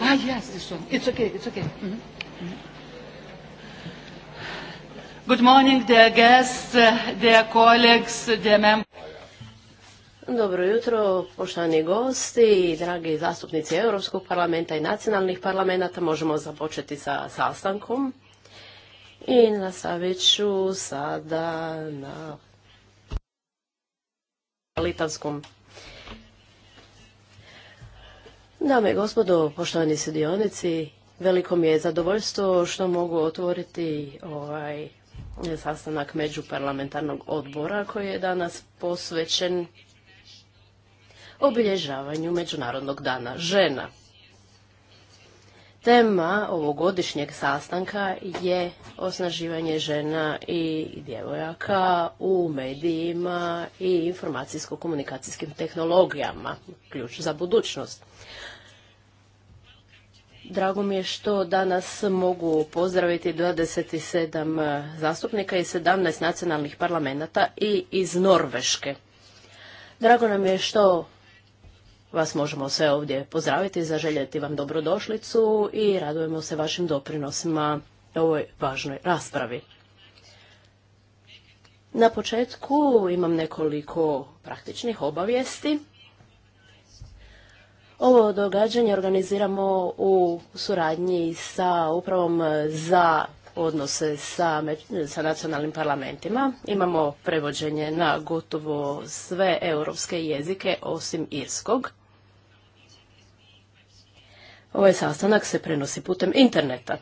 Ah, yes, this one. It's okay, it's okay. Mm -hmm. Good morning, dear guests, uh, dear colleagues, dear members. Dobro jutro, poštovani gosti, i dragi zastupnici Europskog parlamenta i nacionalnih parlamenta. Možemo započeti sa sastankom. I nastavit ću sada na litavskom Dame i gospodo, poštovani sudionici, veliko mi je zadovoljstvo što mogu otvoriti ovaj sastanak međuparlamentarnog odbora koji je danas posvećen obilježavanju Međunarodnog dana žena. Tema ovogodišnjeg sastanka je osnaživanje žena i djevojaka u medijima i informacijsko-komunikacijskim tehnologijama, ključ za budućnost. Drago mi je što danas mogu pozdraviti 27 eh, zastupnika iz 17 nacionalnih parlamenta i iz Norveške. Drago nam je što vas možemo sve ovdje pozdraviti, zaželjeti vam dobrodošlicu i radujemo se vašim doprinosima ovoj važnoj raspravi. Na početku imam nekoliko praktičnih obavijesti. Ovo događanje organiziramo u suradnji sa upravom za odnose sa, nacionalnim parlamentima. Imamo prevođenje na gotovo sve europske jezike osim irskog. Ovaj sastanak se prenosi putem interneta.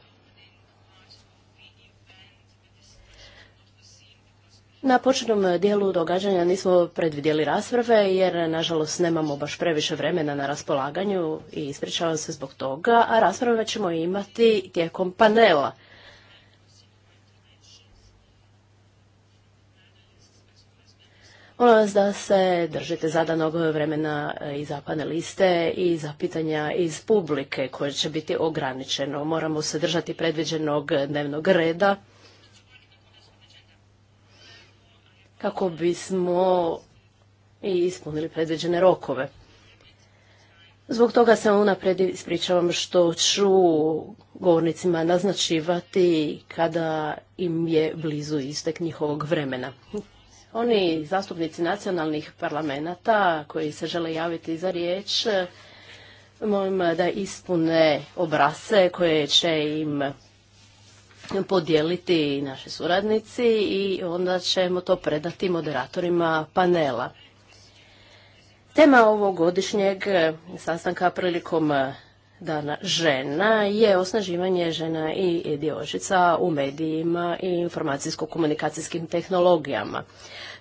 Na početnom dijelu događanja nismo predvidjeli rasprave jer nažalost nemamo baš previše vremena na raspolaganju i ispričavam se zbog toga, a rasprave ćemo imati tijekom panela. Molim vas da se držite zadanog vremena e, i za paneliste i za pitanja iz publike koje će biti ograničeno. Moramo se držati predviđenog dnevnog reda kako bismo i ispunili predviđene rokove. Zbog toga se unaprijed ispričavam što ću govornicima naznačivati kada im je blizu istek njihovog vremena. Oni zastupnici nacionalnih parlamenta koji se žele javiti za riječ, molim da ispune obrase koje će im podijeliti naši suradnici i onda ćemo to predati moderatorima panela. Tema ovog godišnjeg sastanka prilikom Dana žena je osnaživanje žena i djevojčica u medijima i informacijsko-komunikacijskim tehnologijama.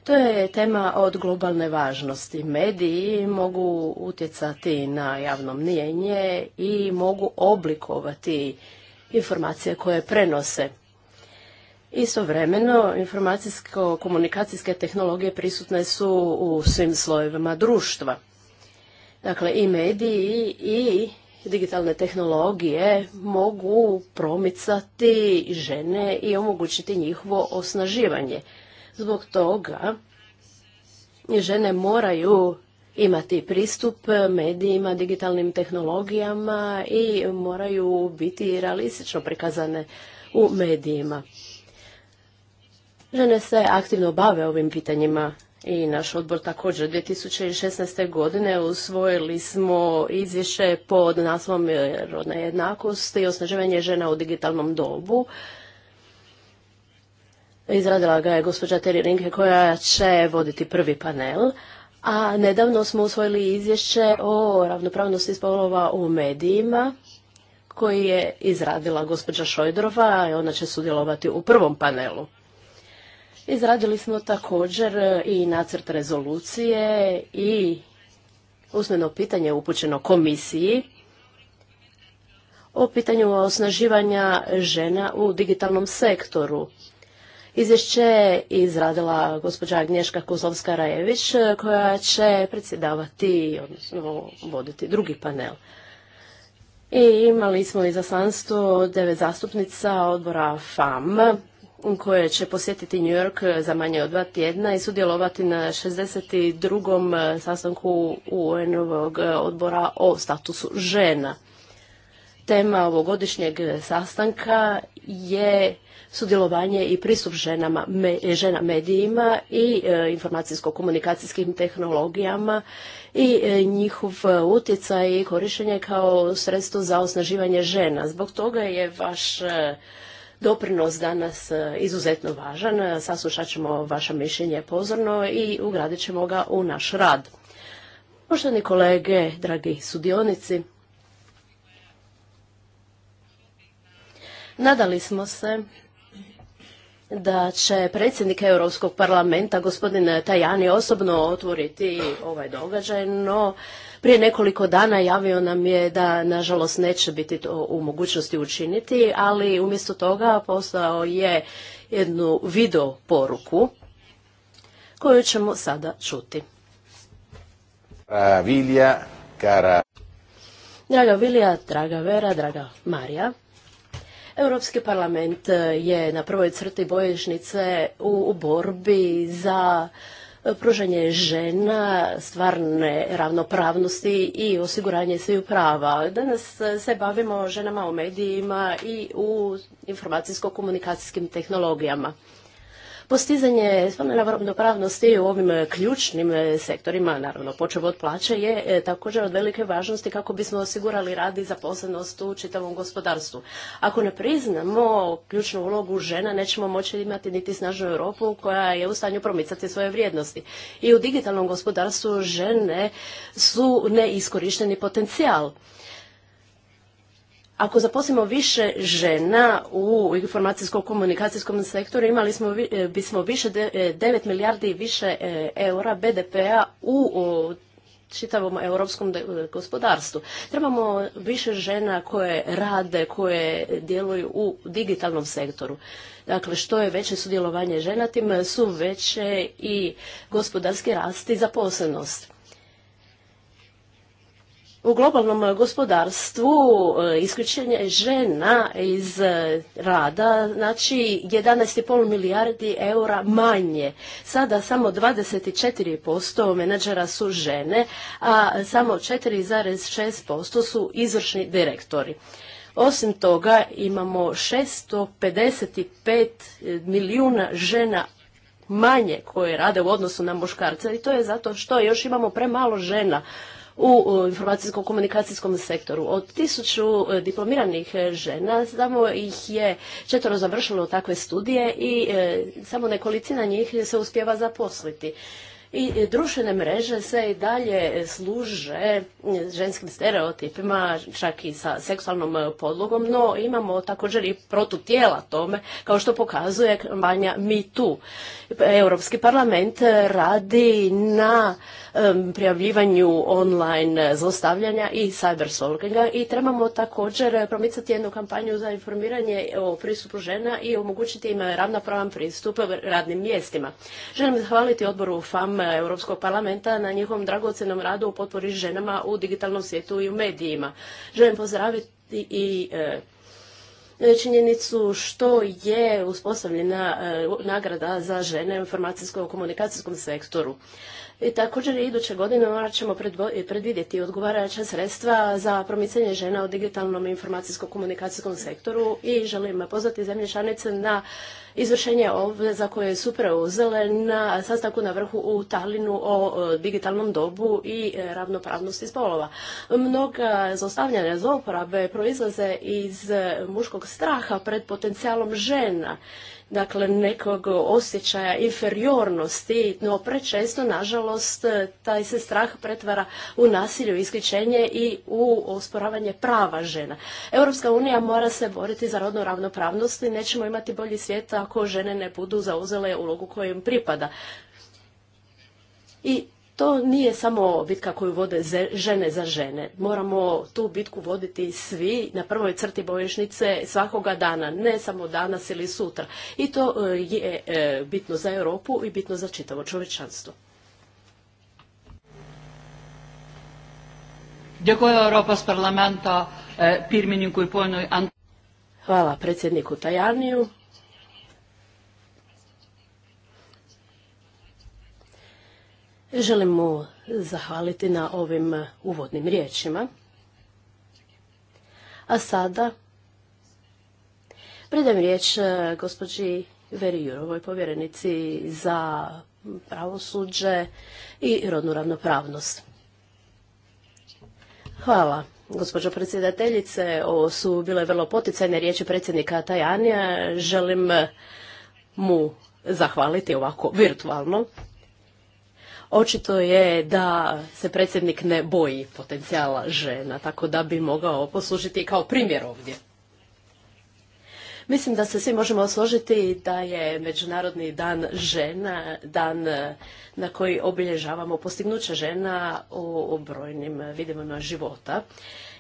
To je tema od globalne važnosti. Mediji mogu utjecati na javno mnijenje i mogu oblikovati informacije koje prenose. Istovremeno, informacijsko-komunikacijske tehnologije prisutne su u svim slojevima društva. Dakle, i mediji i digitalne tehnologije mogu promicati žene i omogućiti njihovo osnaživanje. Zbog toga žene moraju imati pristup medijima, digitalnim tehnologijama i moraju biti realistično prikazane u medijima. Žene se aktivno bave ovim pitanjima i naš odbor također 2016. godine usvojili smo izvješće pod naslovom rodne jednakost i osnaživanje žena u digitalnom dobu. Izradila ga je gospođa Teri Rinke koja će voditi prvi panel. A nedavno smo usvojili izvješće o ravnopravnosti spolova u medijima koji je izradila gospođa Šojdrova i ona će sudjelovati u prvom panelu. Izradili smo također i nacrt rezolucije i usmeno pitanje upućeno komisiji o pitanju osnaživanja žena u digitalnom sektoru. Izvješće izradila gospođa Agnješka Kuzovska-Rajević e, koja će predsjedavati, odnosno voditi drugi panel. I imali smo izaslanstvo devet zastupnica odbora FAM koje će posjetiti New York za manje od dva tjedna i sudjelovati na 62. E, sastanku UN-ovog odbora o statusu žena. Tema ovogodišnjeg sastanka je sudjelovanje i pristup ženama, žena medijima i e, informacijsko-komunikacijskim tehnologijama i e, njihov e, utjecaj i korištenje kao sredstvo za osnaživanje žena. Zbog toga je vaš doprinos danas izuzetno važan. Saslušat ćemo vaše mišljenje pozorno i ugradit ćemo ga u naš rad. Poštovani kolege, dragi sudionici, nadali smo se da će predsjednik Europskog parlamenta gospodin Tajani osobno otvoriti ovaj događaj, no prije nekoliko dana javio nam je da nažalost neće biti to u mogućnosti učiniti, ali umjesto toga poslao je jednu video poruku koju ćemo sada čuti. Draga Vilija, draga Vera, draga Marija. Europski parlament e, je na prvoj crti boježnice u borbi za e, pružanje žena stvarne ravnopravnosti i osiguranje sviju prava. Danas e, se bavimo ženama u medijima i u informacijsko-komunikacijskim tehnologijama. Postizanje spomena ravnopravnosti u ovim e, ključnim e, sektorima, naravno počev od plaće, je e, također od velike važnosti kako bismo osigurali rad i zaposlenost u čitavom gospodarstvu. Ako ne priznamo ključnu ulogu žena, nećemo moći imati niti snažnu Europu koja je u stanju promicati svoje vrijednosti. I u digitalnom gospodarstvu žene su neiskorišteni potencijal ako zaposlimo više žena u informacijsko-komunikacijskom sektoru, imali smo, e, bismo više 9 e, milijardi i više e, eura BDP-a u čitavom europskom gospodarstvu. Trebamo više žena koje rade, koje djeluju u digitalnom sektoru. Dakle, što je veće sudjelovanje žena, tim su veće i gospodarski rast i zaposlenost u globalnom gospodarstvu e, isključenje žena iz e, rada, znači 11,5 milijardi eura manje. Sada samo 24% menadžera su žene, a samo 4,6% su izvršni direktori. Osim toga imamo 655 milijuna žena manje koje rade u odnosu na muškarce i to je zato što još imamo premalo žena u informacijskom komunikacijskom sektoru. Od tisuću e, diplomiranih e, žena samo ih je četvero završilo takve studije i e, samo nekolicina njih se uspjeva zaposliti. I društvene mreže se i dalje služe ženskim stereotipima, čak i sa seksualnom podlogom, no imamo također i protutijela tome, kao što pokazuje kampanja MeToo. Europski parlament radi na prijavljivanju online zlostavljanja i stalkinga i trebamo također promicati jednu kampanju za informiranje o pristupu žena i omogućiti im ravnopravan pristup radnim mjestima. Želim zahvaliti odboru FAM Europskog parlamenta na njihovom dragocjenom radu u potpori ženama u digitalnom svijetu i u medijima. Želim pozdraviti i e, činjenicu što je uspostavljena e, nagrada za žene u informacijsko-komunikacijskom sektoru. I također iduće godine morat ćemo predvidjeti odgovarajuća sredstva za promicanje žena u digitalnom informacijsko-komunikacijskom sektoru i želim pozvati zemlje članice na izvršenje obveza koje su preuzele na sastanku na vrhu u Talinu o digitalnom dobu i ravnopravnosti spolova. Mnoga zlostavljanja zlouporabe proizlaze iz muškog straha pred potencijalom žena dakle nekog osjećaja inferiornosti, no prečesto nažalost taj se strah pretvara u nasilje, u isključenje i u osporavanje prava žena. Europska unija mora se boriti za rodnu ravnopravnost i nećemo imati bolji svijet ako žene ne budu zauzele ulogu koju im pripada. I to nije samo bitka koju vode žene za žene. Moramo tu bitku voditi svi na prvoj crti bojišnice svakoga dana, ne samo danas ili sutra. I to e, je e, bitno za Europu i bitno za čitavo čovječanstvo. E, Hvala predsjedniku Tajaniju. Želim mu zahvaliti na ovim uvodnim riječima. A sada predajem riječ e, gospođi Veri Jurovoj, povjerenici za pravosuđe i rodnu ravnopravnost. Hvala. Gospođo predsjedateljice, ovo su bile vrlo poticajne riječi predsjednika Tajanija. Želim mu zahvaliti ovako virtualno Očito je da se predsjednik ne boji potencijala žena, tako da bi mogao poslužiti kao primjer ovdje. Mislim da se svi možemo složiti da je Međunarodni dan žena, dan eh, na koji obilježavamo postignuće žena u brojnim vidimima života.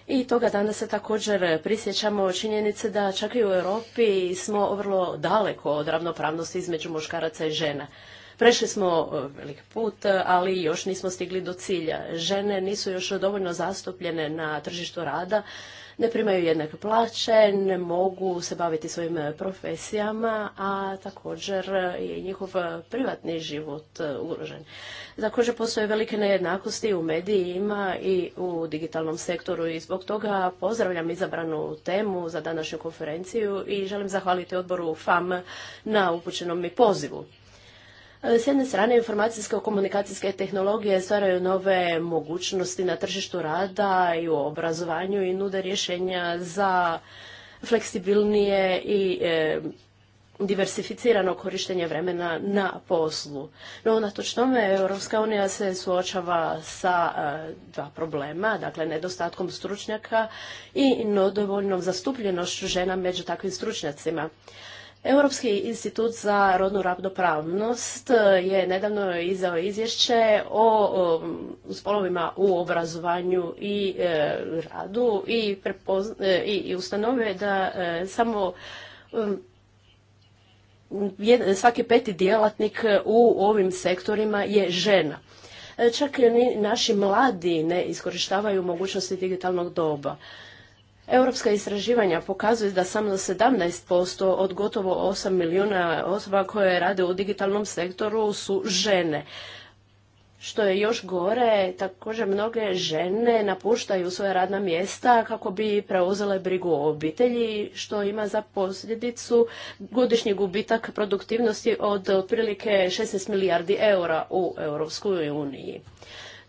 I toga dana se također prisjećamo činjenice da čak i u Europi smo vrlo daleko od ravnopravnosti između muškaraca i žena. Prešli smo e, velik put, e, ali još nismo stigli do cilja. Žene nisu još dovoljno zastupljene na tržištu rada, ne primaju jednake plaće, ne mogu se baviti svojim e, profesijama, a također je njihov privatni život ugrožen. Također postoje velike nejednakosti u medijima i u digitalnom sektoru i zbog toga pozdravljam izabranu temu za današnju konferenciju i želim zahvaliti odboru FAM na upućenom mi pozivu. E, s jedne strane, informacijsko-komunikacijske tehnologije stvaraju nove mogućnosti na tržištu rada i u obrazovanju i nude rješenja za fleksibilnije i e, diversificirano korištenje vremena na poslu. No, unatoč tome, Europska unija se suočava sa e, dva problema, dakle nedostatkom stručnjaka i nedovoljnom zastupljenošću žena među takvim stručnjacima. Europski institut za rodnu ravnopravnost e, je nedavno izdao izvješće o spolovima u obrazovanju i e, radu i, e, i je da samo svaki peti djelatnik u ovim sektorima je žena. Čak i naši mladi ne iskorištavaju mogućnosti digitalnog doba. Europska istraživanja pokazuju da samo 17% od gotovo 8 milijuna osoba koje rade u digitalnom sektoru su žene. Što je još gore, također mnoge žene napuštaju svoje radna mjesta kako bi preuzele brigu o obitelji, što ima za posljedicu godišnji gubitak produktivnosti od otprilike 16 milijardi eura u Europskoj uniji.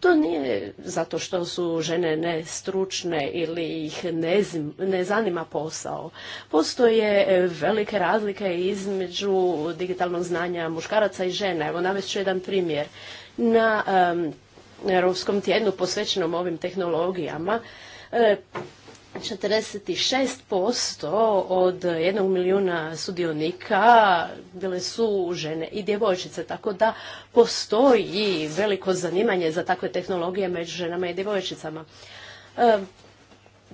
To nije zato što su žene nestručne ili ih ne, zanima posao. Postoje velike razlike između digitalnog znanja muškaraca i žena. Evo navest ću jedan primjer. Na um, Europskom tjednu posvećenom ovim tehnologijama e, 46% od jednog milijuna sudionika bile su žene i djevojčice, tako da postoji veliko zanimanje za takve tehnologije među ženama i djevojčicama. E,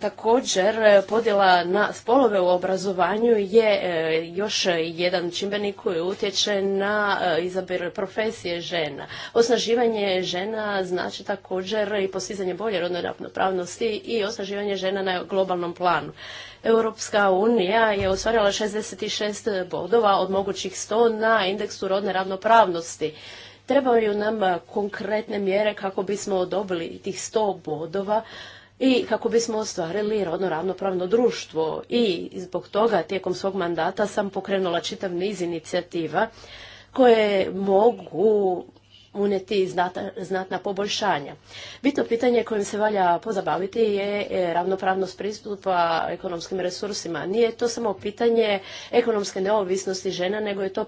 Također, e, podjela na spolove u obrazovanju je e, još jedan čimbenik koji utječe na e, izabir profesije žena. Osnaživanje žena znači također i postizanje bolje rodne ravnopravnosti i osnaživanje žena na globalnom planu. Europska unija je ostvarila 66 bodova od mogućih 100 na indeksu rodne ravnopravnosti. Trebaju nam konkretne mjere kako bismo dobili tih 100 bodova i kako bismo ostvarili rodno ravnopravno društvo. I zbog toga tijekom svog mandata sam pokrenula čitav niz inicijativa koje mogu unijeti znatna, poboljšanja. Bitno pitanje kojim se valja pozabaviti je e, ravnopravnost pristupa ekonomskim resursima. Nije to samo pitanje ekonomske neovisnosti žena, nego je to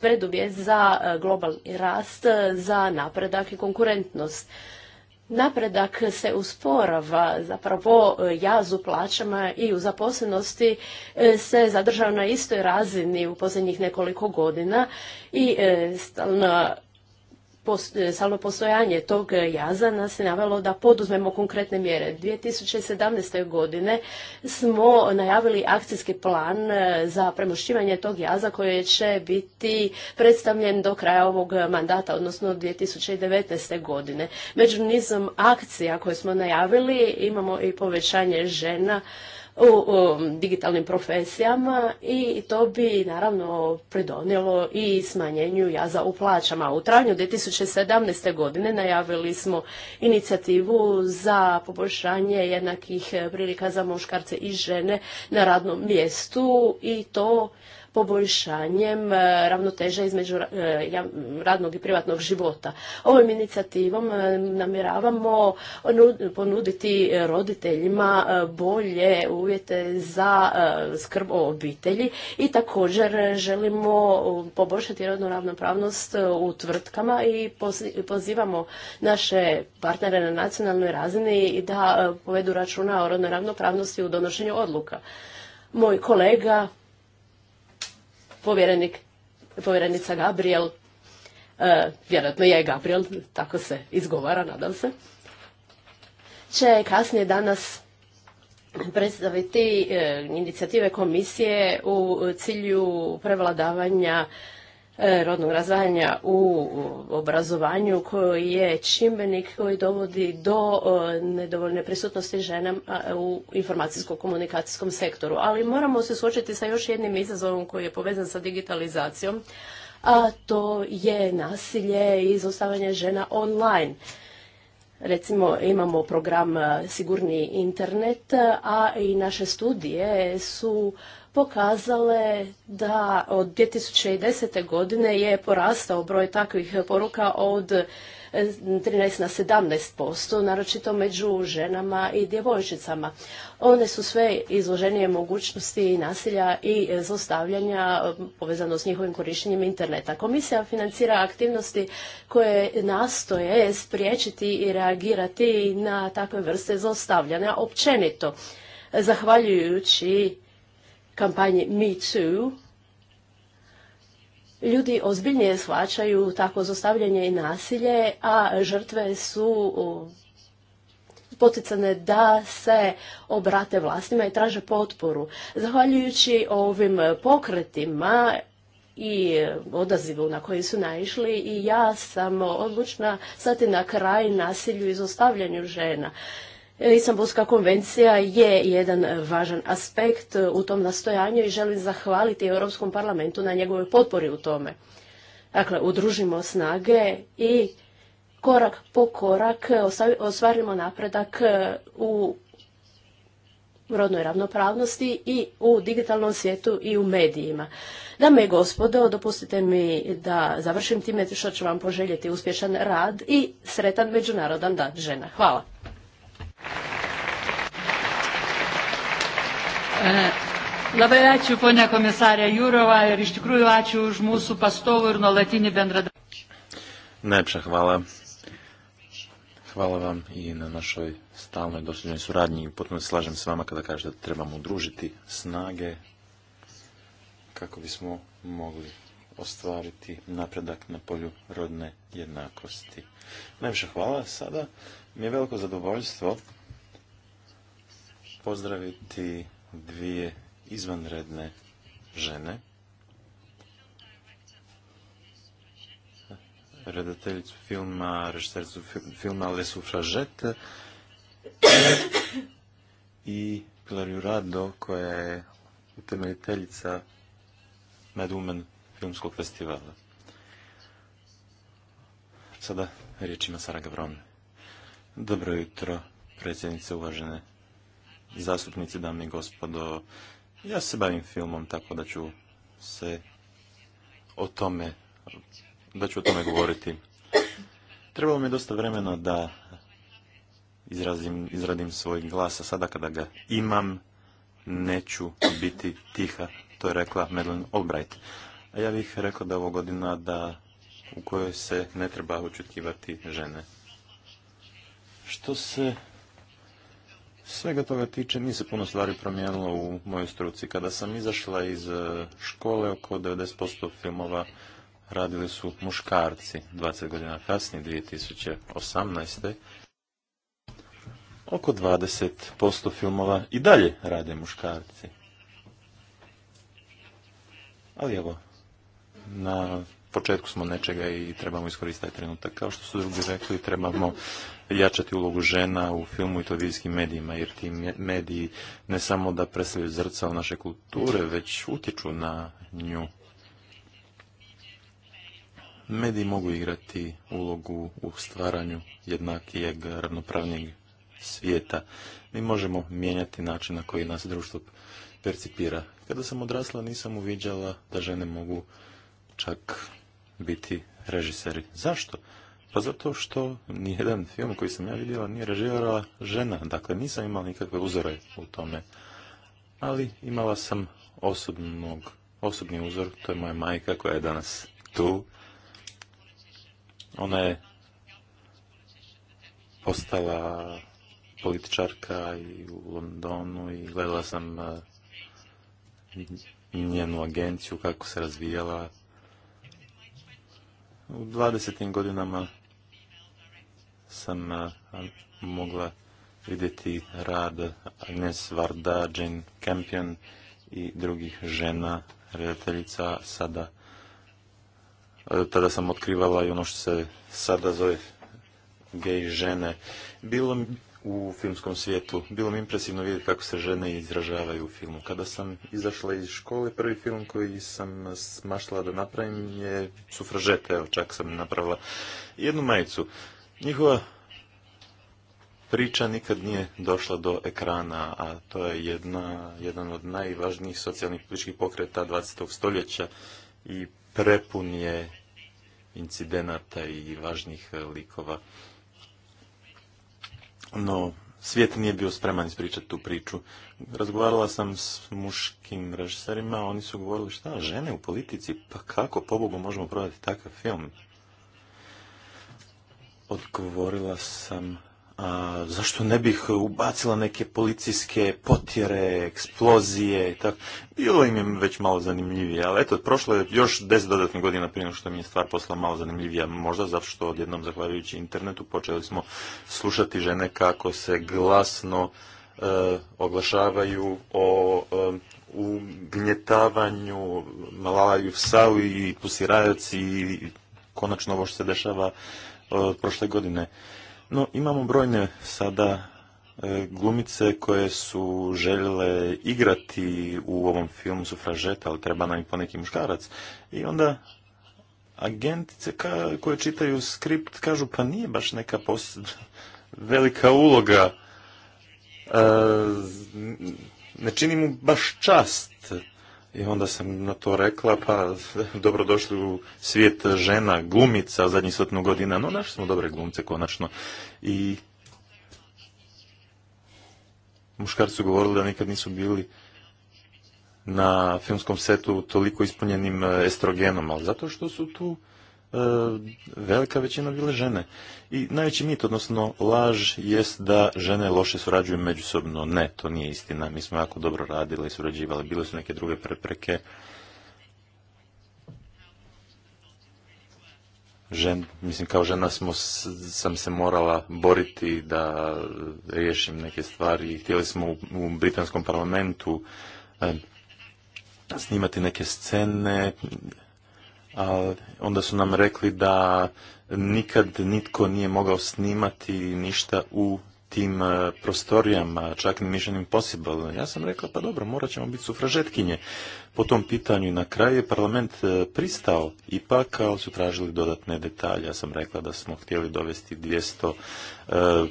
preduvjet za e, globalni rast, za napredak i konkurentnost napredak se usporava, zapravo e, jaz u plaćama i u zaposlenosti e, se zadržao na istoj razini u posljednjih nekoliko godina i e, stalna samo e, postojanje tog e, jaza nas je navelo da poduzmemo konkretne mjere. 2017. godine smo najavili akcijski plan e, za premošćivanje tog jaza koji će biti predstavljen do kraja ovog mandata, odnosno 2019. godine. Među nizom akcija koje smo najavili imamo i povećanje žena u, digitalnim profesijama i to bi naravno pridonijelo i smanjenju jaza u plaćama. U travnju 2017. godine najavili smo inicijativu za poboljšanje jednakih prilika za muškarce i žene na radnom mjestu i to poboljšanjem e, ravnoteže između e, radnog i privatnog života. Ovom inicijativom e, namjeravamo ponuditi roditeljima bolje uvjete za skrb o obitelji i također želimo poboljšati rodnu ravnopravnost u tvrtkama i pozivamo naše partnere na nacionalnoj razini da povedu računa o rodnoj ravnopravnosti u donošenju odluka. Moj kolega povjerenica Gabriel, e, vjerojatno je Gabriel, tako se izgovara, nadam se, će kasnije danas predstaviti e, inicijative komisije u cilju prevladavanja E, rodnog razvajanja u obrazovanju koji je čimbenik koji dovodi do e, nedovoljne prisutnosti žena u informacijsko-komunikacijskom sektoru. Ali moramo se suočiti sa još jednim izazovom koji je povezan sa digitalizacijom, a to je nasilje i izostavanje žena online. Recimo imamo program e, Sigurni internet, a i naše studije su pokazale da od 2010. godine je porastao broj takvih poruka od 13 eh, na 17%, naročito među ženama i djevojčicama. One su sve izloženije mogućnosti nasilja i zlostavljanja eh, povezano s njihovim korištenjem interneta. Komisija financira aktivnosti koje nastoje spriječiti i reagirati na takve vrste zlostavljanja općenito, zahvaljujući kampanji Me Too, ljudi ozbiljnije shvaćaju tako zostavljanje i nasilje, a žrtve su poticane da se obrate vlastima i traže potporu. Zahvaljujući ovim pokretima i odazivu na koji su naišli i ja sam odlučna stati na kraj nasilju i zostavljanju žena. Istanbulska konvencija je jedan e, važan aspekt e, u tom nastojanju i želim zahvaliti Europskom parlamentu na njegovoj potpori u tome. Dakle, udružimo snage i korak po korak e, ostvarimo napredak u rodnoj ravnopravnosti i u digitalnom svijetu i u medijima. Dame i gospodo, dopustite mi da završim time što ću vam poželjeti uspješan rad i sretan Međunarodan dan žena. Hvala. E, labai ačiū, ponia komisarė Jūrova, ir iš tikrųjų ačiū už mūsų pastovų ir nuolatinį bendradarbiavimą. hvala. Hvala vam i na našoj stalnoj dosljednoj suradnji. Potpuno se slažem s vama kada kažete da trebamo udružiti snage kako bismo mogli ostvariti napredak na polju rodne jednakosti. Najviše hvala. Sada mi je veliko zadovoljstvo pozdraviti dvije izvanredne žene. Redateljicu filma, reštercu filma Lesu Fražet i Pilar Rado, koja je utemeljiteljica Mad filmskog festivala. Sada riječ ima Sara Gavron. Dobro jutro, predsjednice uvažene zastupnici, dame i gospodo. Ja se bavim filmom, tako da ću se o tome, da ću o tome govoriti. Trebalo mi je dosta vremena da izrazim, izradim svoj glas, a sada kada ga imam, neću biti tiha. To je rekla Madeleine Albright. A ja bih rekao da je ovo godina da u kojoj se ne treba očekivati žene. Što se svega toga tiče, nije se puno stvari promijenilo u mojoj struci. Kada sam izašla iz e, škole, oko 90% filmova radili su muškarci. 20 godina kasnije, 2018. Oko 20% filmova i dalje rade muškarci. Ali evo, na početku smo nečega i trebamo iskoristiti trenutak. Kao što su drugi rekli, trebamo jačati ulogu žena u filmu i televizijskim medijima, jer ti mediji ne samo da predstavljaju zrcao naše kulture, već utječu na nju. Mediji mogu igrati ulogu u stvaranju jednakijeg, ravnopravnijeg svijeta. Mi možemo mijenjati način na koji nas društvo percipira. Kada sam odrasla nisam uviđala da žene mogu čak biti režiseri. Zašto? Pa zato što nijedan film koji sam ja vidjela nije režirala žena. Dakle, nisam imala nikakve uzore u tome. Ali imala sam osobnog, osobni uzor. To je moja majka koja je danas tu. Ona je postala političarka i u Londonu i gledala sam eh, njenu agenciju kako se razvijala u 20. godinama sam mogla vidjeti rad Agnes Varda, Jane Campion i drugih žena, redateljica sada. Tada sam otkrivala i ono što se sada zove gej žene. Bilo, u filmskom svijetu. Bilo mi impresivno vidjeti kako se žene izražavaju u filmu. Kada sam izašla iz škole, prvi film koji sam smašla da napravim je Sufražete, evo čak sam napravila jednu majicu. Njihova priča nikad nije došla do ekrana, a to je jedna, jedan od najvažnijih socijalnih političkih pokreta 20. stoljeća i prepun je incidenata i važnih e, likova no svijet nije bio spreman ispričati tu priču. Razgovarala sam s muškim režiserima, oni su govorili šta, žene u politici, pa kako pobogu možemo prodati takav film? Odgovorila sam zašto ne bih ubacila neke policijske potjere, eksplozije i tako. Bilo im je već malo zanimljivije, ali eto, prošlo je još deset dodatnih godina prije što mi je stvar postala malo zanimljivija, možda zato što odjednom zahvaljujući internetu počeli smo slušati žene kako se glasno e, oglašavaju o e, ugnjetavanju malavaju Savi i Pusirajac i konačno ovo što se dešava od e, prošle godine. No, imamo brojne sada e, glumice koje su željele igrati u ovom filmu Sufražeta, ali treba nam i poneki muškarac. I onda agentice koje čitaju skript kažu pa nije baš neka velika uloga. E, ne čini mu baš čast. I onda sam na to rekla, pa dobrodošli u svijet žena, glumica zadnjih sotnog godina. No, našli smo dobre glumce konačno. I muškarci su govorili da nikad nisu bili na filmskom setu toliko ispunjenim estrogenom, ali zato što su tu E, velika većina bile žene. I najveći mit, odnosno laž, jest da žene loše surađuju međusobno. Ne, to nije istina. Mi smo jako dobro radile i surađivali Bile su neke druge prepreke. mislim, kao žena smo, sam se morala boriti da riješim neke stvari. Htjeli smo u, britanskom parlamentu e, snimati neke scene a onda su nam rekli da nikad nitko nije mogao snimati ništa u tim e, prostorijama, čak ni Mission Impossible. Ja sam rekla pa dobro, morat ćemo biti sufražetkinje. Po tom pitanju na kraju je parlament e, pristao, ipak ali su tražili dodatne detalje. Ja sam rekla da smo htjeli dovesti 200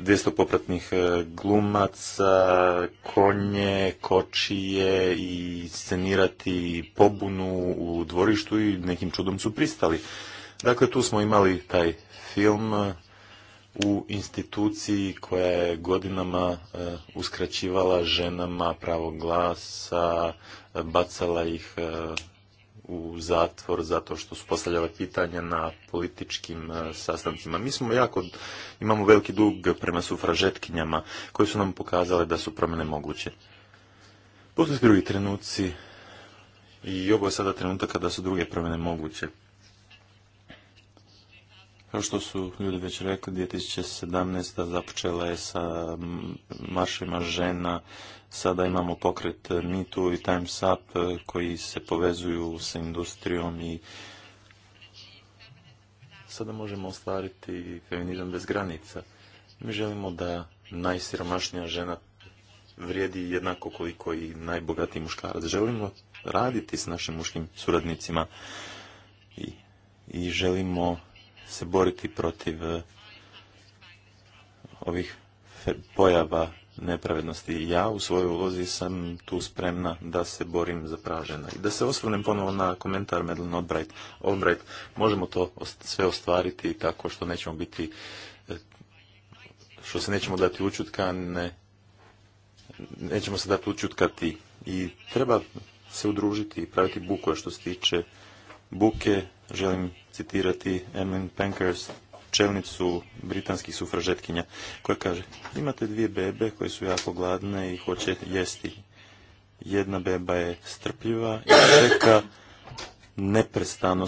200 popratnih e, glumaca, konje, kočije i scenirati pobunu u dvorištu i nekim čudom su pristali. Dakle, tu smo imali taj film e, u instituciji koja je godinama e, uskraćivala ženama pravog glasa, bacala ih u zatvor zato što su postavljala pitanja na političkim e, sastancima. Mi smo jako, imamo veliki dug prema sufražetkinjama koje su nam pokazale da su promjene moguće. Postoje drugi trenuci i ovo je sada trenutak kada su druge promjene moguće. Kao što su ljudi već rekli, 2017. započela je sa maršima žena, sada imamo pokret Mitu i Time's Up koji se povezuju sa industrijom i sada možemo ostvariti feminizam bez granica. Mi želimo da najsiromašnija žena vrijedi jednako koliko i najbogatiji muškarac. Želimo raditi s našim muškim suradnicima i, i želimo se boriti protiv e, ovih pojava nepravednosti. Ja u svojoj ulozi sam tu spremna da se borim za pražena. I da se osvrnem ponovo na komentar Madeline Albright. Albright, možemo to sve ostvariti tako što nećemo biti, e, što se nećemo dati učutkane, nećemo se dati učutkati i treba se udružiti i praviti buku što se tiče buke želim citirati Emily Pankers čelnicu britanskih sufražetkinja, koja kaže imate dvije bebe koje su jako gladne i hoće jesti. Jedna beba je strpljiva i čeka neprestano,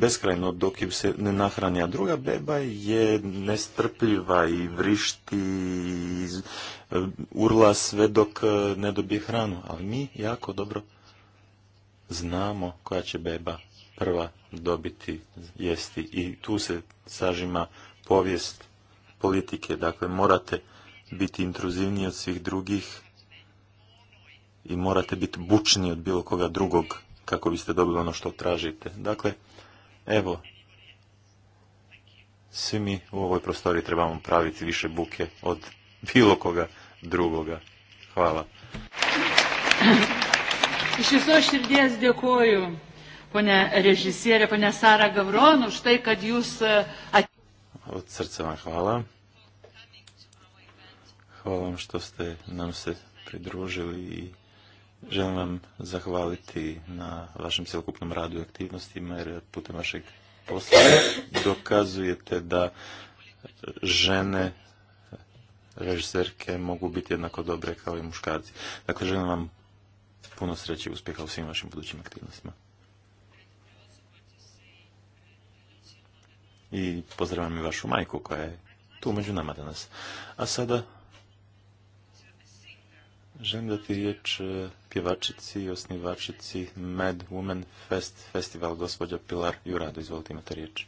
beskrajno dok je se ne nahrani, a druga beba je nestrpljiva i vrišti, i e, urla sve dok e, ne dobije hranu. Ali mi jako dobro znamo koja će beba prva dobiti jesti. I tu se sažima povijest politike. Dakle, morate biti intruzivniji od svih drugih i morate biti bučniji od bilo koga drugog kako biste dobili ono što tražite. Dakle, evo, svi mi u ovoj prostoriji trebamo praviti više buke od bilo koga drugoga. Hvala ponė režisierė, ponė Sara Gavron, už tai, kad jūs... E, Od srca vam hvala. Hvala vam što ste nam se pridružili i želim vam zahvaliti na vašem cjelokupnom radu i aktivnostima, jer putem vašeg posla dokazujete da žene režiserke mogu biti jednako dobre kao i muškarci. Dakle, želim vam puno sreće i uspjeha u svim vašim budućim aktivnostima. i pozdravljam i vašu majku koja je tu među nama danas. A sada želim dati riječ e, pjevačici i osnivačici Mad Woman Fest festival gospođa Pilar Jurado. Izvolite imate riječ.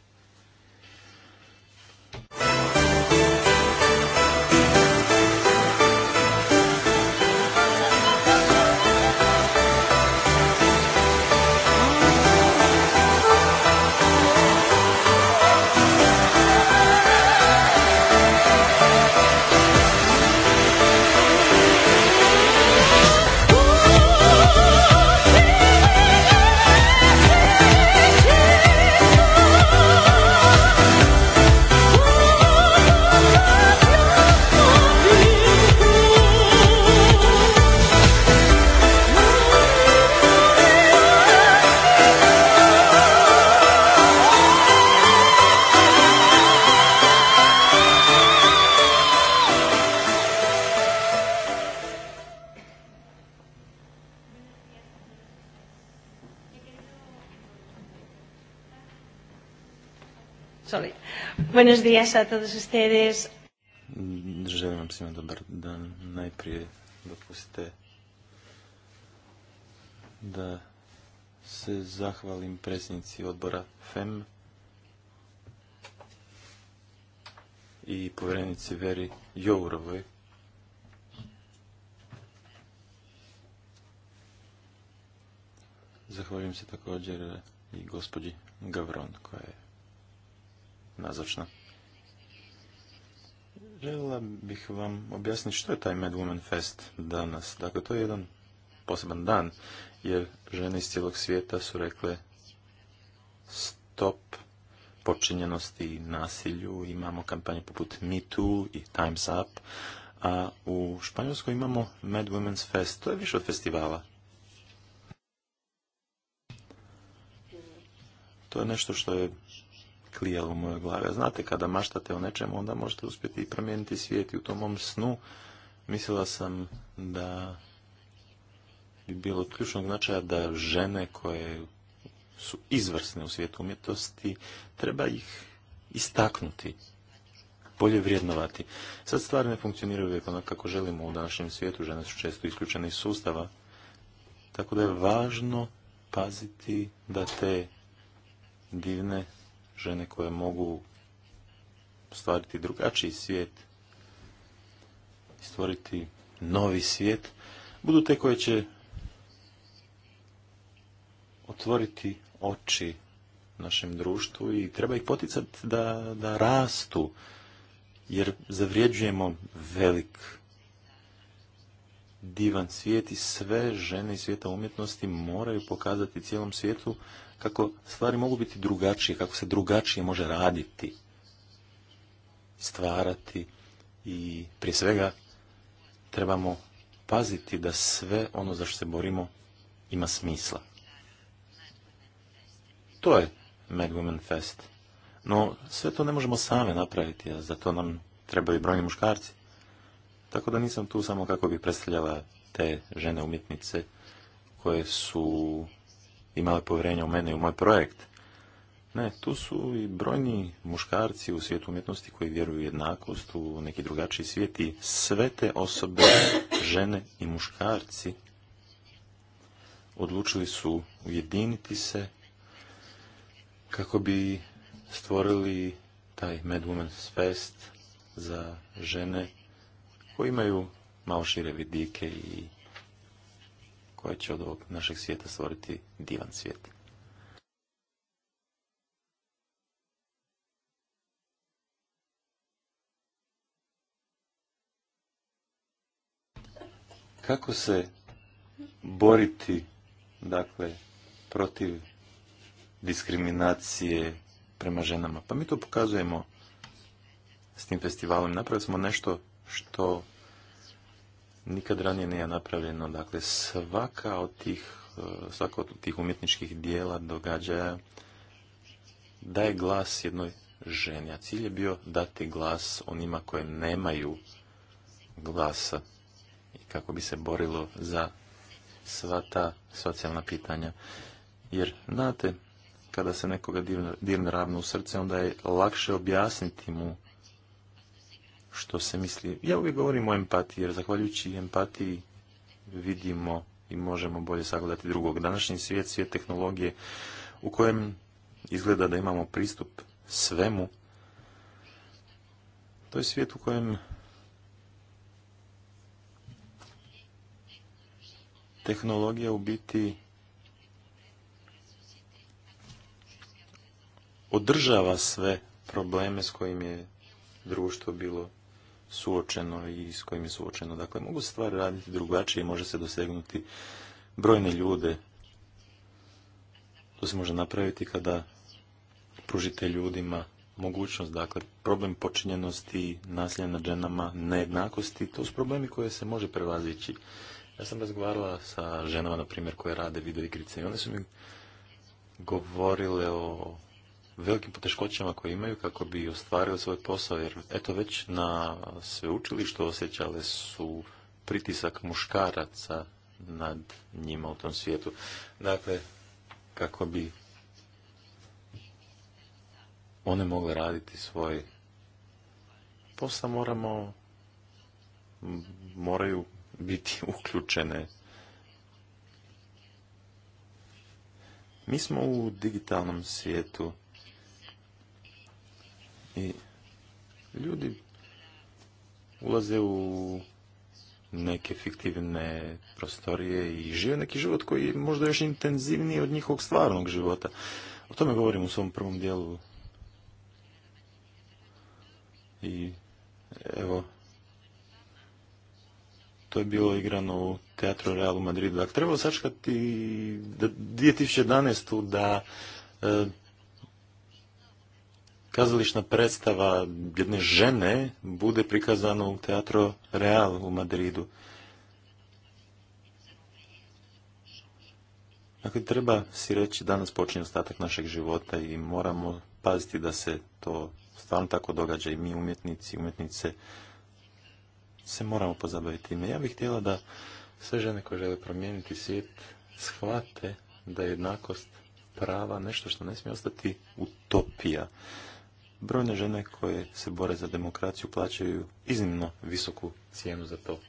Buenos días a todos ustedes. Želim vam svima dobar dan. Najprije dopustite da se zahvalim predsjednici odbora FEM i povjerenici Veri Jourovoj Zahvaljujem se također i gospođi Gavron koja je nazočna. Željela bih vam objasniti što je taj Mad Woman Fest danas. Dakle, to je jedan poseban dan, jer žene iz cijelog svijeta su rekle stop počinjenosti i nasilju. Imamo kampanje poput Me Too i Time's Up, a u Španjolskoj imamo Mad Women's Fest. To je više od festivala. To je nešto što je klijel u mojoj glavi. A znate, kada maštate o nečemu, onda možete uspjeti i promijeniti svijet. I u tom mom snu mislila sam da bi bilo od ključnog značaja da žene koje su izvrsne u svijetu umjetnosti, treba ih istaknuti, bolje vrijednovati. Sad stvari ne funkcioniraju uvijek onako kako želimo u današnjem svijetu, žene su često isključene iz sustava, tako da je važno paziti da te divne žene koje mogu stvariti drugačiji svijet stvoriti novi svijet, budu te koje će otvoriti oči našem društvu i treba ih poticati da, da rastu, jer zavrijeđujemo velik divan svijet i sve žene svijeta umjetnosti moraju pokazati cijelom svijetu kako stvari mogu biti drugačije, kako se drugačije može raditi, stvarati i prije svega trebamo paziti da sve ono za što se borimo ima smisla. To je Mad Women Fest. No, sve to ne možemo same napraviti, a za to nam trebaju brojni muškarci. Tako da nisam tu samo kako bi predstavljala te žene umjetnice koje su imale povjerenja u mene i u moj projekt. Ne, tu su i brojni muškarci u svijetu umjetnosti koji vjeruju u jednakost, u neki drugačiji svijet i sve te osobe, žene i muškarci odlučili su ujediniti se kako bi stvorili taj Mad Women's Fest za žene koji imaju malo šire vidike i koja će od ovog našeg svijeta stvoriti divan svijet. Kako se boriti dakle protiv diskriminacije prema ženama? Pa mi to pokazujemo s tim festivalom. Napravili smo nešto što nikad ranije nije napravljeno. Dakle, svaka od tih, e, svaka od tih umjetničkih dijela, događaja daje glas jednoj ženi. A cilj je bio dati glas onima koje nemaju glasa i kako bi se borilo za sva ta socijalna pitanja. Jer, znate, kada se nekoga dirne ravno u srce, onda je lakše objasniti mu što se misli. Ja uvijek govorim o empatiji, jer zahvaljujući empatiji vidimo i možemo bolje sagledati drugog. Današnji svijet, svijet tehnologije u kojem izgleda da imamo pristup svemu, to je svijet u kojem tehnologija u biti održava sve probleme s kojim je društvo bilo suočeno i s kojim je suočeno. Dakle, mogu stvari raditi drugačije i može se dosegnuti brojne ljude. To se može napraviti kada pružite ljudima mogućnost, dakle, problem počinjenosti nasilja nad ženama, nejednakosti, to su problemi koje se može prevazići. Ja sam razgovarala sa ženama, na primjer, koje rade video igrice i one su mi govorile o velikim poteškoćama koje imaju kako bi ostvarili svoj posao, jer eto već na sveučilištu osjećale su pritisak muškaraca nad njima u tom svijetu. Dakle, kako bi one mogle raditi svoj posao, moramo moraju biti uključene. Mi smo u digitalnom svijetu i ljudi ulaze u neke fiktivne prostorije i žive neki život koji je možda još intenzivniji od njihovog stvarnog života. O tome govorim u svom prvom dijelu. I evo, to je bilo igrano u Teatro Real u Madridu. Dakle, trebalo sačekati 2011. da e, kazališna predstava jedne žene bude prikazana u Teatro Real u Madridu. Dakle, treba si reći danas počinje ostatak našeg života i moramo paziti da se to stvarno tako događa i mi umjetnici, i umjetnice se moramo pozabaviti time. Ja bih htjela da sve žene koje žele promijeniti svijet shvate da je jednakost prava nešto što ne smije ostati utopija. Brojne žene koje se bore za demokraciju plaćaju iznimno visoku cijenu za to.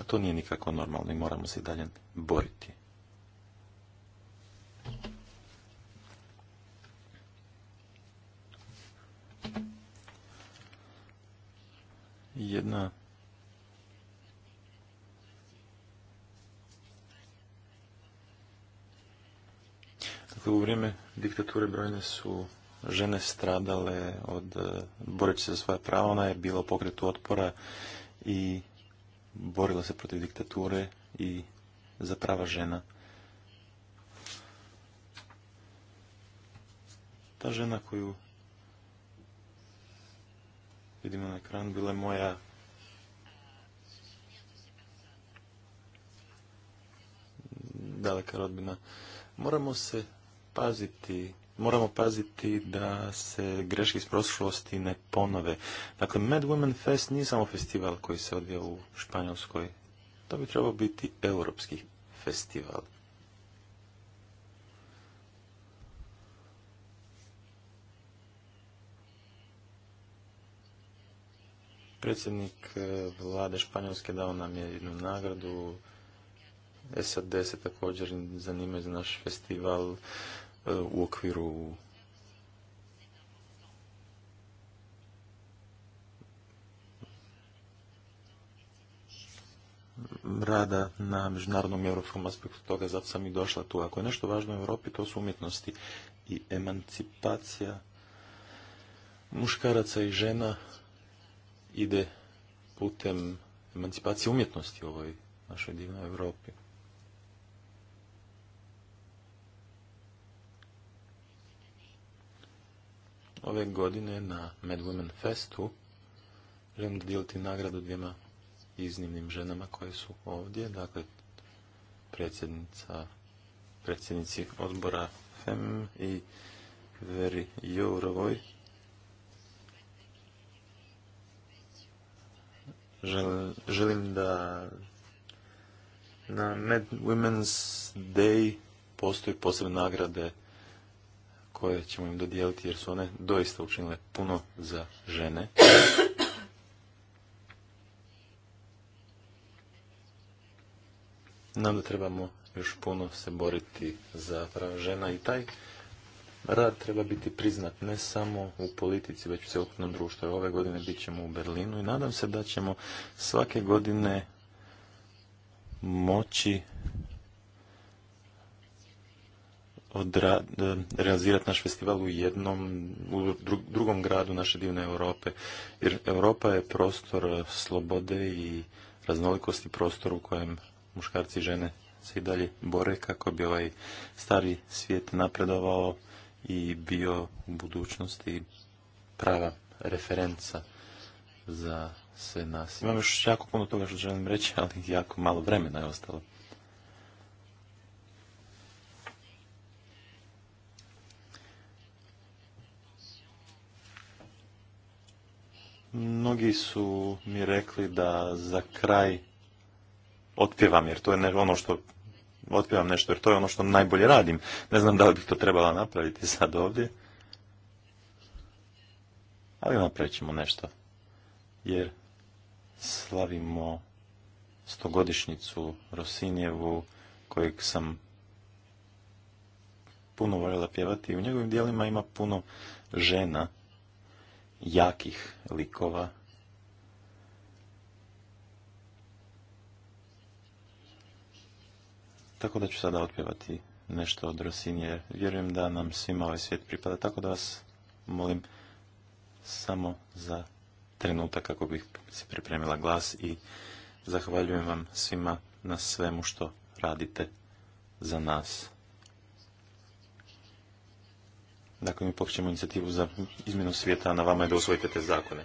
A to nije nikako normalno i moramo se i dalje boriti. Jedna Dakle, u vrijeme diktature brojne su žene stradale od e, boreći se za svoja prava, ona je bila u pokretu otpora i borila se protiv diktature i za prava žena. Ta žena koju vidimo na ekranu bila je moja daleka rodbina. Moramo se paziti moramo paziti da se greške iz prošlosti ne ponove. Dakle, Mad Women Fest nije samo festival koji se odvija u Španjolskoj. To bi trebao biti europski festival. Predsjednik eh, vlade Španjolske dao nam je jednu nagradu. SAD se također zanima za naš festival. E, u okviru rada na međunarodnom europskom aspektu toga, zato sam i došla tu. Ako je nešto važno u Europi, to su umjetnosti i emancipacija muškaraca i žena ide putem emancipacije umjetnosti u ovoj našoj divnoj Europi. ove godine na Mad Women Festu želim dodijeliti nagradu dvijema iznimnim ženama koje su ovdje, dakle predsjednica, predsjednici odbora FEM i Veri Jourovoj. želim da na Mad Women's Day postoji posebne nagrade koje ćemo im dodijeliti jer su one doista učinile puno za žene. Nam da trebamo još puno se boriti za prava žena i taj rad treba biti priznat ne samo u politici, već u cjelokupnom društvu. Ove godine bit ćemo u Berlinu i nadam se da ćemo svake godine moći od e, realizirati naš festival u jednom, u drugom gradu naše divne Europe. Jer Europa je prostor e, slobode i raznolikosti prostor u kojem muškarci i žene se i dalje bore kako bi ovaj stari svijet napredovao i bio u budućnosti prava referenca za sve nas. Imam još jako puno toga što želim reći, ali jako malo vremena je ostalo. Mnogi su mi rekli da za kraj otpjevam, jer to je ono što otpjevam nešto, jer to je ono što najbolje radim. Ne znam da li bih to trebala napraviti sad ovdje. Ali napravit ono, ćemo nešto. Jer slavimo stogodišnjicu Rosinjevu, kojeg sam puno voljela pjevati. I U njegovim dijelima ima puno žena, jakih likova, Tako da ću sada otpjevati nešto od Rosinije. vjerujem da nam svima ovaj svijet pripada. Tako da vas molim samo za trenutak kako bih se pripremila glas i zahvaljujem vam svima na svemu što radite za nas. Dakle, mi pokućemo inicijativu za izmjenu svijeta, a na vama je da usvojite te zakone.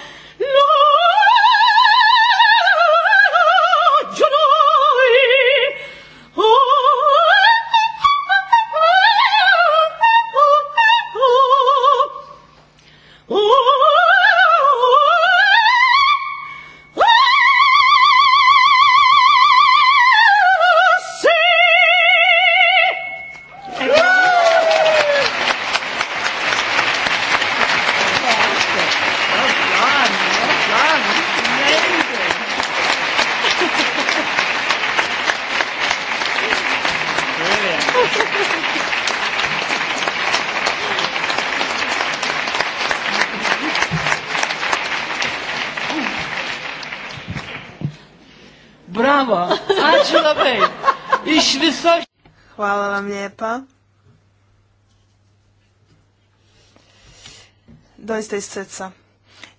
doista iz srca.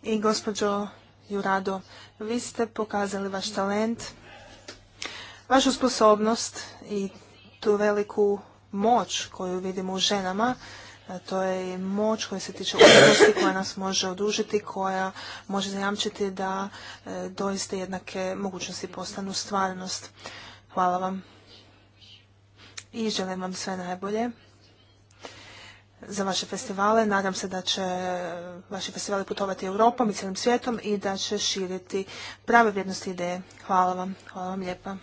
I gospođo Jurado, vi ste pokazali vaš talent, vašu sposobnost i tu veliku moć koju vidimo u ženama, to je moć koja se tiče umjetnosti, koja nas može odužiti, koja može zajamčiti da e, doista jednake mogućnosti postanu stvarnost. Hvala vam i želim vam sve najbolje za vaše festivale. Nadam se da će vaši festivali putovati Europom i cijelim svijetom i da će širiti prave vrijednosti ideje. Hvala vam. Hvala vam lijepa.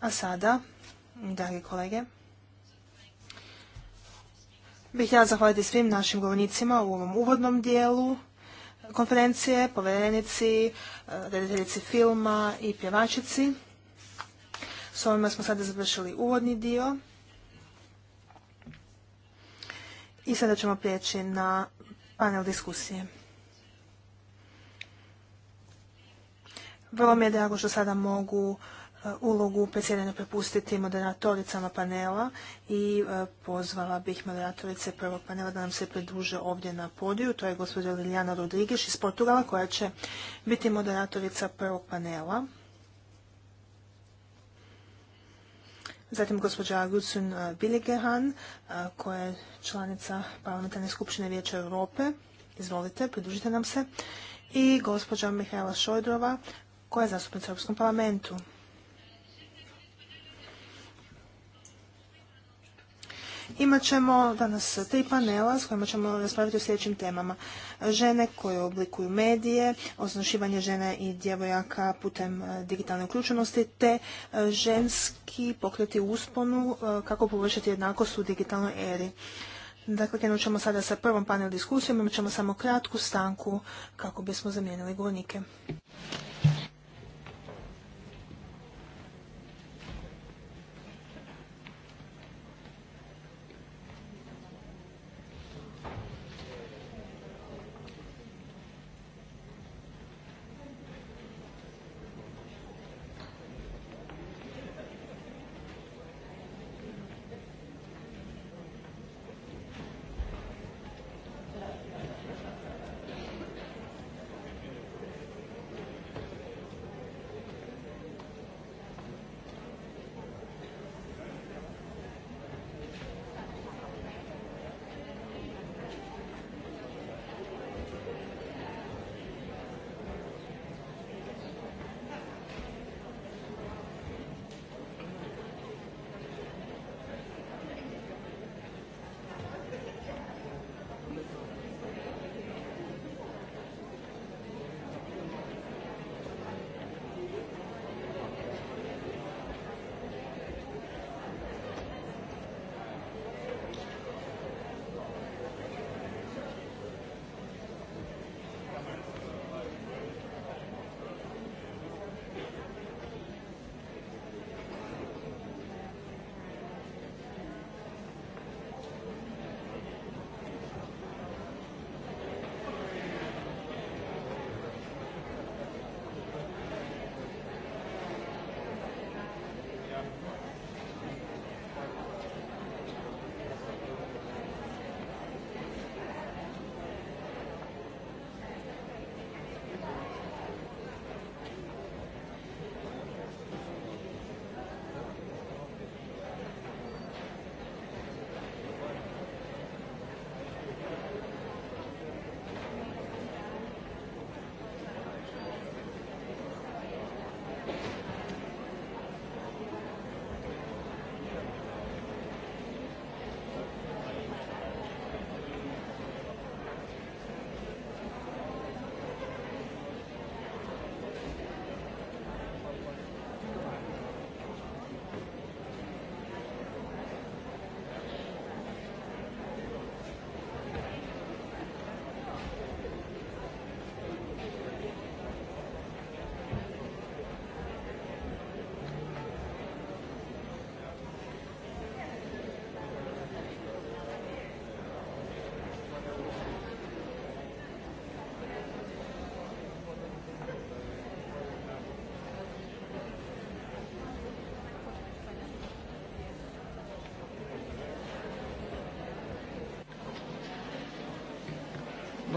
A sada, dragi kolege, bih htjela zahvaliti svim našim govornicima u ovom uvodnom dijelu konferencije, povjerenici, rediteljici filma i pjevačici. S ovima smo sada završili uvodni dio. I sada ćemo prijeći na panel diskusije. Vrlo mi je drago što sada mogu e, ulogu predsjedanja prepustiti moderatoricama panela i e, pozvala bih moderatorice prvog panela da nam se pridruže ovdje na podiju. To je gospođa Liljana Rodrigiš iz Portugala koja će biti moderatorica prvog panela. Zatim gospođa Gudsun eh, Biligehan, eh, koja je članica Parlamentarne skupštine Vijeća Europe. Izvolite, pridružite nam se. I gospođa Mihajla Šojdrova, koja je zastupnica u Europskom parlamentu. Imat ćemo danas tri panela s kojima ćemo raspraviti o sljedećim temama. Žene koje oblikuju medije, osnošivanje žene i djevojaka putem e, digitalne uključenosti, te e, ženski pokreti usponu e, kako poboljšati jednakost u digitalnoj eri. Dakle, krenut ćemo sada sa prvom panel diskusijom, imat ćemo samo kratku stanku kako bismo zamijenili govornike.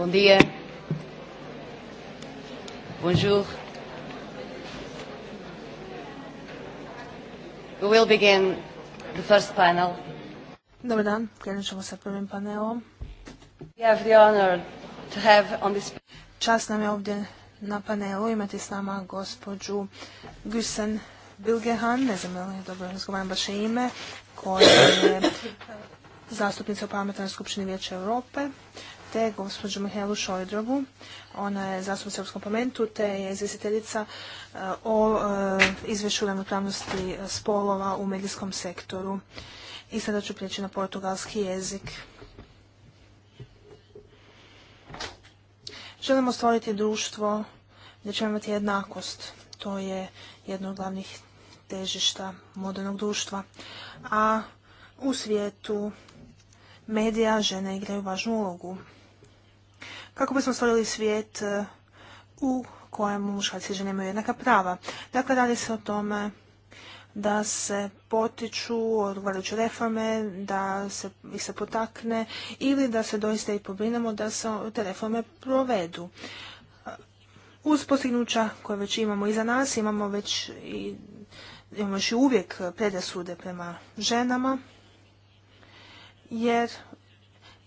Bom dia. Bonjour. We will begin the first panel. Dobar dan, krenut ćemo sa prvim panelom. We have the honor to have on this... Čast nam je ovdje na panelu imati s nama gospođu Gusen Bilgehan, ne znam li dobro razgovaram vaše ime, koja je zastupnica u Parlamentarnoj skupštini Vijeća Europe te gospođu Mihelu Šojdrogu. Ona je zastupnica u Europskom parlamentu te je izvjestiteljica eh, o eh, izvješću ravnopravnosti spolova u medijskom sektoru. I sada ću prijeći na portugalski jezik. Želimo stvoriti društvo gdje ćemo imati jednakost. To je jedno od glavnih težišta modernog društva. A u svijetu medija žene igraju važnu ulogu kako bismo stvorili svijet e, u kojem muškarci i žene imaju jednaka prava. Dakle, radi se o tome da se potiču odgovarajuće reforme, da se ih se potakne ili da se doista i pobrinemo da se te reforme provedu. Uz postignuća koje već imamo iza nas, imamo već i imamo još i uvijek predrasude prema ženama, jer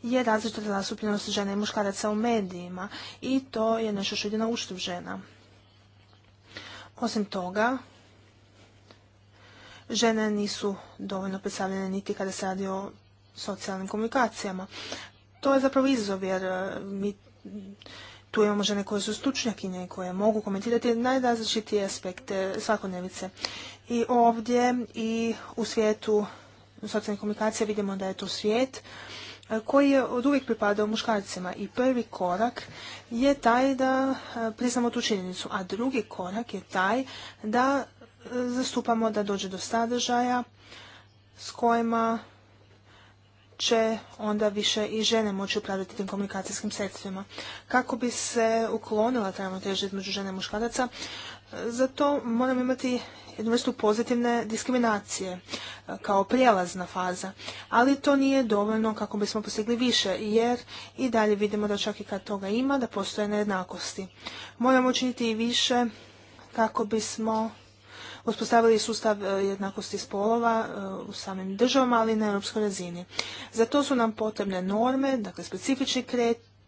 je različita zastupljenost žena i muškaraca u medijima i to je nešto što ide na uštup žena. Osim toga, žene nisu dovoljno predstavljene niti kada se radi o socijalnim komunikacijama. To je zapravo izazov jer e, mi tu imamo žene koje su stručnjakinje i koje mogu komentirati najrazličitije aspekte svakodnevice. I ovdje i u svijetu socijalnih komunikacija vidimo da je to svijet koji je od uvijek pripadao muškarcima i prvi korak je taj da e, priznamo tu činjenicu, a drugi korak je taj da e, zastupamo da dođe do sadržaja s kojima će onda više i žene moći upravljati tim komunikacijskim sredstvima. Kako bi se uklonila težit između žene i muškaraca, za to moramo imati jednu vrstu pozitivne diskriminacije e, kao prijelazna faza. Ali to nije dovoljno kako bismo postigli više, jer i dalje vidimo da čak i kad toga ima, da postoje nejednakosti. Moramo učiniti i više kako bismo uspostavili sustav e, jednakosti spolova e, u samim državama, ali i na europskoj razini. Za to su nam potrebne norme, dakle specifični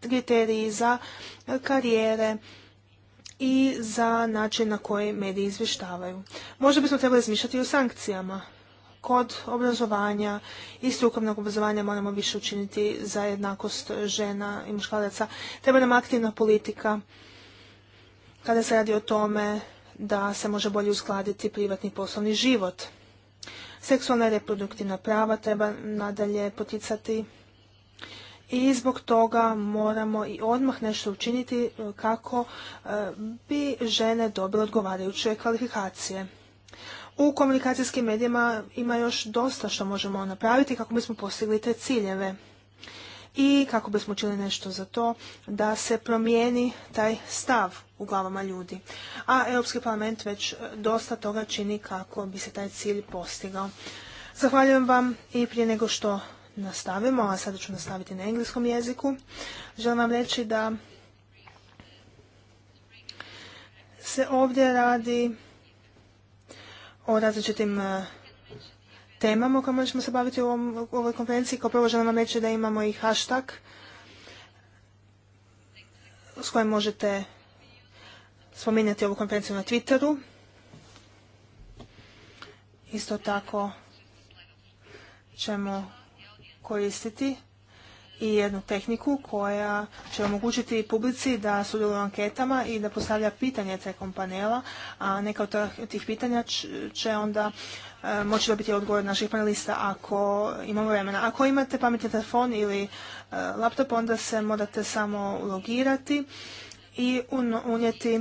kriteriji za karijere, i za način na koji mediji izvještavaju. Možda bismo trebali razmišljati i o sankcijama. Kod obrazovanja i strukovnog obrazovanja moramo više učiniti za jednakost žena i muškaraca. Treba nam aktivna politika kada se radi o tome da se može bolje uskladiti privatni poslovni život. Seksualna i reproduktivna prava treba nadalje poticati i zbog toga moramo i odmah nešto učiniti e, kako e, bi žene dobile odgovarajuće kvalifikacije. U komunikacijskim medijima ima još dosta što možemo napraviti kako bismo postigli te ciljeve i kako bismo učili nešto za to da se promijeni taj stav u glavama ljudi. A Europski parlament već e, dosta toga čini kako bi se taj cilj postigao. Zahvaljujem vam i prije nego što nastavimo, a sada ću nastaviti na engleskom jeziku. Želim vam reći da se ovdje radi o različitim e, temama o kojima ćemo se baviti u ovoj konferenciji. Kao prvo želim vam reći da imamo i hashtag s kojim možete spominjati ovu konferenciju na Twitteru. Isto tako ćemo koristiti i jednu tehniku koja će omogućiti publici da sudjeluje u anketama i da postavlja pitanje tekom panela, a neka od tih pitanja će onda e, moći dobiti odgovor od naših panelista ako imamo vremena. Ako imate pametni telefon ili e, laptop, onda se morate samo logirati i unijeti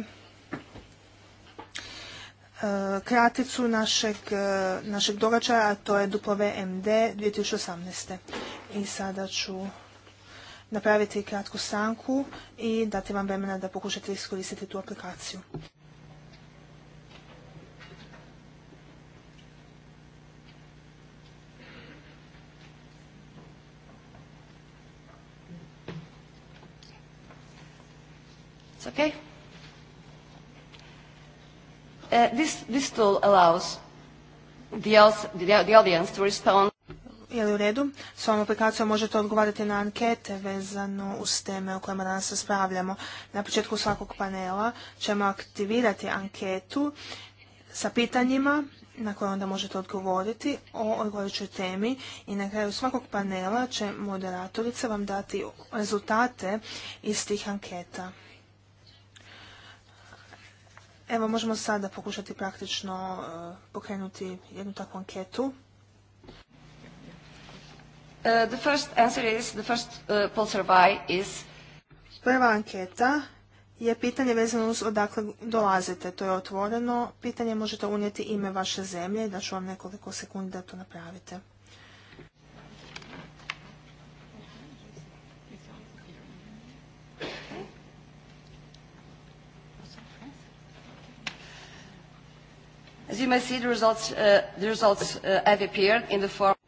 E, kraticu e, našeg, događaja, a to je WMD 2018. I sada ću napraviti kratku stanku i dati vam vremena da pokušate iskoristiti tu aplikaciju. It's okay. Uh, this, this tool allows the, to respond je li u redu? S ovom aplikacijom možete odgovarati na ankete vezano uz teme o kojima danas raspravljamo. Na početku svakog panela ćemo aktivirati anketu sa pitanjima na koje onda možete odgovoriti o odgovarajućoj temi i na kraju svakog panela će moderatorica vam dati rezultate iz tih anketa. Evo, možemo sada pokušati praktično e, pokrenuti jednu takvu anketu. E, e, Prva anketa je pitanje vezano uz odakle dolazite. To je otvoreno. Pitanje možete unijeti ime vaše zemlje i da ću vam nekoliko sekundi da to napravite.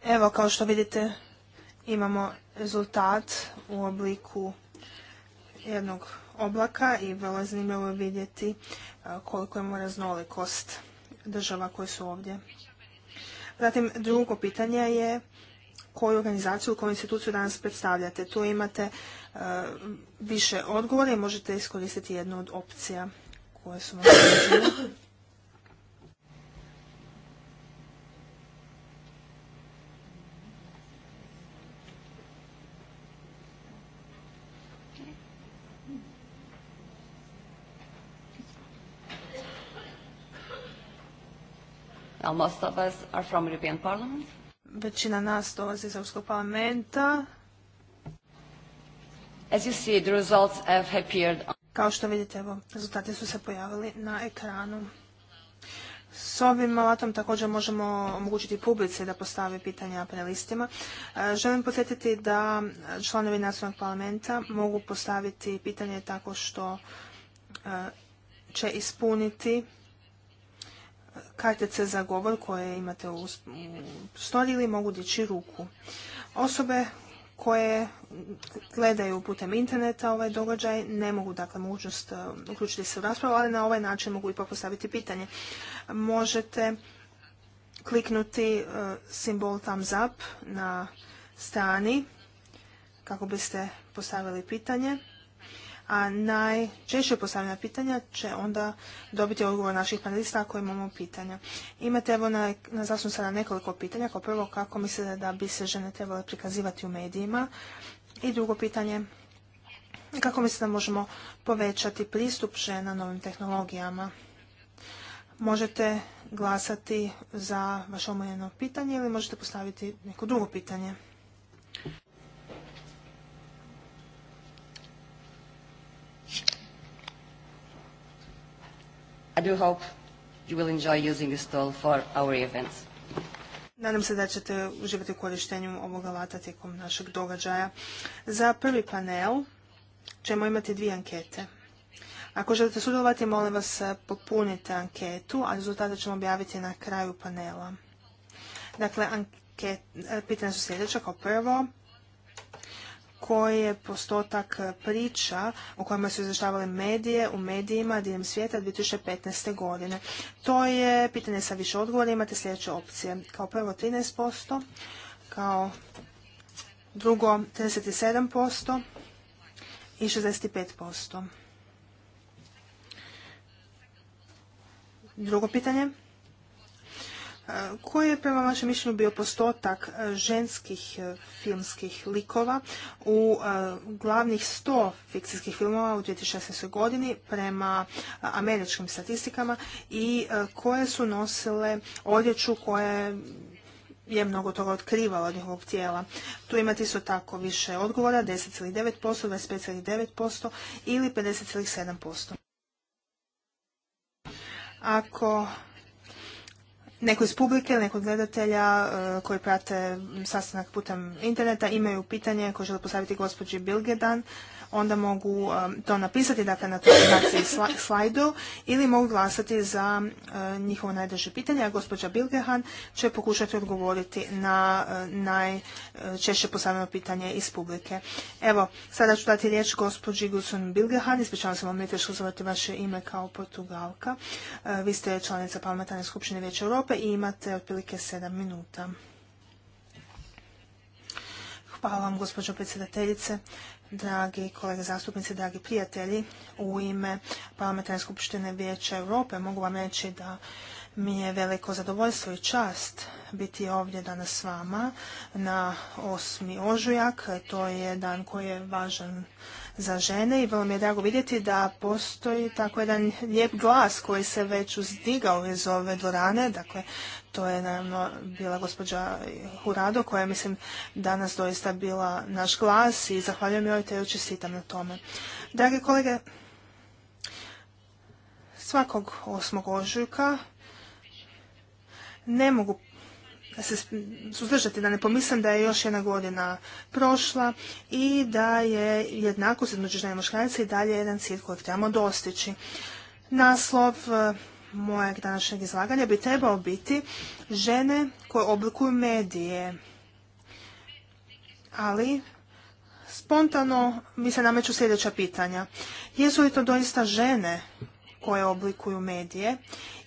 Evo, kao što vidite, imamo rezultat u obliku jednog oblaka i vrlo je zanimljivo vidjeti uh, koliko imamo raznolikost država koje su ovdje. Zatim, drugo pitanje je koju organizaciju, koju instituciju danas predstavljate. Tu imate uh, više odgovora i možete iskoristiti jednu od opcija koje su vam are Većina nas dolazi iz Europskog parlamenta. As Kao što vidite, evo, rezultati su se pojavili na ekranu. S ovim alatom također možemo omogućiti publici da postavi pitanja panelistima. E, želim podsjetiti da članovi nacionalnog parlamenta mogu postaviti pitanje tako što e, će ispuniti kartice za govor koje imate u ili mogu dići ruku. Osobe koje gledaju putem interneta ovaj događaj ne mogu dakle mogućnost e, uključiti se u raspravu, ali na ovaj način mogu ipak postaviti pitanje. Možete kliknuti e, simbol thumbs up na strani kako biste postavili pitanje a najčešće postavljena pitanja će onda dobiti odgovor naših panelista ako imamo pitanja. Imate evo na, na sada nekoliko pitanja. Kao prvo, kako mislite da bi se žene trebale prikazivati u medijima? I drugo pitanje, kako mislite da možemo povećati pristup žena novim tehnologijama? Možete glasati za vaše omoljeno pitanje ili možete postaviti neko drugo pitanje. I do hope you will enjoy using this for our events. Nadam se da ćete uživati u korištenju ovog alata tijekom našeg događaja. Za prvi panel ćemo imati dvije ankete. Ako želite sudjelovati, molim vas eh, popunite anketu, a rezultate ćemo objaviti na kraju panela. Dakle, anket, eh, pitanja su sljedeća kao prvo koji je postotak priča o kojima su izvještavale medije u medijima diljem svijeta 2015. godine. To je pitanje sa više odgovora, imate sljedeće opcije. Kao prvo 13%, kao drugo 37% i 65%. Drugo pitanje, E, koji je prema vašem mišljenju bio postotak e, ženskih e, filmskih likova u glavnih 100 fikcijskih filmova u 2016. godini prema američkim statistikama i koje su nosile odjeću koje je mnogo toga otkrivala od njihovog tijela. Tu imate isto tako više odgovora, 10,9%, 25,9% ili 50,7%. Ako neko iz publike ili nekog gledatelja e, koji prate sastanak putem interneta imaju pitanje koje žele postaviti gospođi Bilgedan, onda mogu um, to napisati, dakle na toj slajdu slajdu ili mogu glasati za uh, njihovo najdraže pitanje, a gospođa Bilgehan će pokušati odgovoriti na uh, najčešće postavljeno pitanje iz publike. Evo, sada ću dati riječ gospođi Gusun Bilgehan, ispričavam se vam mi teško vaše ime kao Portugalka. Uh, vi ste članica Parlamentarne skupštine Vijeća Europe i imate otprilike sedam minuta. Hvala vam, gospođo predsjedateljice. Dragi kolege zastupnici, dragi prijatelji, u ime Parlamentarne skupštine Vijeća Europe mogu vam reći da mi je veliko zadovoljstvo i čast biti ovdje danas s vama na osmi ožujak. To je dan koji je važan za žene i vrlo mi je drago vidjeti da postoji tako jedan lijep glas koji se već uzdigao iz ove dvorane, dakle to je naravno bila gospođa Hurado koja je mislim danas doista bila naš glas i zahvaljujem joj te joj čestitam na tome. Drage kolege, svakog osmog ožujka ne mogu se suzdržati da ne pomislim da je još jedna godina prošla i da je jednako između žena i i dalje jedan cilj kojeg trebamo dostići. Naslov mojeg današnjeg izlaganja bi trebao biti žene koje oblikuju medije. Ali spontano mi se nameću sljedeća pitanja. Jesu li to doista žene koje oblikuju medije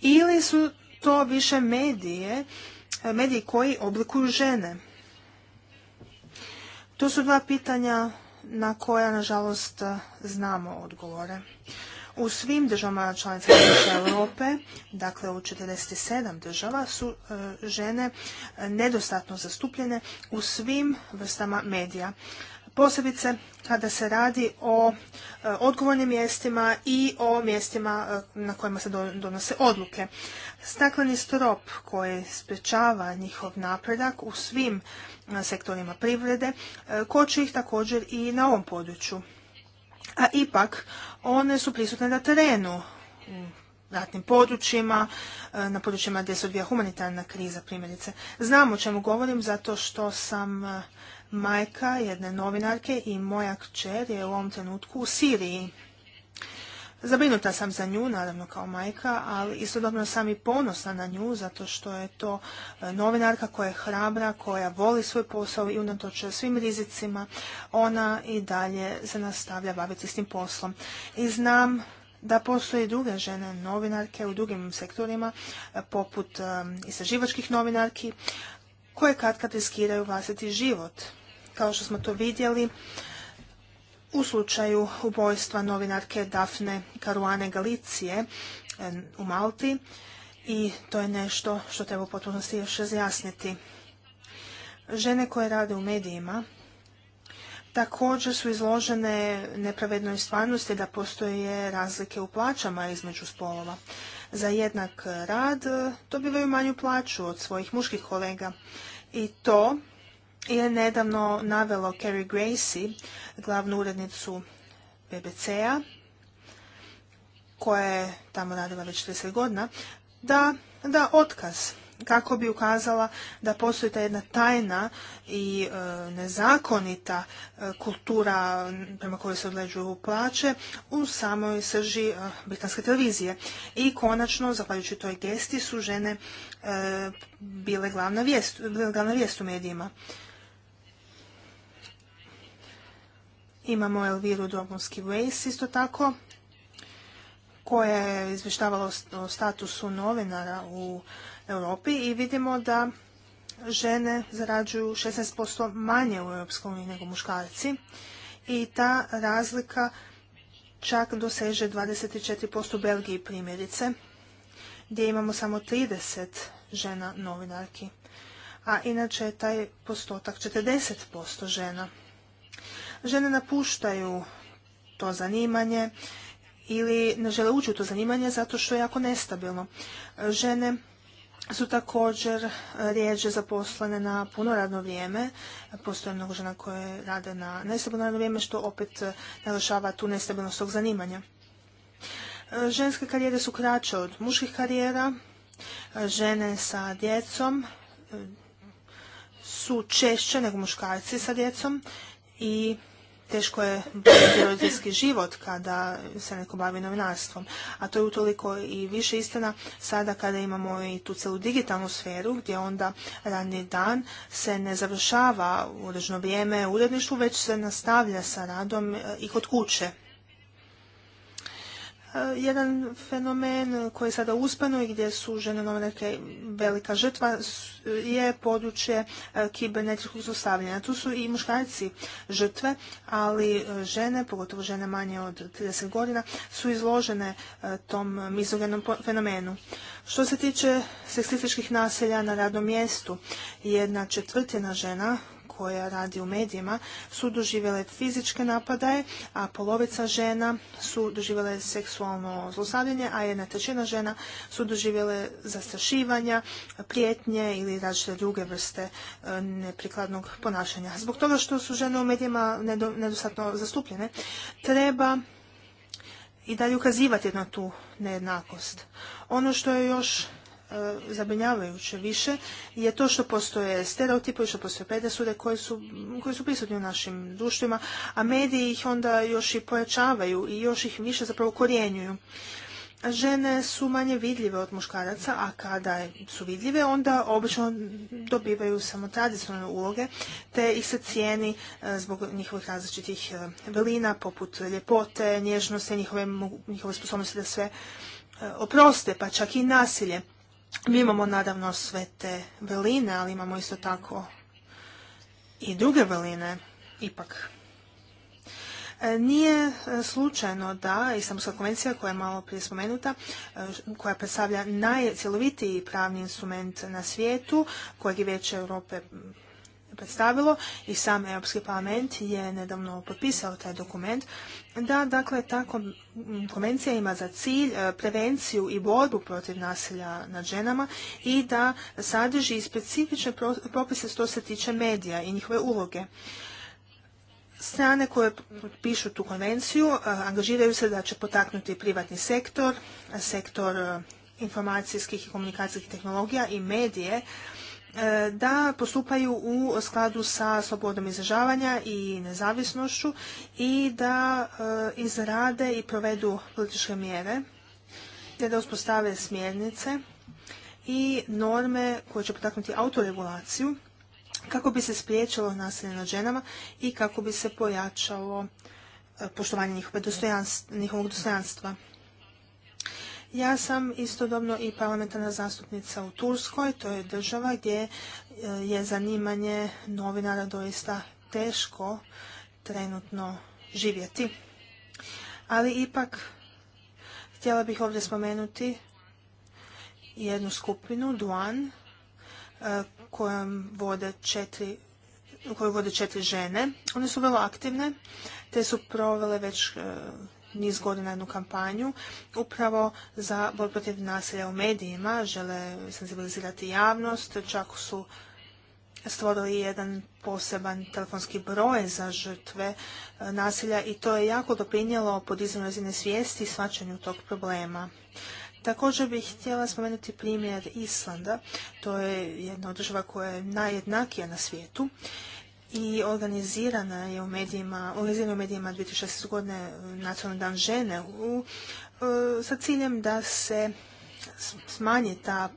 ili su to više medije, mediji koji oblikuju žene? To su dva pitanja na koja, nažalost, znamo odgovore. U svim državama članicama Europe, dakle u 47 država, su e, žene e, nedostatno zastupljene u svim vrstama medija. Posebice kada se radi o e, odgovornim mjestima i o mjestima na kojima se donose odluke. Stakleni strop koji sprečava njihov napredak u svim sektorima privrede, koči ih također i na ovom području. A ipak, one su prisutne na terenu, u ratnim područjima, e, na područjima gdje se odvija humanitarna kriza, primjerice. Znam o čemu govorim, zato što sam e, majka jedne novinarke i moja kćer je u ovom trenutku u Siriji. Zabrinuta sam za nju, naravno kao majka, ali istodobno sam i ponosna na nju, zato što je to e, novinarka koja je hrabra, koja voli svoj posao i unatoč svim rizicima, ona i dalje se nastavlja baviti s tim poslom. I znam da postoje druge žene novinarke u drugim sektorima, e, poput e, istraživačkih novinarki, koje kad kad riskiraju vlastiti život. Kao što smo to vidjeli u slučaju ubojstva novinarke Dafne Karuane Galicije u Malti i to je nešto što treba u potpunosti još razjasniti. Žene koje rade u medijima također su izložene nepravednoj stvarnosti da postoje razlike u plaćama između spolova. Za jednak rad dobivaju manju plaću od svojih muških kolega i to je nedavno navelo Carrie Gracie, glavnu urednicu BBC-a, koja je tamo radila već 30 godina, da da otkaz kako bi ukazala da postoji ta jedna tajna i e, nezakonita e, kultura prema kojoj se odleđuju plaće u samoj srži e, britanske televizije. I konačno, zahvaljujući toj gesti, su žene bile glavna bile glavna vijest u medijima. Imamo Elviru Dogonski Ways isto tako, koja je izvještavala o statusu novinara u Europi i vidimo da žene zarađuju 16% manje u EU nego muškarci i ta razlika čak doseže 24% u Belgiji primjerice, gdje imamo samo 30 žena novinarki, a inače je taj postotak 40% žena žene napuštaju to zanimanje ili ne žele ući u to zanimanje zato što je jako nestabilno. Žene su također e, rijeđe zaposlene na puno radno vrijeme. Postoje mnogo žena koje rade na nestabilno radno vrijeme, što opet e, narušava tu nestabilnost tog zanimanja. E, ženske karijere su kraće od muških karijera. Žene sa djecom su češće nego muškarci sa djecom i teško je bolesti roditeljski život kada se neko bavi novinarstvom. A to je utoliko i više istina sada kada imamo i tu celu digitalnu sferu gdje onda radni dan se ne završava u određeno vrijeme u uredništvu, već se nastavlja sa radom e, i kod kuće. E, jedan fenomen koji je sada uspano i gdje su žene novinarke velika žrtva je područje e, kibernetičkog zostavljanja. Tu su i muškarci žrtve, ali e, žene, pogotovo žene manje od 30 godina, su izložene tom mizogenom fenomenu. Što se tiče seksističkih naselja na radnom mjestu, jedna četvrtina žena koja radi u medijima su doživjele fizičke napadaje, a polovica žena su doživjele seksualno zlostavljanje, a jedna trećina žena su doživjele zastrašivanja, prijetnje ili različite druge vrste e, neprikladnog ponašanja. Zbog toga što su žene u medijima nedostatno zastupljene, treba i dalje ukazivati na tu nejednakost. Ono što je još E, zabrinjavajuće više je to što postoje stereotipi, što postoje predrasude koje su, koje su u našim društvima, a mediji ih onda još i pojačavaju i još ih više zapravo korjenjuju. Žene su manje vidljive od muškaraca, a kada su vidljive, onda obično dobivaju samo tradicionalne uloge, te ih se cijeni e, zbog njihovih različitih e, velina, poput ljepote, nježnosti, njihove, njihove sposobnosti da sve oproste, pa čak i nasilje. Mi imamo naravno sve te veline, ali imamo isto tako i druge veline, ipak. E, nije e, slučajno da Istanbulska konvencija koja je malo prije spomenuta, e, koja predstavlja najcjelovitiji pravni instrument na svijetu, kojeg je Vijeće Europe predstavilo i sam Europski parlament je nedavno potpisao taj dokument, da dakle ta konvencija ima za cilj e, prevenciju i borbu protiv nasilja nad ženama i da sadrži specifične propise što se tiče medija i njihove uloge. Strane koje pišu tu konvenciju e, angažiraju se da će potaknuti privatni sektor, sektor e, informacijskih i komunikacijskih tehnologija i medije E, da postupaju u skladu sa slobodom izražavanja i nezavisnošću i da e, izrade i provedu političke mjere te da uspostave smjernice i norme koje će potaknuti autoregulaciju kako bi se spriječilo nasilje nad ženama i kako bi se pojačalo e, poštovanje njihovog dostojanstva ja sam istodobno i parlamentarna zastupnica u Turskoj, to je država gdje e, je zanimanje novinara doista teško trenutno živjeti. Ali ipak htjela bih ovdje spomenuti jednu skupinu, Duan, e, kojom vode četiri koju vode četiri žene. One su vrlo aktivne, te su provele već e, niz godina jednu kampanju upravo za borbu protiv nasilja u medijima, žele senzibilizirati javnost, čak su stvorili jedan poseban telefonski broj za žrtve e, nasilja i to je jako doprinijelo podizanju razine svijesti i svačanju tog problema. Također bih htjela spomenuti primjer Islanda. To je jedna od država koja je najjednakija na svijetu i organizirana je u medijima, organizirana u medijima 2016. godine e, Nacionalni dan žene u, e, sa ciljem da se smanji ta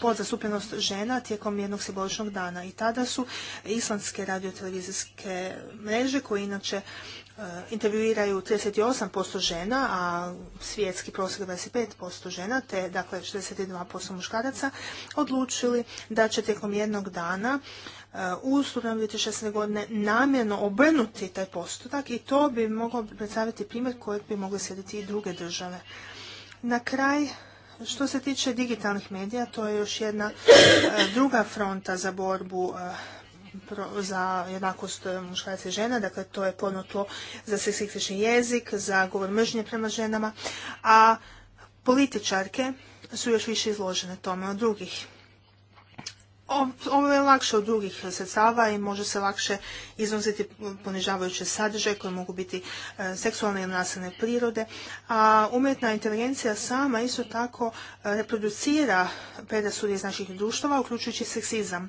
podzastupljenost žena tijekom jednog simboličnog dana. I tada su islandske radiotelevizijske mreže koje inače e, intervjuiraju 38% žena, a svjetski prosjek 25% žena, te dakle 62% muškaraca, odlučili da će tijekom jednog dana u studenom 2016. godine namjerno obrnuti taj postotak i to bi moglo predstaviti primjer koji bi mogli slijediti i druge države. Na kraj, što se tiče digitalnih medija, to je još jedna e, druga fronta za borbu e, za jednakost muškaraca i žena, dakle to je to za seksistični jezik, za govor mržnje prema ženama, a političarke su još više izložene tome od drugih ovo je lakše od drugih sredstava i može se lakše iznositi ponižavajuće sadržaje koje mogu biti e, seksualne ili nasilne prirode. A umjetna inteligencija sama isto tako e, reproducira predrasude iz naših društava, uključujući seksizam.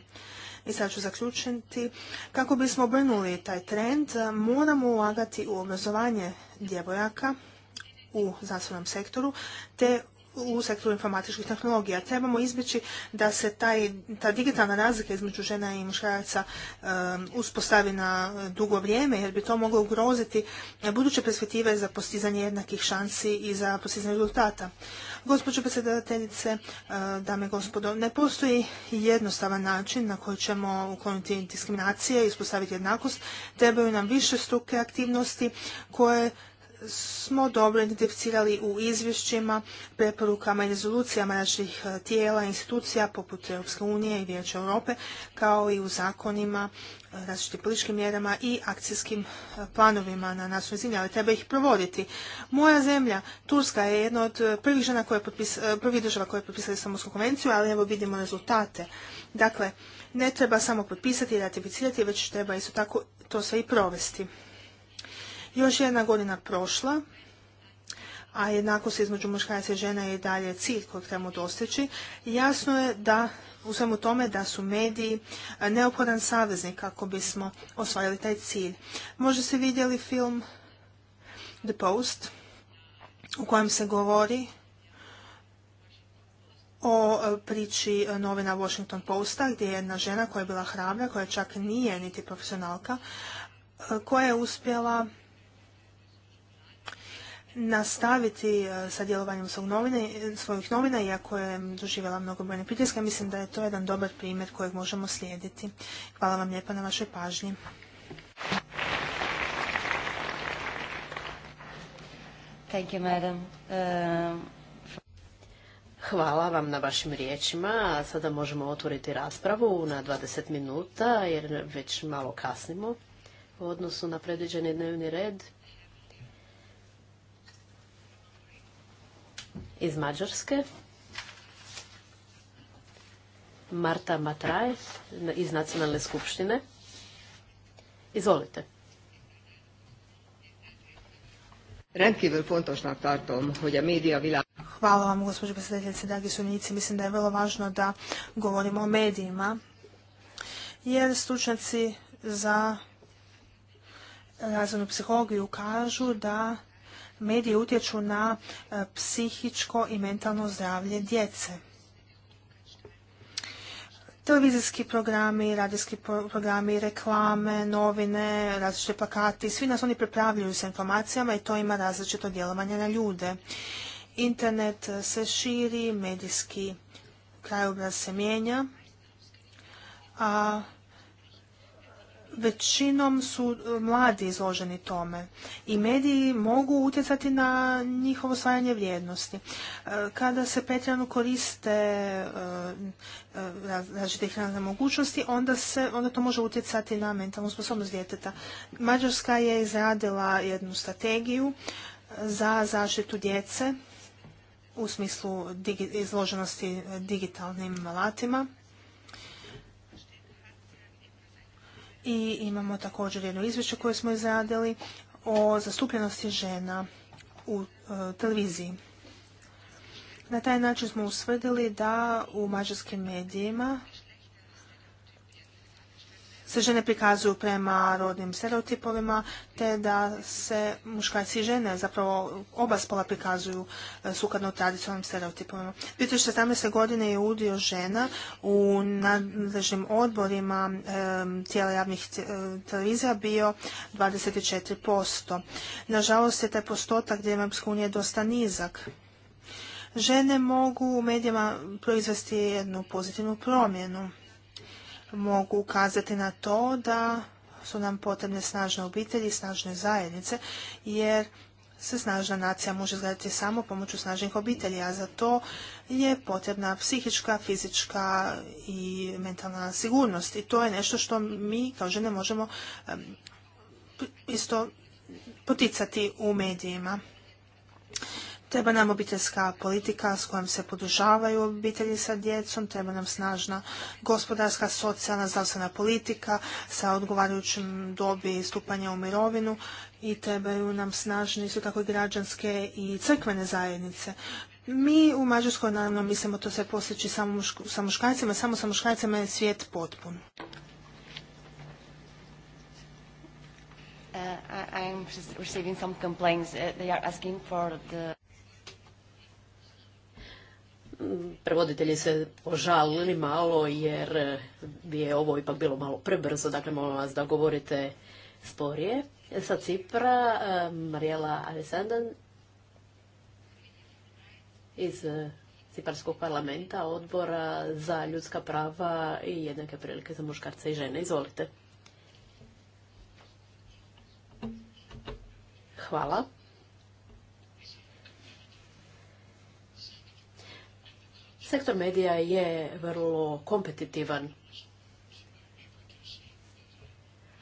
I sad ću zaključiti. Kako bismo obrnuli taj trend, e, moramo ulagati u obrazovanje djevojaka u znanstvenom sektoru, te u sektoru informatičkih tehnologija. Trebamo izbjeći da se taj, ta digitalna razlika između žena i muškaraca uspostavi na dugo vrijeme, jer bi to moglo ugroziti buduće perspektive za postizanje jednakih šansi i za postizanje rezultata. Gospođo predsjedateljice, dame i gospodo, ne postoji jednostavan način na koji ćemo ukloniti diskriminacije i uspostaviti jednakost. Trebaju nam više struke aktivnosti koje smo dobro identificirali u izvješćima, preporukama i rezolucijama naših e, tijela, institucija poput Europske unije i Vijeća Europe, kao i u zakonima, e, različitim političkim mjerama i akcijskim e, planovima na našoj zemlji, ali treba ih provoditi. Moja zemlja, Turska, je jedna od prvih žena koja je prvih država koje je potpisala Istanbulsku konvenciju, ali evo vidimo rezultate. Dakle, ne treba samo potpisati i ratificirati, već treba isto tako to sve i provesti. Još jedna godina prošla, a jednakost između muškaraca i žena je i dalje cilj kojeg trebamo dostići, jasno je da u svemu tome da su mediji neophodan saveznik kako bismo osvajali taj cilj. Možda ste vidjeli film The Post u kojem se govori o e, priči e, novina Washington Posta gdje je jedna žena koja je bila hrabra, koja čak nije niti profesionalka, e, koja je uspjela nastaviti e, sa djelovanjem svojih novina, iako je doživjela mnogobrojne pritiske. Mislim da je to jedan dobar primjer kojeg možemo slijediti. Hvala vam lijepa na vašoj pažnji. Thank um, Hvala vam na vašim riječima. Sada možemo otvoriti raspravu na 20 minuta jer već malo kasnimo u odnosu na predviđeni dnevni red. iz Mađarske, Marta Matraj iz Nacionalne skupštine. Izvolite. Rendkívül fontosnak tartom, hogy a média Hvala vam, gospođo predsjedateljice, dragi sudionici. Mislim da je vrlo važno da govorimo o medijima, jer stručnjaci za razvojnu psihologiju kažu da mediji utječu na e, psihičko i mentalno zdravlje djece. Televizijski programi, radijski programi, reklame, novine, različite plakati, svi nas oni pripravljaju sa informacijama i to ima različito djelovanje na ljude. Internet e, se širi, medijski krajobraz se mijenja, a većinom su e, mladi izloženi tome i mediji mogu utjecati na njihovo osvajanje vrijednosti. E, kada se pretjerano koriste e, različite hranne mogućnosti, onda, se, onda to može utjecati na mentalnu sposobnost djeteta. Mađarska je izradila jednu strategiju za zaštitu djece u smislu izloženosti digitalnim alatima i imamo također jedno izvješće koje smo izradili o zastupljenosti žena u e, televiziji. Na taj način smo usvrdili da u mađarskim medijima se žene prikazuju prema rodnim stereotipovima, te da se muškarci i žene, zapravo oba spola prikazuju e, sukladno tradicionalnim stereotipovima. 2017. godine je udio žena u nadležnim odborima e, tijela javnih e, televizija bio 24%. Nažalost je taj postotak gdje Evropska unija dosta nizak. Žene mogu u medijima proizvesti jednu pozitivnu promjenu mogu ukazati na to da su nam potrebne snažne obitelji, i snažne zajednice, jer se snažna nacija može izgledati samo pomoću snažnih obitelji, a za to je potrebna psihička, fizička i mentalna sigurnost. I to je nešto što mi kao žene možemo isto poticati u medijima. Treba nam obiteljska politika s kojom se podržavaju obitelji sa djecom, treba nam snažna gospodarska, socijalna, zdravstvena politika sa odgovarajućim dobi stupanja u mirovinu i trebaju nam snažne isto tako i građanske i crkvene zajednice. Mi u Mađarskoj naravno mislimo to se posjeći samo sa muškarcima, samo sa muškarcima je svijet potpun. Uh, I, I'm receiving some complaints. Uh, they are asking for the prevoditelji se požalili malo jer bi je ovo ipak bilo malo prebrzo, dakle molim vas da govorite sporije. E, sa Cipra, e, Marijela Alessandan iz e, Ciparskog parlamenta, odbora za ljudska prava i jednake prilike za muškarce i žene. Izvolite. Hvala. Sektor medija je vrlo kompetitivan.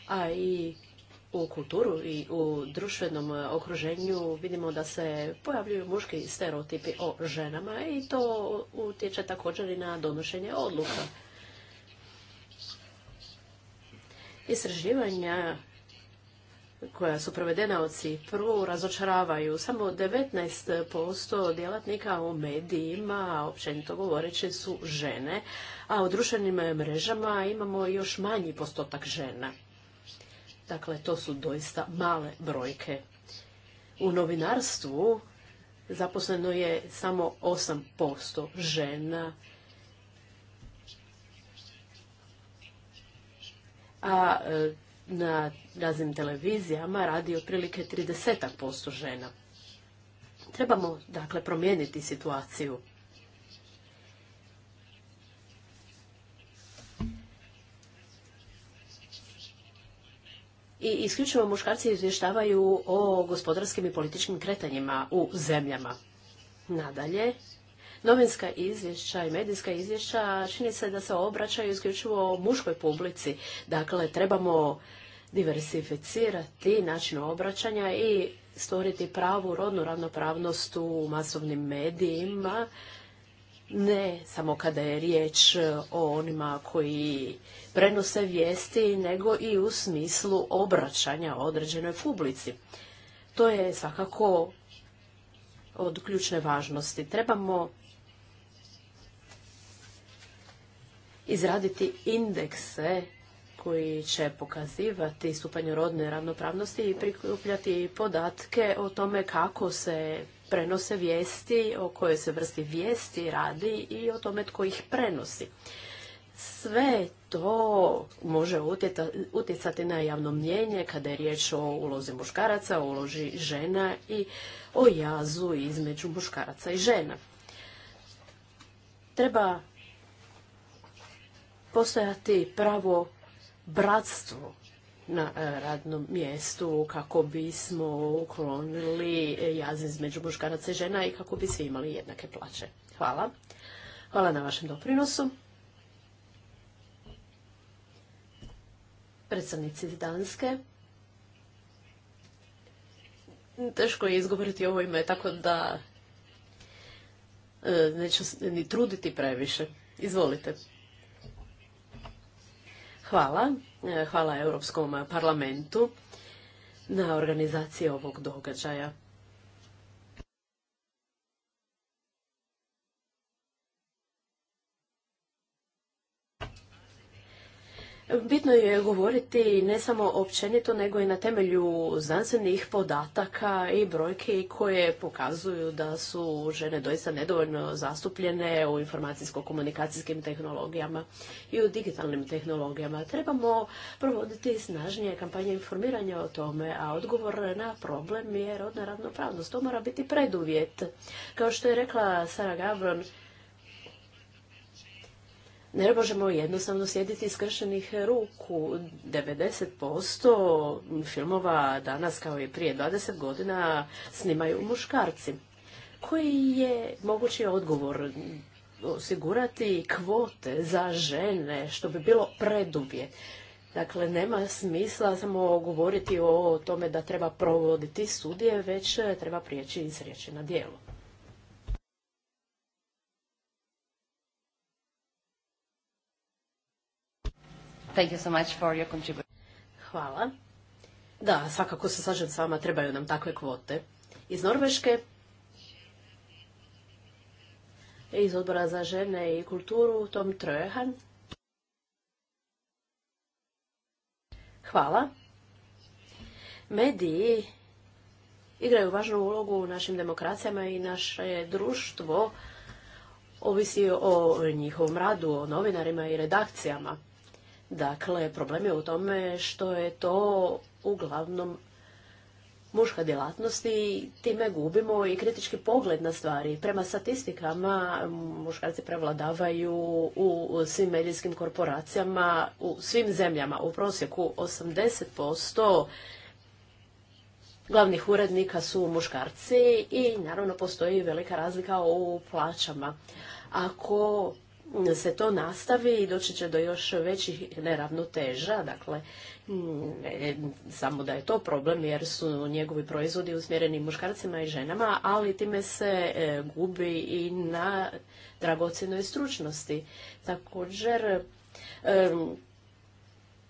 A i u kulturu i u društvenom okruženju vidimo da se pojavljuju muški stereotipi o ženama i to utječe također i na donošenje odluka. Istraživanja koja su provedena od Cipru razočaravaju. Samo 19% djelatnika u medijima, općenito govoreći, su žene, a u društvenim mrežama imamo još manji postotak žena. Dakle, to su doista male brojke. U novinarstvu zaposleno je samo 8% žena, a e, na raznim televizijama radi otprilike 30% žena. Trebamo, dakle, promijeniti situaciju. I isključivo muškarci izvještavaju o gospodarskim i političkim kretanjima u zemljama. Nadalje, novinska izvješća i medijska izvješća čini se da se obraćaju isključivo muškoj publici. Dakle, trebamo diversificirati način obraćanja i stvoriti pravu rodnu ravnopravnost u masovnim medijima, ne samo kada je riječ o onima koji prenose vijesti, nego i u smislu obraćanja određenoj publici. To je svakako od ključne važnosti. Trebamo izraditi indekse koji će pokazivati stupanj rodne ravnopravnosti i prikupljati podatke o tome kako se prenose vijesti, o kojoj se vrsti vijesti radi i o tome tko ih prenosi. Sve to može utjecati na javno mnjenje kada je riječ o ulozi muškaraca, o uloži žena i o jazu između muškaraca i žena. Treba postojati pravo bratstvo na e, radnom mjestu kako bismo uklonili jaz između muškaraca i žena i kako bi svi imali jednake plaće. Hvala. Hvala na vašem doprinosu. Predstavnici Danske. Teško je izgovoriti ovo ime, tako da e, neću ni truditi previše. Izvolite. Hvala. Hvala Europskom parlamentu na organizaciji ovog događaja. Bitno je govoriti ne samo općenito, nego i na temelju znanstvenih podataka i brojke koje pokazuju da su žene doista nedovoljno zastupljene u informacijsko-komunikacijskim tehnologijama i u digitalnim tehnologijama. Trebamo provoditi snažnije kampanje informiranja o tome, a odgovor na problem je rodna ravnopravnost. To mora biti preduvjet. Kao što je rekla Sara Gavron, ne možemo jednostavno sjediti iskršenih ruku. 90% filmova danas kao i prije 20 godina snimaju muškarci. Koji je mogući odgovor osigurati kvote za žene, što bi bilo predubje Dakle, nema smisla samo govoriti o tome da treba provoditi studije, već treba prijeći iz riječi na dijelo. Thank you so much for your contribution. Hvala. Da, svakako se slažem s vama, trebaju nam takve kvote. Iz Norveške, iz odbora za žene i kulturu, Tom Trojehan. Hvala. Mediji igraju važnu ulogu u našim demokracijama i naše društvo ovisi o njihovom radu, o novinarima i redakcijama. Dakle, problem je u tome što je to uglavnom muška djelatnost i time gubimo i kritički pogled na stvari. Prema statistikama muškarci prevladavaju u svim medijskim korporacijama, u svim zemljama. U prosjeku 80% glavnih urednika su muškarci i naravno postoji velika razlika u plaćama. Ako se to nastavi i doći će do još većih neravnoteža, dakle mm, e, samo da je to problem jer su njegovi proizvodi usmjereni muškarcima i ženama, ali time se e, gubi i na dragocjenoj stručnosti. Također e,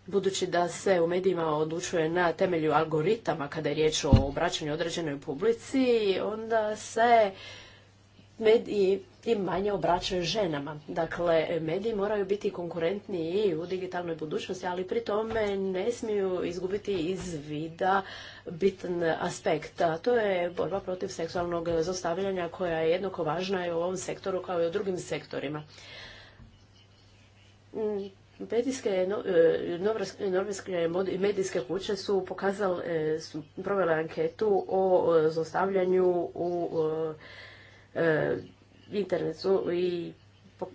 Budući da se u medijima odlučuje na temelju algoritama kada je riječ o obraćanju određenoj publici, onda se mediji tim manje obraćaju ženama. Dakle, mediji moraju biti konkurentni i u digitalnoj budućnosti, ali pri tome ne smiju izgubiti iz vida bitan aspekt. A to je borba protiv seksualnog zostavljanja koja je jednako važna i u ovom sektoru kao i u drugim sektorima. Medijske, e, medijske kuće su pokazale, su provele anketu o e, zostavljanju u e, internetu i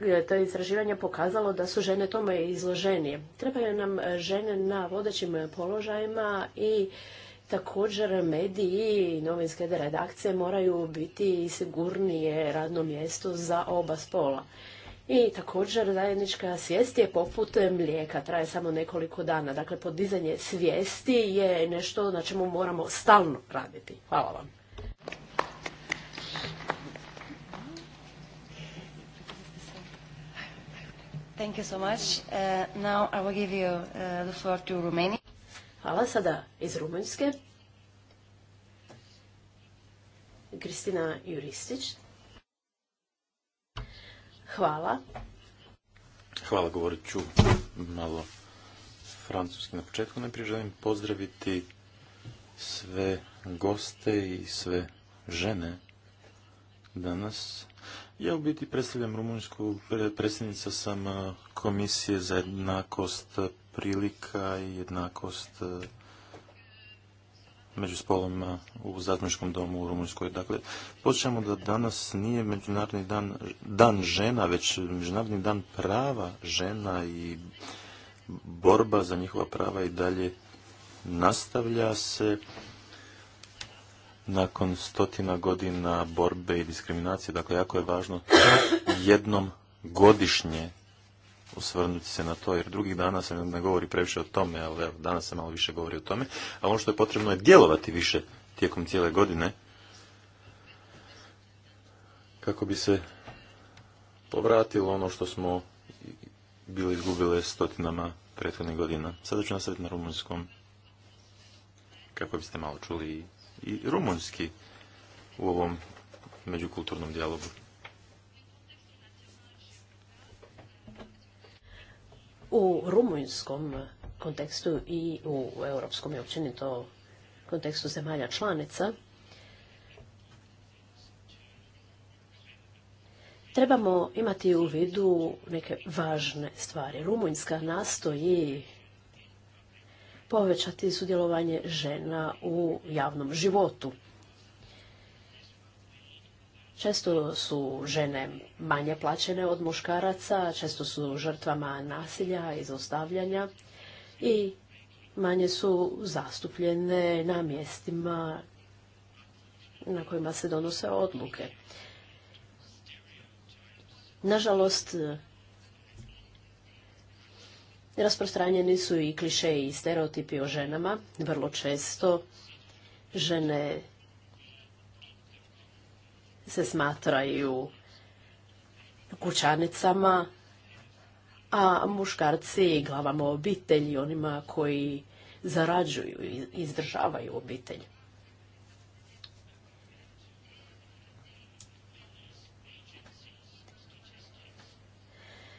e, to je istraživanje pokazalo da su žene tome izloženije. Trebaju nam e, žene na vodećim položajima i također mediji i novinske redakcije moraju biti sigurnije radno mjesto za oba spola. I također zajednička svijest je poput mlijeka, traje samo nekoliko dana. Dakle, podizanje svijesti je nešto na čemu moramo stalno raditi. Hvala vam. Thank you so much. Uh, now I will give you uh, the floor to Romania. Hvala sada iz Rumunjske. Kristina Juristić. Hvala. Hvala, govorit ću malo francuski na početku. Najprije želim pozdraviti sve goste i sve žene danas ja u biti predstavljam Rumunjsku, predsjednica sam e, Komisije za jednakost e, prilika i jednakost e, među spolovima u Zatmičkom domu u Rumunjskoj. Dakle, počnemo da danas nije Međunarodni dan, dan žena, već Međunarodni dan prava žena i borba za njihova prava i dalje nastavlja se nakon stotina godina borbe i diskriminacije. Dakle, jako je važno jednom godišnje osvrnuti se na to, jer drugih dana se ne govori previše o tome, ali evo, danas se malo više govori o tome. A ono što je potrebno je djelovati više tijekom cijele godine, kako bi se povratilo ono što smo bili izgubile stotinama prethodnih godina. Sada ću nastaviti na rumunskom, kako biste malo čuli i rumunjski u ovom međukulturnom dijalogu. U rumunjskom kontekstu i u europskom i općenito kontekstu zemalja članica trebamo imati u vidu neke važne stvari. Rumunjska nastoji povećati sudjelovanje žena u javnom životu. Često su žene manje plaćene od muškaraca, često su žrtvama nasilja i zaustavljanja i manje su zastupljene na mjestima na kojima se donose odluke. Nažalost, Rasprostranjeni su i kliše i stereotipi o ženama. Vrlo često žene se smatraju kućanicama, a muškarci i glavama obitelji, onima koji zarađuju i izdržavaju obitelj.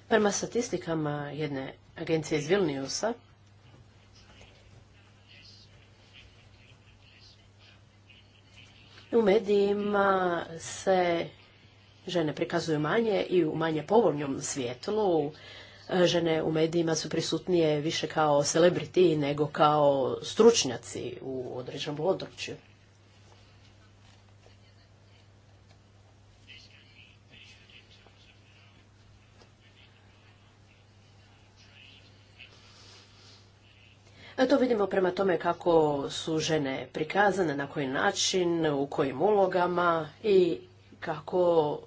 Prema statistikama jedne Agencija iz Vilniusa. U medijima se žene prikazuju manje i u manje povoljnom svijetlu. Žene u medijima su prisutnije više kao celebrity nego kao stručnjaci u određenom području. To vidimo prema tome kako su žene prikazane, na koji način, u kojim ulogama i kako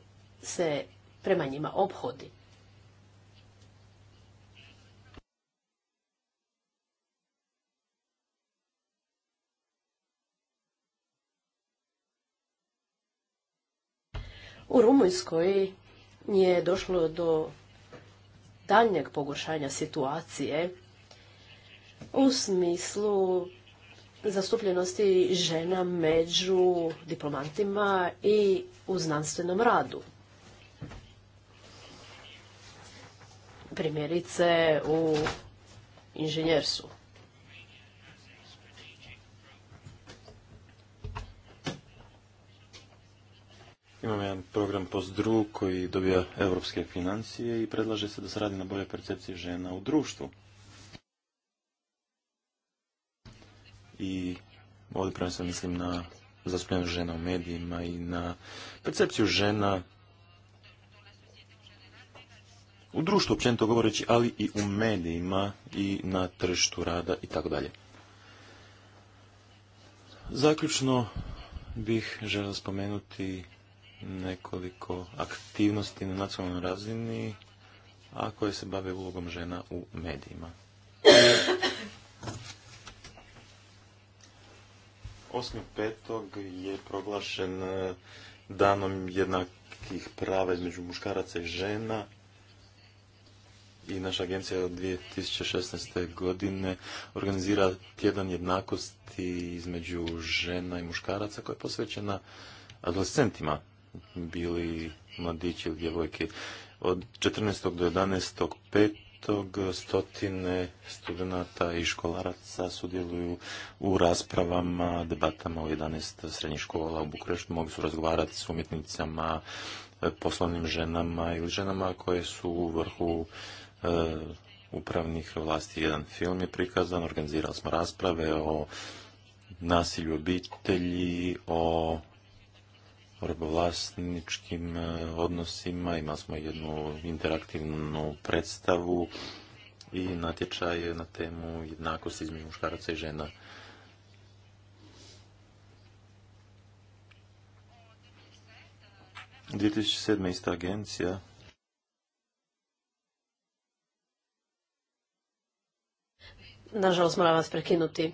se prema njima obhodi. U Rumunjskoj je došlo do daljnjeg pogoršanja situacije u smislu zastupljenosti žena među diplomatima i u znanstvenom radu. Primjerice u inženjerstvu. Imamo jedan program POSDRU koji dobija europske financije i predlaže se da se radi na bolje percepciji žena u društvu. i ovdje prvenstveno mislim na zastupljenost žena u medijima i na percepciju žena u društvu općenito govoreći, ali i u medijima i na tržištu rada i tako dalje. Zaključno bih želio spomenuti nekoliko aktivnosti na nacionalnoj razini, a koje se bave ulogom žena u medijima. 8.5. je proglašen e, danom jednakih prava između muškaraca i žena i naša agencija od 2016. godine organizira tjedan jednakosti između žena i muškaraca koja je posvećena adolescentima, bili mladići ili djevojke. Od 14. do 11.5 tog stotine studenta i školaraca sudjeluju u raspravama, debatama u 11 srednjih škola u Bukureštu. Mogu su razgovarati s umjetnicama, poslovnim ženama ili ženama koje su u vrhu eh, upravnih vlasti. Jedan film je prikazan, organizirali smo rasprave o nasilju obitelji, o robovlasničkim e, odnosima, imali smo jednu interaktivnu predstavu i natječaj na temu jednakosti između muškaraca i žena. dvije 2007. ista agencija Nažalost, moram vas prekinuti.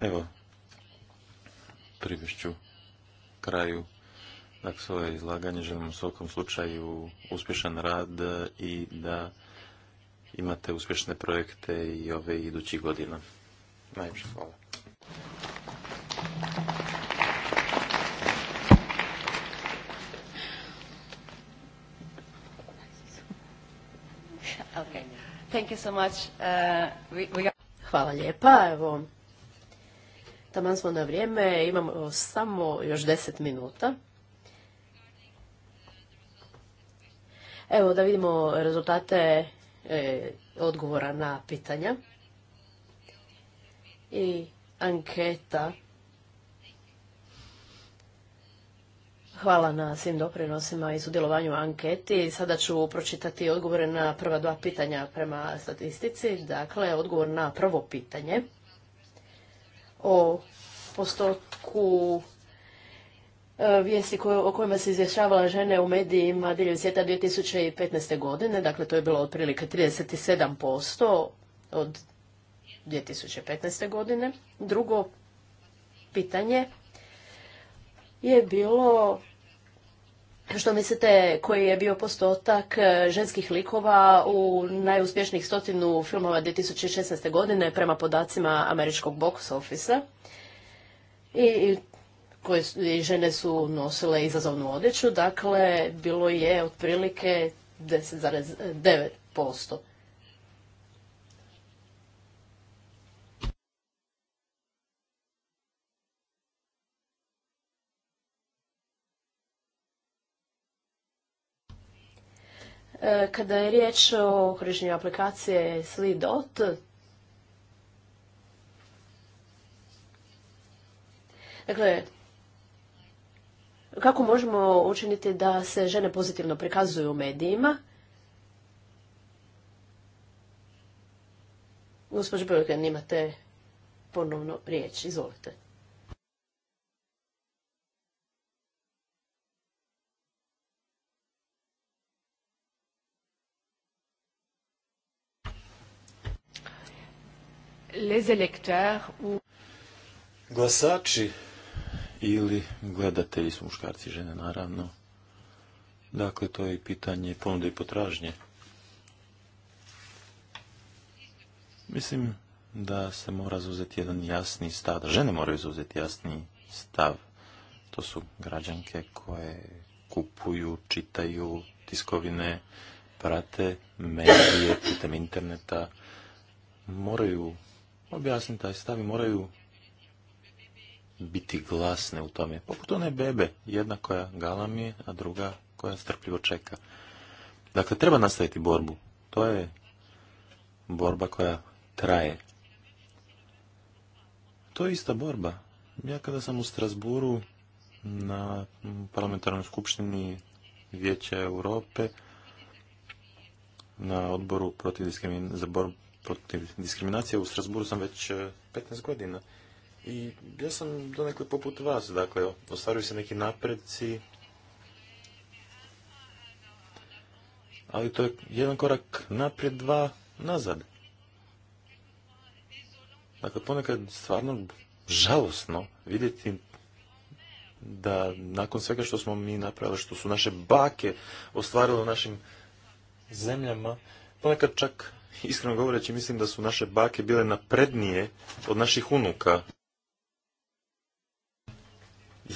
Evo, privešću kraju dakle, svoje izlaganje. Želim u svakom slučaju uspješan rad i da imate uspješne projekte i ove idućih godina. Najljepše hvala. Uh, hvala lijepa. Taman smo na vrijeme, imamo samo još deset minuta. Evo da vidimo rezultate e, odgovora na pitanja. I anketa. Hvala na svim doprinosima i sudjelovanju u anketi. Sada ću pročitati odgovore na prva dva pitanja prema statistici. Dakle, odgovor na prvo pitanje o postotku e, vijesti o kojima se izvješavala žene u medijima diljem svijeta 2015. godine, dakle to je bilo otprilike 37% od 2015. godine. Drugo pitanje je bilo što mislite koji je bio postotak e, ženskih likova u najuspješnijih stotinu filmova 2016. godine prema podacima američkog box office i koje i žene su nosile izazovnu odjeću, dakle bilo je otprilike 10,9%. E, kada je riječ o korištenju aplikacije SliDot, dakle, kako možemo učiniti da se žene pozitivno prikazuju u medijima? Gospođo Bojkan, imate ponovno riječ. Izvolite. les électeurs ou... Glasači ili gledatelji su muškarci i žene, naravno. Dakle, to je pitanje ponude i potražnje. Mislim da se mora zauzeti jedan jasni stav, da žene moraju zauzeti jasni stav. To su građanke koje kupuju, čitaju tiskovine, prate medije putem interneta, moraju objasniti taj stav i moraju biti glasne u tome. Poput one bebe, jedna koja galami, a druga koja strpljivo čeka. Dakle, treba nastaviti borbu. To je borba koja traje. To je ista borba. Ja kada sam u Strasburu na parlamentarnoj skupštini Vijeća Europe na odboru protiv za borbu protiv diskriminacije u Strasburu sam već 15 e, godina. I ja sam donekle poput vas, dakle, ostvaruju se neki napredci, ali to je jedan korak naprijed, dva nazad. Dakle, ponekad stvarno žalosno vidjeti da nakon svega što smo mi napravili, što su naše bake ostvarile u našim zemljama, ponekad čak Iskreno govoreći, mislim da su naše bake bile naprednije od naših unuka.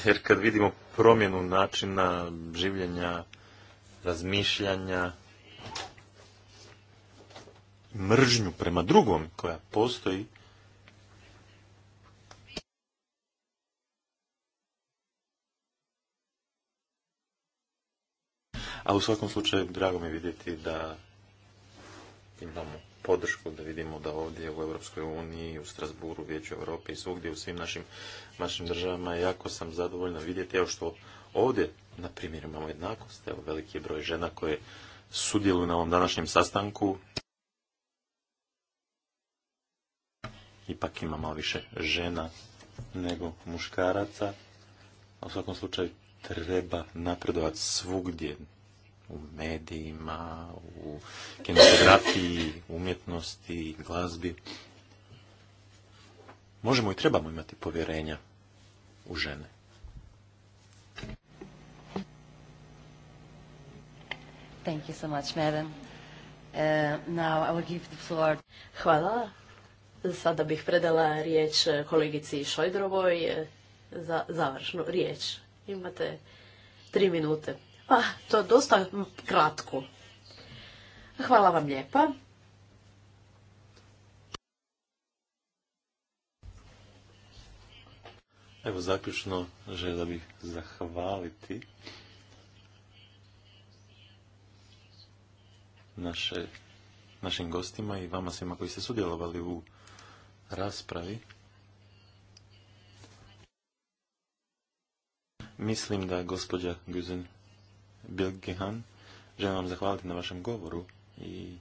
Jer kad vidimo promjenu načina življenja, razmišljanja, mržnju prema drugom koja postoji, A u svakom slučaju, drago mi vidjeti da imamo podršku, da vidimo da ovdje u Europskoj uniji, u Strasburu, Vijeću Europe i svugdje u svim našim, našim državama jako sam zadovoljna vidjeti evo što ovdje, na primjer, imamo jednakost, evo veliki broj žena koje sudjeluju na ovom današnjem sastanku. Ipak ima malo više žena nego muškaraca. U svakom slučaju treba napredovati svugdje u medijima, u kinematografiji, umjetnosti, glazbi. Možemo i trebamo imati povjerenja u žene. Thank you so much, madam. Uh, now I will give the floor. Hvala. Sada bih predala riječ kolegici Šojdrovoj eh, za završnu riječ. Imate tri minute. Pa, to je dosta kratko. Hvala vam lijepa. Evo, zaključno želio bih zahvaliti naše, našim gostima i vama svima koji ste sudjelovali u raspravi. Mislim da je gospođa Guzen Bilgehan, želim vam zahvaliti na vašem govoru i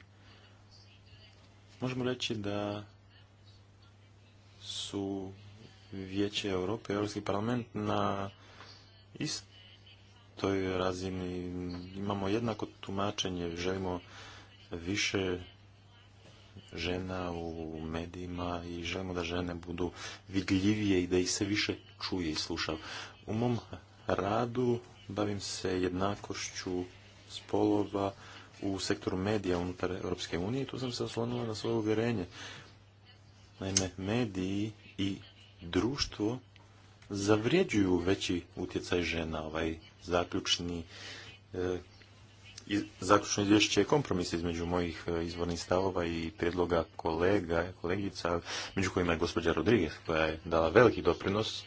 možemo reći da su Vijeće Europe i Europski parlament na istoj razini. Imamo jednako tumačenje, želimo više žena u medijima i želimo da žene budu vidljivije i da ih se više čuje i sluša. U mom radu bavim se jednakošću spolova u sektoru medija unutar Europske unije i tu sam se oslonila na svoje uvjerenje. Naime, mediji i društvo zavrijeđuju veći utjecaj žena, ovaj zaključni e, zaključno izvješće je kompromis između mojih e, izvornih stavova i prijedloga kolega, kolegica, među kojima je gospođa Rodriguez koja je dala veliki doprinos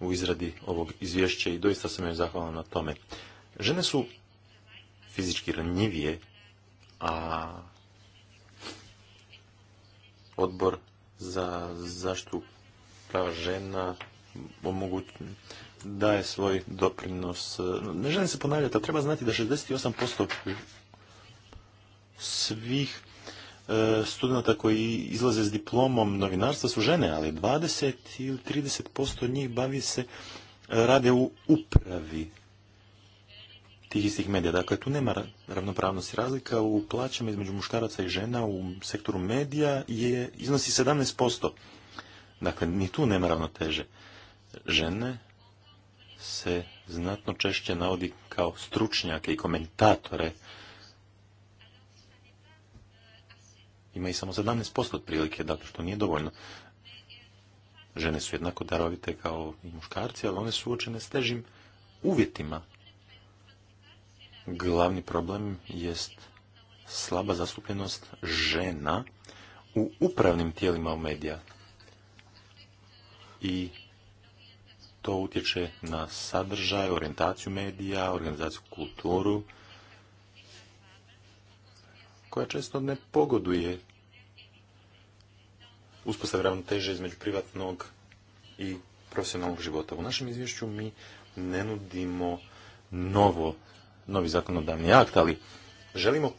u izradi ovog izvješća i doista sam joj zahvalan na tome. Žene su fizički ranjivije, a odbor za zaštitu prava žena omogući daje svoj doprinos. Ne želim se ponavljati, ali treba znati da 68% svih E, studenta koji izlaze s diplomom novinarstva su žene, ali 20 ili 30% njih bavi se, e, rade u upravi tih istih medija. Dakle, tu nema ravnopravnosti. Razlika u plaćama između muškaraca i žena u sektoru medija je, iznosi 17%. Dakle, ni tu nema ravnoteže. Žene se znatno češće navodi kao stručnjake i komentatore ima i samo 17% prilike, dakle što nije dovoljno. Žene su jednako darovite kao i muškarci, ali one su uočene s težim uvjetima. Glavni problem jest slaba zastupljenost žena u upravnim tijelima u medija. I to utječe na sadržaj, orijentaciju medija, organizaciju kulturu koja često ne pogoduje uspostav ravnoteže između privatnog i profesionalnog života. U našem izvješću mi ne nudimo novo, novi zakonodavni akt, ali želimo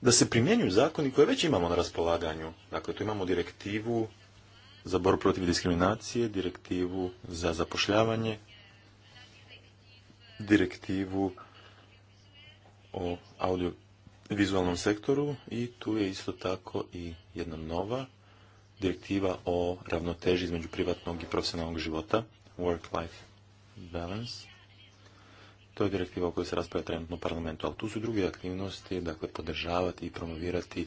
da se primjenjuju zakoni koje već imamo na raspolaganju. Dakle, tu imamo direktivu za borbu protiv diskriminacije, direktivu za zapošljavanje, direktivu o audiovizualnom sektoru i tu je isto tako i jedna nova direktiva o ravnoteži između privatnog i profesionalnog života, work-life balance. To je direktiva o kojoj se raspravlja trenutno u parlamentu, ali tu su druge aktivnosti, dakle podržavati i promovirati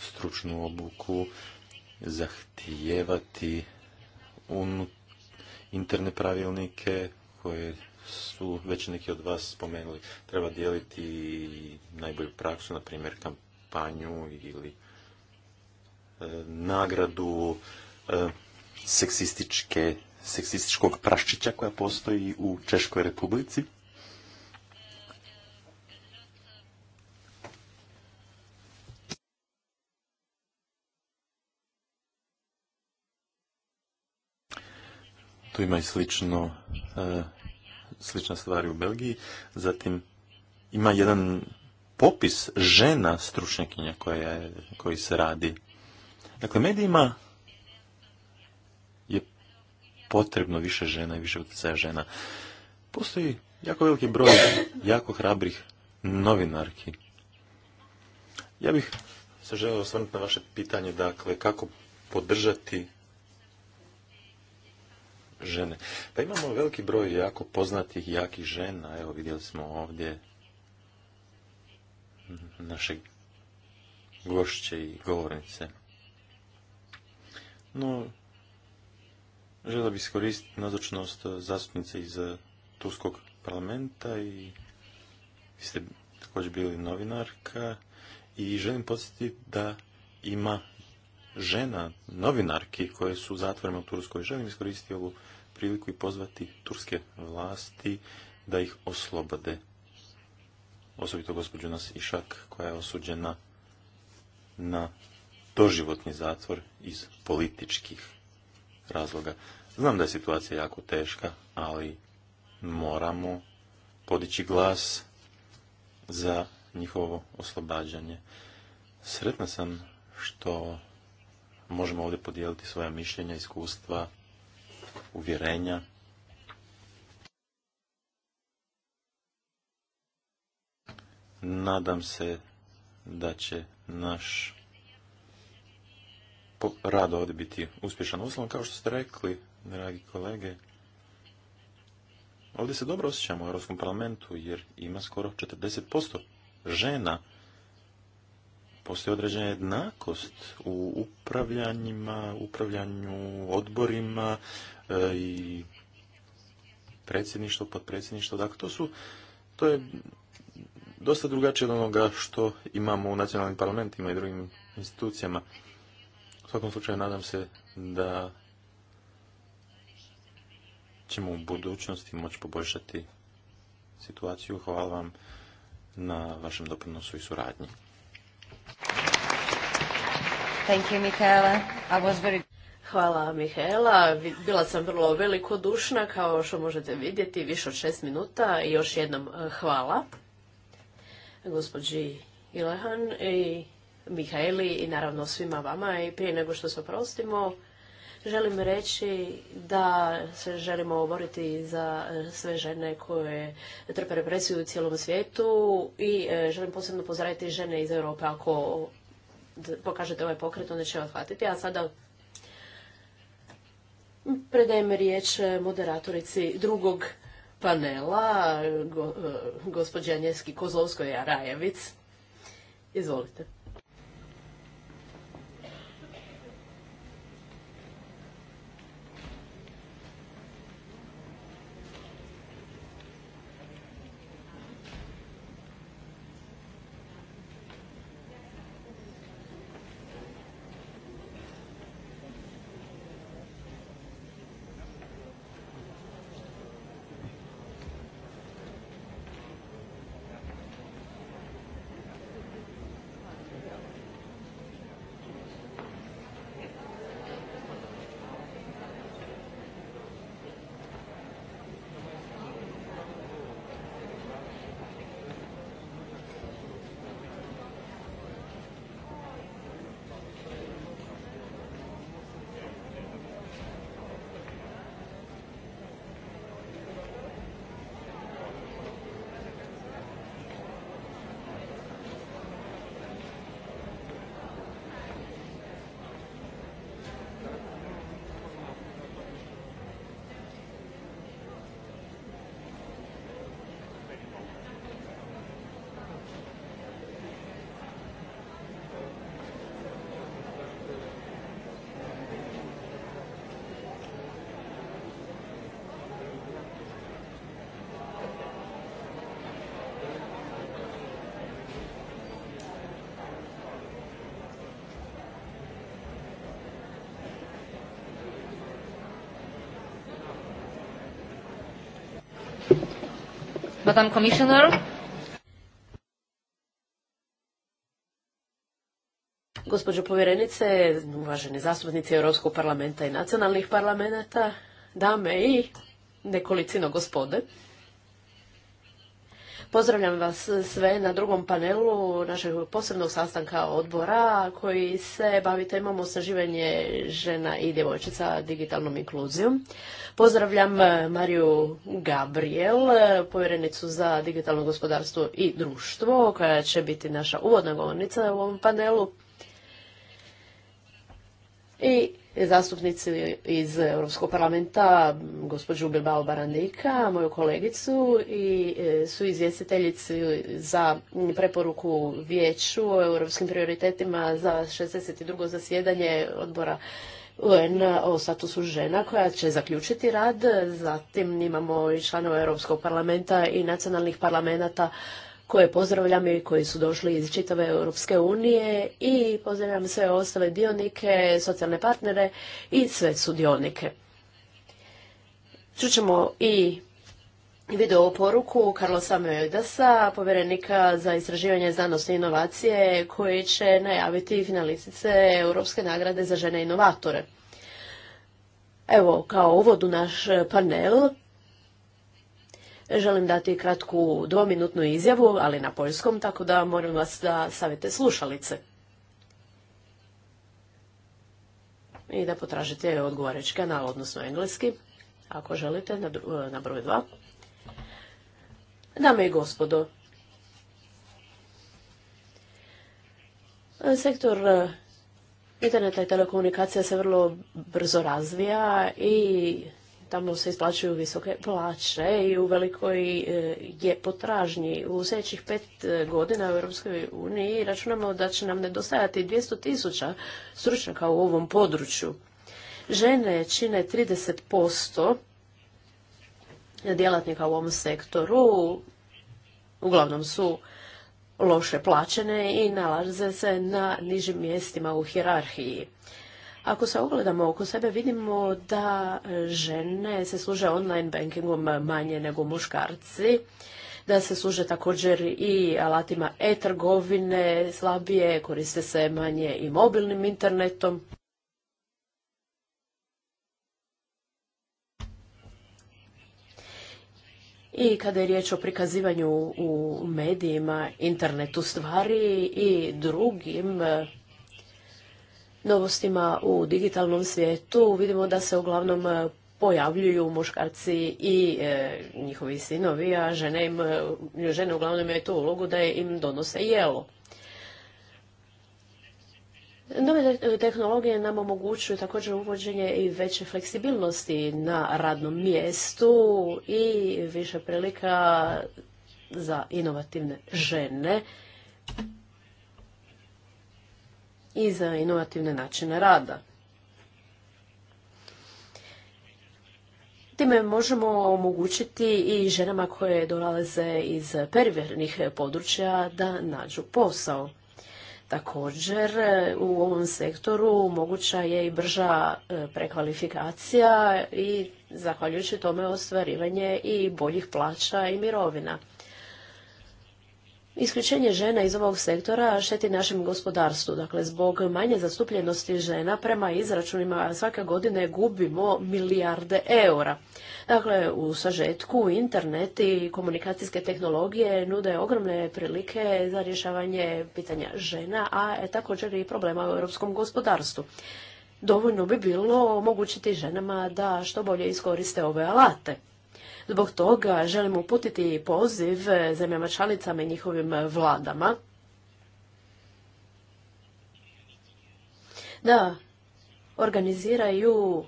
stručnu obuku, zahtijevati interne pravilnike koje su već neki od vas spomenuli. Treba dijeliti najbolju praksu, na primjer kampanju ili e, nagradu e, seksističke, seksističkog praščića koja postoji u Češkoj republici. Tu ima i slično e, slična stvar u Belgiji. Zatim ima jedan popis žena stručnjakinja koji se radi. Dakle, medijima je potrebno više žena i više utjecaja žena. Postoji jako veliki broj jako hrabrih novinarki. Ja bih se želio osvrnuti na vaše pitanje, dakle, kako podržati žene. Pa imamo veliki broj jako poznatih i jakih žena. Evo vidjeli smo ovdje naše gošće i govornice. No, žela bih iskoristiti nazočnost zastupnice iz Turskog parlamenta i vi ste također bili novinarka i želim podsjetiti da ima žena, novinarki koje su zatvorene u Turskoj. Želim iskoristiti ovu priliku i pozvati turske vlasti da ih oslobode. Osobito gospođu Nas Išak koja je osuđena na doživotni zatvor iz političkih razloga. Znam da je situacija jako teška, ali moramo podići glas za njihovo oslobađanje. Sretna sam što možemo ovdje podijeliti svoja mišljenja, iskustva uvjerenja. Nadam se da će naš rad ovdje biti uspješan. Uslovom, kao što ste rekli, dragi kolege, ovdje se dobro osjećamo u Europskom parlamentu, jer ima skoro 40% žena. postoje određena jednakost u upravljanjima, upravljanju odborima, E, i predsjedništvo, podpredsjedništvo. Dakle, to su, to je dosta drugačije od onoga što imamo u nacionalnim parlamentima i drugim institucijama. U svakom slučaju nadam se da ćemo u budućnosti moći poboljšati situaciju. Hvala vam na vašem doprinosu i suradnji. Thank you, I was very... Hvala Mihaela. Bila sam vrlo velikodušna, kao što možete vidjeti, više od šest minuta. I još jednom eh, hvala gospođi Ilehan i Mihaeli i naravno svima vama. I prije nego što se oprostimo, želim reći da se želimo oboriti za eh, sve žene koje trpe represiju u cijelom svijetu i eh, želim posebno pozdraviti žene iz Europe ako pokažete ovaj pokret, onda će vas hvatiti. A sada Predajem riječ e, moderatorici drugog panela, e, gospođa Njeski Kozlovskoj Arajevic. Izvolite. Madam Commissioner. Gospođo povjerenice, uvaženi zastupnici Europskog parlamenta i nacionalnih parlamenta, dame i nekolicino gospode. Pozdravljam vas sve na drugom panelu našeg posebnog sastanka odbora koji se bavi temom osnaživanje žena i djevojčica digitalnom inkluzijom. Pozdravljam Mariju Gabriel, povjerenicu za digitalno gospodarstvo i društvo, koja će biti naša uvodna govornica u ovom panelu. I zastupnici iz Europskog parlamenta, gospođu Bilbao Barandika, moju kolegicu i e, su izvjestiteljici za preporuku vijeću o europskim prioritetima za 62. zasjedanje odbora UN o statusu žena koja će zaključiti rad. Zatim imamo i članova Europskog parlamenta i nacionalnih parlamenta koje pozdravljam i koji su došli iz čitave Europske unije i pozdravljam sve ostale dionike, socijalne partnere i sve sudionike. Čućemo i video poruku Carlosa Mojdasa, povjerenika za istraživanje znanosti i inovacije, koji će najaviti finalistice Europske nagrade za žene inovatore. Evo, kao uvod u naš panel Želim dati kratku dvominutnu izjavu, ali na poljskom, tako da molim vas da savjete slušalice. I da potražite odgovarajući kanal, odnosno engleski, ako želite, na, broj 2. Dame i gospodo, sektor interneta i telekomunikacija se vrlo brzo razvija i tamo se isplaćuju visoke plaće i u velikoj e, je potražnji. U sljedećih pet e, godina u Europskoj uniji računamo da će nam nedostajati 200 tisuća stručnjaka u ovom području. Žene čine 30% djelatnika u ovom sektoru, uglavnom su loše plaćene i nalaze se na nižim mjestima u hjerarhiji. Ako se ogledamo oko sebe, vidimo da žene se služe online bankingom manje nego muškarci, da se služe također i alatima e-trgovine, slabije koriste se manje i mobilnim internetom. I kada je riječ o prikazivanju u medijima, internetu stvari i drugim novostima u digitalnom svijetu vidimo da se uglavnom e, pojavljuju muškarci i e, njihovi sinovi, a e, žene, uglavnom imaju tu ulogu da im donose jelo. Nove tehnologije nam omogućuju također uvođenje i veće fleksibilnosti na radnom mjestu i više prilika za inovativne žene i za inovativne načine rada. Time možemo omogućiti i ženama koje dolaze iz perivernih područja da nađu posao. Također u ovom sektoru moguća je i brža e, prekvalifikacija i zahvaljujući tome ostvarivanje i boljih plaća i mirovina. Isključenje žena iz ovog sektora šteti našem gospodarstvu. Dakle, zbog manje zastupljenosti žena prema izračunima svake godine gubimo milijarde eura. Dakle, u sažetku internet i komunikacijske tehnologije nude ogromne prilike za rješavanje pitanja žena, a također i problema u europskom gospodarstvu. Dovoljno bi bilo omogućiti ženama da što bolje iskoriste ove alate. Zbog toga želimo uputiti poziv zemljama članicama i njihovim vladama. Da, organiziraju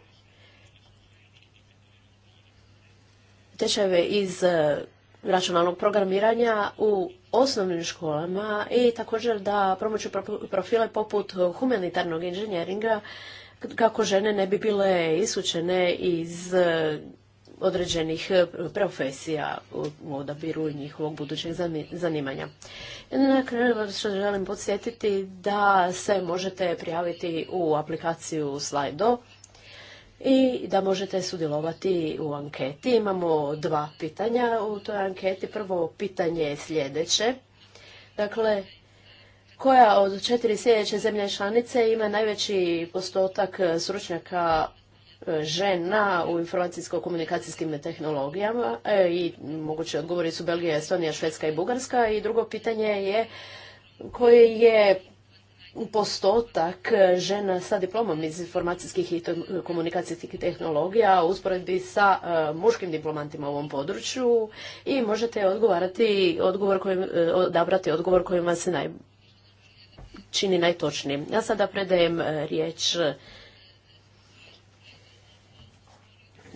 tečajeve iz e, računalnog programiranja u osnovnim školama i također da promoću profile poput humanitarnog inženjeringa kako žene ne bi bile isučene iz e, određenih e, profesija u odabiru njihovog budućeg zanimanja. Na kraju vas želim podsjetiti da se možete prijaviti u aplikaciju Slido i da možete sudjelovati u anketi. Imamo dva pitanja u toj anketi. Prvo pitanje je sljedeće. Dakle, koja od četiri sljedeće zemlje članice ima najveći postotak stručnjaka žena u informacijsko-komunikacijskim tehnologijama e, i mogući odgovori su Belgija, Estonija, Švedska i Bugarska. I drugo pitanje je koji je postotak žena sa diplomom iz informacijskih i komunikacijskih tehnologija u usporedbi sa e, muškim diplomantima u ovom području i možete odgovarati odgovor kojim, e, odabrati odgovor kojima se naj, čini najtočnijim. Ja sada predajem riječ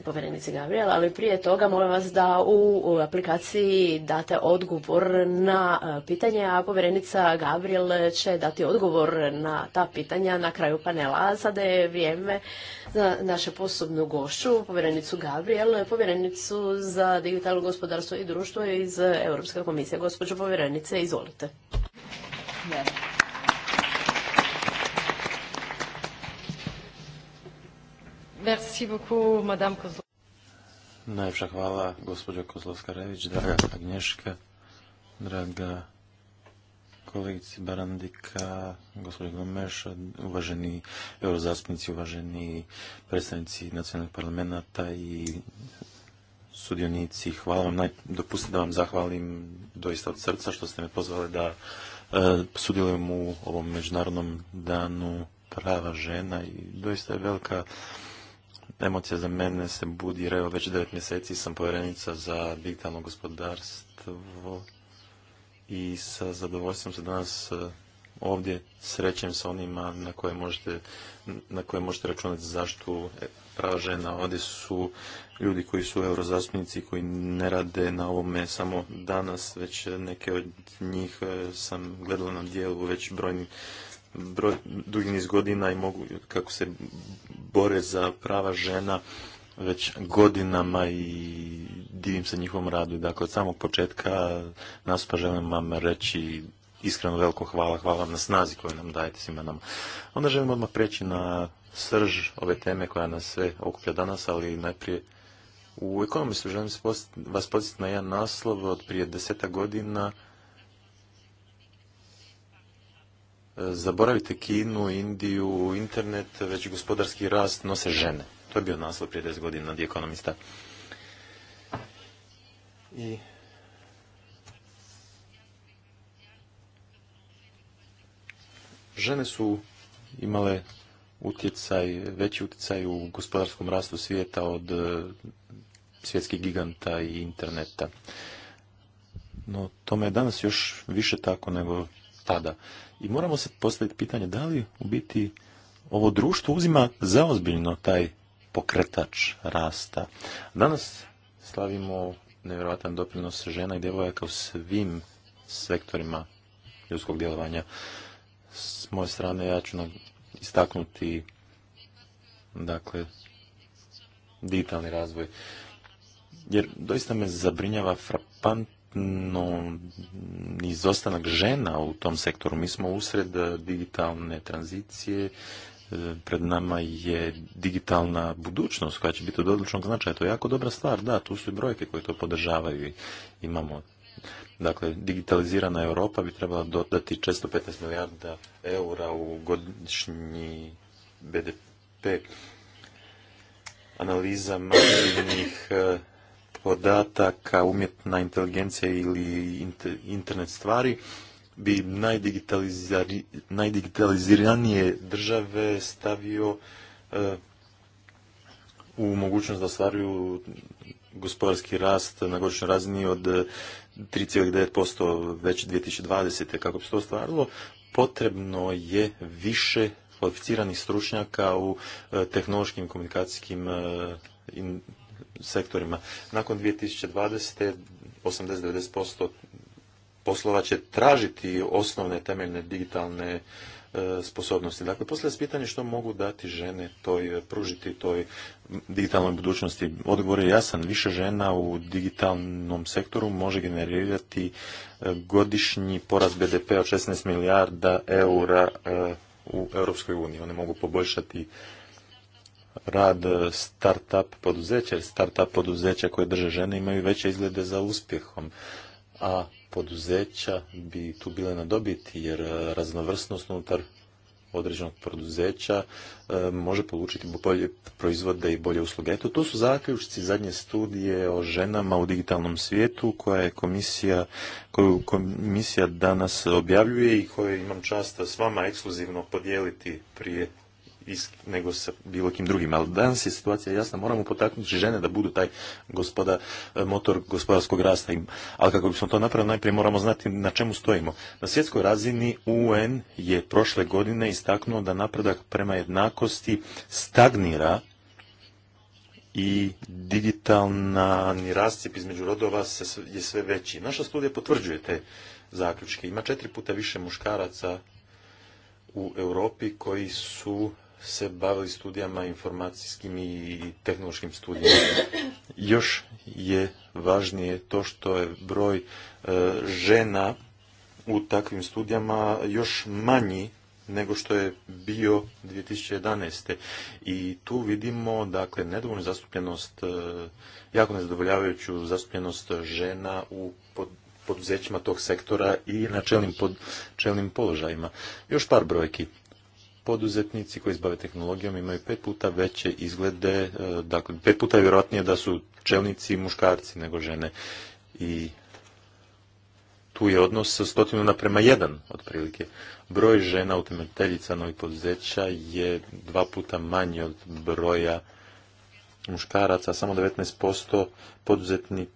povjerenici Gabriel, ali prije toga molim vas da u aplikaciji date odgovor na e, pitanje, a povjerenica Gabriel će dati odgovor na ta pitanja na kraju panela. A sada je vrijeme za našu posobnu gošću, povjerenicu Gabriel, povjerenicu za digitalno gospodarstvo i društvo iz Europske komisije. Gospođo povjerenice, izvolite. Merci beaucoup, madame Kozlovska. Najljepša hvala, gospođo Kozlovska-Rević, draga Agnješka, draga kolegici Barandika, gospođo Gomeš, uvaženi eurozastupnici, uvaženi predstavnici nacionalnih parlamenta i sudionici. Hvala vam, naj... dopustite da vam zahvalim doista od srca što ste me pozvali da e, sudjelujem u ovom Međunarodnom danu prava žena i doista je velika emocija za mene se budi, reo već devet mjeseci sam povjerenica za digitalno gospodarstvo i sa zadovoljstvom se danas eh, ovdje srećem sa onima na koje možete, na koje možete računati zašto eh, prava žena. Ovdje su ljudi koji su eurozastupnici koji ne rade na ovome samo danas, već neke od njih eh, sam gledala na dijelu već brojni broj, dugi niz godina i mogu, kako se bore za prava žena već godinama i divim se njihovom radu. Dakle, od samog početka nas pa želim vam reći iskreno veliko hvala, hvala vam na snazi koju nam dajete svima nama. Onda želim odmah preći na srž ove teme koja nas sve okuplja danas, ali najprije u ekonomistu želim vas podsjetiti na jedan naslov od prije deseta godina zaboravite Kinu, Indiju, internet, već gospodarski rast nose žene. To je bio naslov prije 10 godina od ekonomista. žene su imale utjecaj, veći utjecaj u gospodarskom rastu svijeta od e, svjetskih giganta i interneta. No, tome je danas još više tako nego tada. I moramo se postaviti pitanje da li u biti ovo društvo uzima zaozbiljno taj pokretač rasta. Danas slavimo nevjerojatan doprinos žena i djevojaka u svim sektorima ljudskog djelovanja. S moje strane ja ću istaknuti dakle digitalni razvoj. Jer doista me zabrinjava frapant ni izostanak žena u tom sektoru. Mi smo usred digitalne tranzicije, e, pred nama je digitalna budućnost koja će biti od odličnog značaja. To je jako dobra stvar, da, tu su i brojke koje to podržavaju. i Imamo Dakle, digitalizirana Europa bi trebala dodati 415 milijarda eura u godišnji BDP. analizama masivnih e, podataka, umjetna inteligencija ili internet stvari bi najdigitaliziranije države stavio e, u mogućnost da ostvaruju gospodarski rast na godišnjoj razini od 3,9% već 2020. Kako bi se to ostvarilo, potrebno je više kvalificiranih stručnjaka u e, tehnološkim komunikacijskim e, sektorima. Nakon 2020. 80-90% poslova će tražiti osnovne temeljne digitalne e, sposobnosti. Dakle, poslije se pitanje što mogu dati žene toj, pružiti toj digitalnoj budućnosti. Odgovor je jasan. Više žena u digitalnom sektoru može generirati e, godišnji poraz BDP p-a od 16 milijarda eura e, u Europskoj uniji. One mogu poboljšati rad e, start-up poduzeća, start-up poduzeća koje drže žene imaju veće izglede za uspjehom, a poduzeća bi tu bile na dobiti, jer e, raznovrsnost unutar određenog poduzeća e, može polučiti bolje proizvode i bolje usluge. Eto, to su zaključci zadnje studije o ženama u digitalnom svijetu koja je komisija, koju komisija danas objavljuje i koju imam čast s vama ekskluzivno podijeliti prije nego sa bilo kim drugim. Ali danas je situacija jasna, moramo potaknuti žene da budu taj gospoda, e, motor gospodarskog rasta. Ali kako bismo to napravili, najprije moramo znati na čemu stojimo. Na svjetskoj razini UN je prošle godine istaknuo da napredak prema jednakosti stagnira i digitalni rascjep između rodova je sve veći. Naša studija potvrđuje te zaključke. Ima četiri puta više muškaraca u Europi koji su se bavili studijama informacijskim i tehnološkim studijama. Još je važnije to što je broj e, žena u takvim studijama još manji nego što je bio 2011. I tu vidimo, dakle, nedovoljnu zastupljenost, e, jako nezadovoljavajuću zastupljenost žena u poduzećima tog sektora i na čelnim, pod, čelnim položajima. Još par brojki poduzetnici koji izbave tehnologijom imaju pet puta veće izglede, e, dakle pet puta je vjerojatnije da su čelnici muškarci nego žene i tu je odnos stotinu naprema jedan otprilike. Broj žena utemeljiteljica novih poduzeća je dva puta manji od broja muškaraca, samo 19% poduzetnika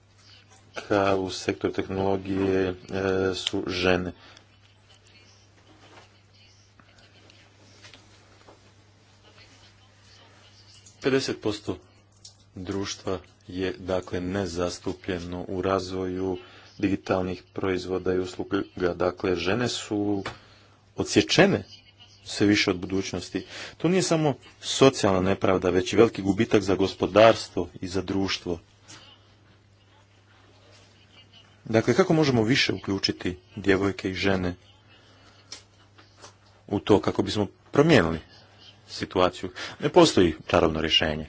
u sektoru tehnologije e, su žene. 50% društva je dakle nezastupljeno u razvoju digitalnih proizvoda i usluga. Dakle, žene su odsječene sve više od budućnosti. To nije samo socijalna nepravda, već i veliki gubitak za gospodarstvo i za društvo. Dakle, kako možemo više uključiti djevojke i žene u to kako bismo promijenili situaciju. Ne postoji čarobno rješenje.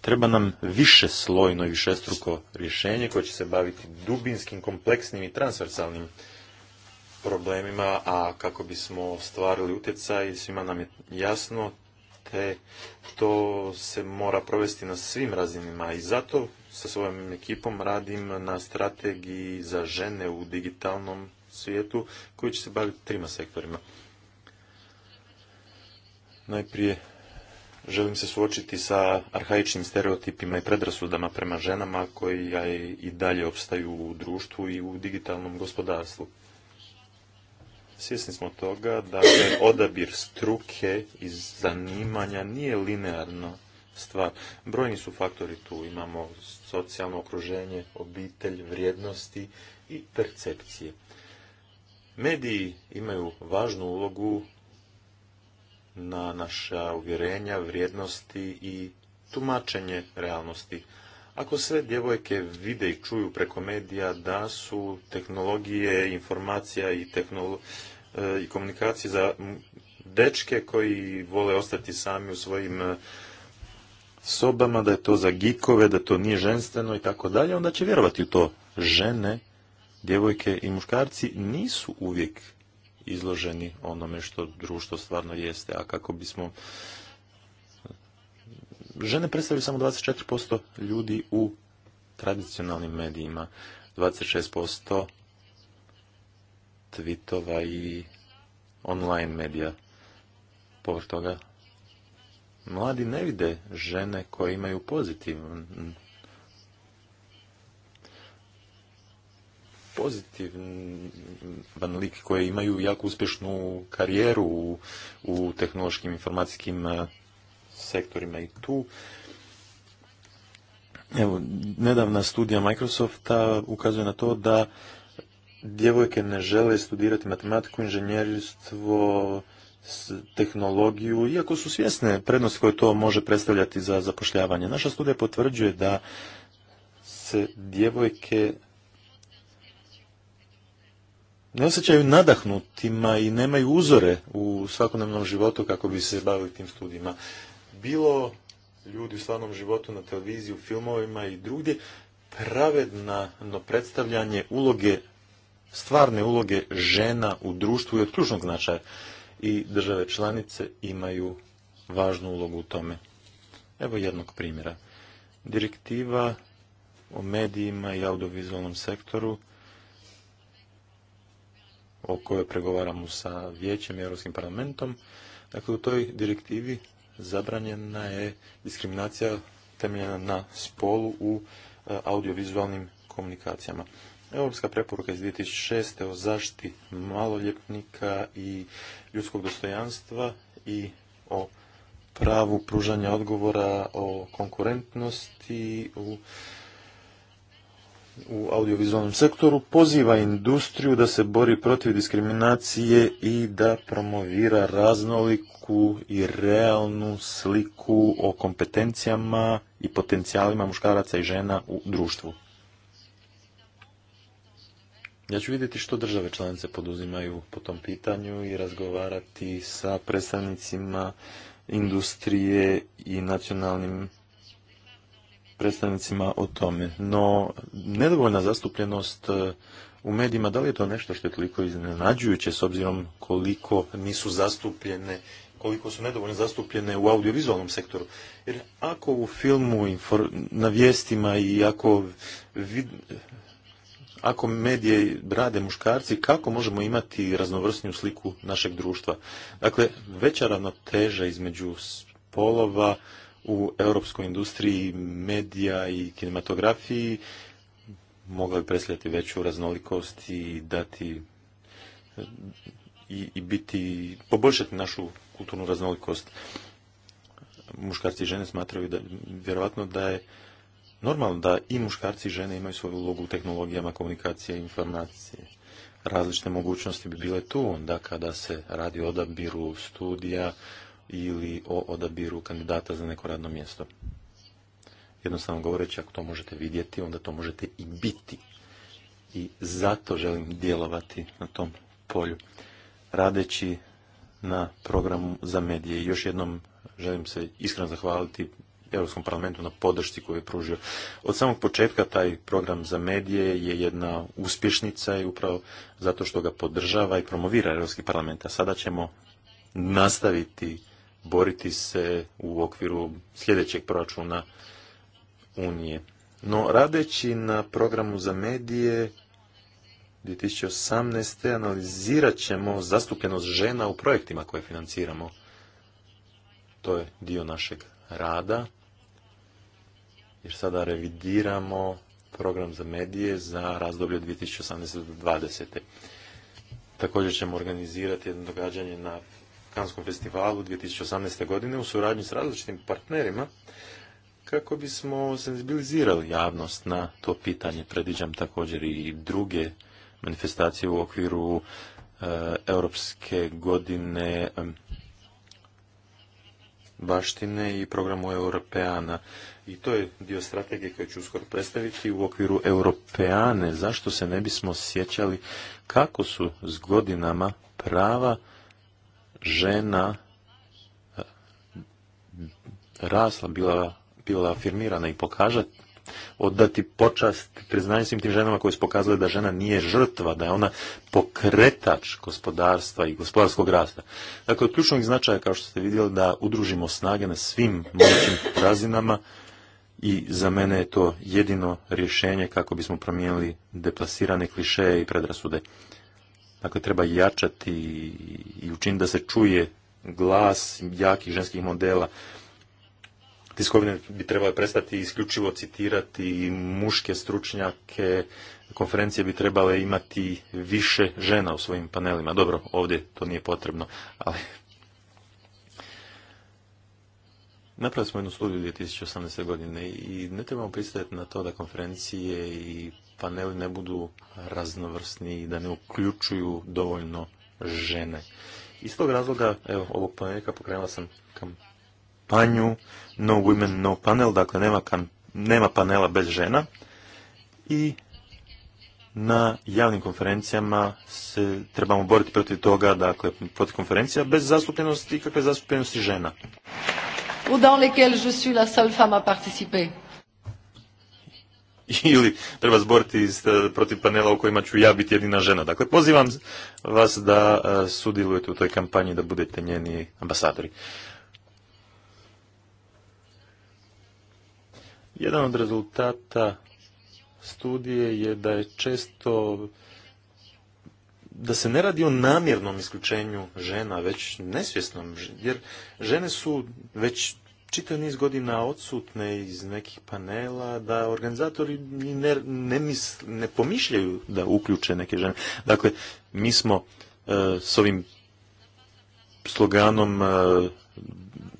Treba nam više slojno i višestruko rješenje koje će se baviti dubinskim, kompleksnim i transversalnim problemima, a kako bismo ostvarili utjecaj, svima nam je jasno, te to se mora provesti na svim razinima i zato sa svojom ekipom radim na strategiji za žene u digitalnom svijetu koji će se baviti trima sektorima. Najprije želim se suočiti sa arhaičnim stereotipima i predrasudama prema ženama koji i dalje opstaju u društvu i u digitalnom gospodarstvu. Svjesni smo toga da odabir struke i zanimanja nije linearno stvar. Brojni su faktori tu. Imamo socijalno okruženje, obitelj, vrijednosti i percepcije. Mediji imaju važnu ulogu na naša uvjerenja, vrijednosti i tumačenje realnosti. Ako sve djevojke vide i čuju preko medija da su tehnologije, informacija i, tehnolo e, i komunikacije za dečke koji vole ostati sami u svojim e, sobama, da je to za gikove, da to nije ženstveno i tako dalje, onda će vjerovati u to. Žene, djevojke i muškarci nisu uvijek izloženi onome što društvo stvarno jeste, a kako bismo žene predstavljaju samo 24% ljudi u tradicionalnim medijima, 26% tvitova i online medija. Povrh toga, mladi ne vide žene koje imaju pozitivan pozitivan lik koje imaju jako uspješnu karijeru u, u tehnološkim informacijskim eh, sektorima i tu. Evo, nedavna studija Microsofta ukazuje na to da djevojke ne žele studirati matematiku, inženjerstvo, tehnologiju, iako su svjesne prednosti koje to može predstavljati za zapošljavanje. Naša studija potvrđuje da se djevojke ne osjećaju nadahnutima i nemaju uzore u svakodnevnom životu kako bi se bavili tim studijima. Bilo ljudi u stvarnom životu na televiziji, u filmovima i drugdje, pravedno predstavljanje uloge, stvarne uloge žena u društvu i od ključnog značaja i države članice imaju važnu ulogu u tome. Evo jednog primjera. Direktiva o medijima i audiovizualnom sektoru o kojoj pregovaramo sa Vijećem i Europskim parlamentom. Dakle, u toj direktivi zabranjena je diskriminacija temeljena na spolu u e, audiovizualnim komunikacijama. Europska preporuka iz 2006. o zaštiti maloljetnika i ljudskog dostojanstva i o pravu pružanja odgovora o konkurentnosti u u audiovizualnom sektoru poziva industriju da se bori protiv diskriminacije i da promovira raznoliku i realnu sliku o kompetencijama i potencijalima muškaraca i žena u društvu. Ja ću vidjeti što države članice poduzimaju po tom pitanju i razgovarati sa predstavnicima industrije i nacionalnim predstavnicima o tome. No, nedovoljna zastupljenost e, u medijima, da li je to nešto što je toliko iznenađujuće s obzirom koliko nisu zastupljene koliko su nedovoljno zastupljene u audiovizualnom sektoru. Jer ako u filmu, na vijestima i ako, vid, ako medije rade muškarci, kako možemo imati raznovrsniju sliku našeg društva? Dakle, veća ravnoteža između spolova u europskoj industriji medija i kinematografiji mogla bi predstavljati veću raznolikost i dati i, i biti poboljšati našu kulturnu raznolikost. Muškarci i žene smatraju da vjerojatno da je normalno da i muškarci i žene imaju svoju ulogu u tehnologijama komunikacije i informacije. Različite mogućnosti bi bile tu onda kada se radi o odabiru studija, ili o odabiru kandidata za neko radno mjesto. Jednostavno govoreći, ako to možete vidjeti, onda to možete i biti. I zato želim djelovati na tom polju. Radeći na programu za medije. Još jednom želim se iskreno zahvaliti Europskom parlamentu na podršci koju je pružio. Od samog početka taj program za medije je jedna uspješnica i upravo zato što ga podržava i promovira Europski parlament. A sada ćemo nastaviti boriti se u okviru sljedećeg proračuna Unije. No, radeći na programu za medije 2018. analizirat ćemo zastupljenost žena u projektima koje financiramo. To je dio našeg rada, jer sada revidiramo program za medije za razdoblje 2018. do 2020. Također ćemo organizirati jedno događanje na Kanskom festivalu 2018. godine u suradnji s različitim partnerima kako bismo senzibilizirali javnost na to pitanje. Predviđam također i druge manifestacije u okviru e, Europske godine e, baštine i programu Europeana. I to je dio strategije koju ću uskoro predstaviti u okviru Europeane. Zašto se ne bismo sjećali kako su s godinama prava žena eh, rasla, bila, bila afirmirana i pokaža oddati počast priznanje svim tim ženama koje su pokazale da žena nije žrtva, da je ona pokretač gospodarstva i gospodarskog rasta. Dakle, od ključnog značaja, kao što ste vidjeli, da udružimo snage na svim mogućim razinama i za mene je to jedino rješenje kako bismo promijenili deplasirane klišeje i predrasude. Dakle, treba jačati i učiniti da se čuje glas jakih ženskih modela. Tiskovine bi trebale prestati isključivo citirati muške stručnjake, konferencije bi trebale imati više žena u svojim panelima. Dobro, ovdje to nije potrebno, ali... Napravili smo jednu studiju 2018. godine i ne trebamo pristajati na to da konferencije i paneli ne budu raznovrsni i da ne uključuju dovoljno žene. Iz tog razloga, evo, ovog ponednika pokrenula sam kampanju No Women, No Panel, dakle nema, nema panela bez žena i na javnim konferencijama se trebamo boriti protiv toga, dakle, protiv konferencija bez zastupljenosti, kakve zastupljenosti žena. U dan je suis la seule femme à participer. ili treba zboriti e, protiv panela u kojima ću ja biti jedina žena. Dakle, pozivam vas da e, sudilujete u toj kampanji, da budete njeni ambasadori. Jedan od rezultata studije je da je često da se ne radi o namjernom isključenju žena, već nesvjesnom, jer žene su već čitav niz godina odsutne iz nekih panela, da organizatori ne, ne, ne pomišljaju da uključe neke žene. Dakle, mi smo e, s ovim sloganom e,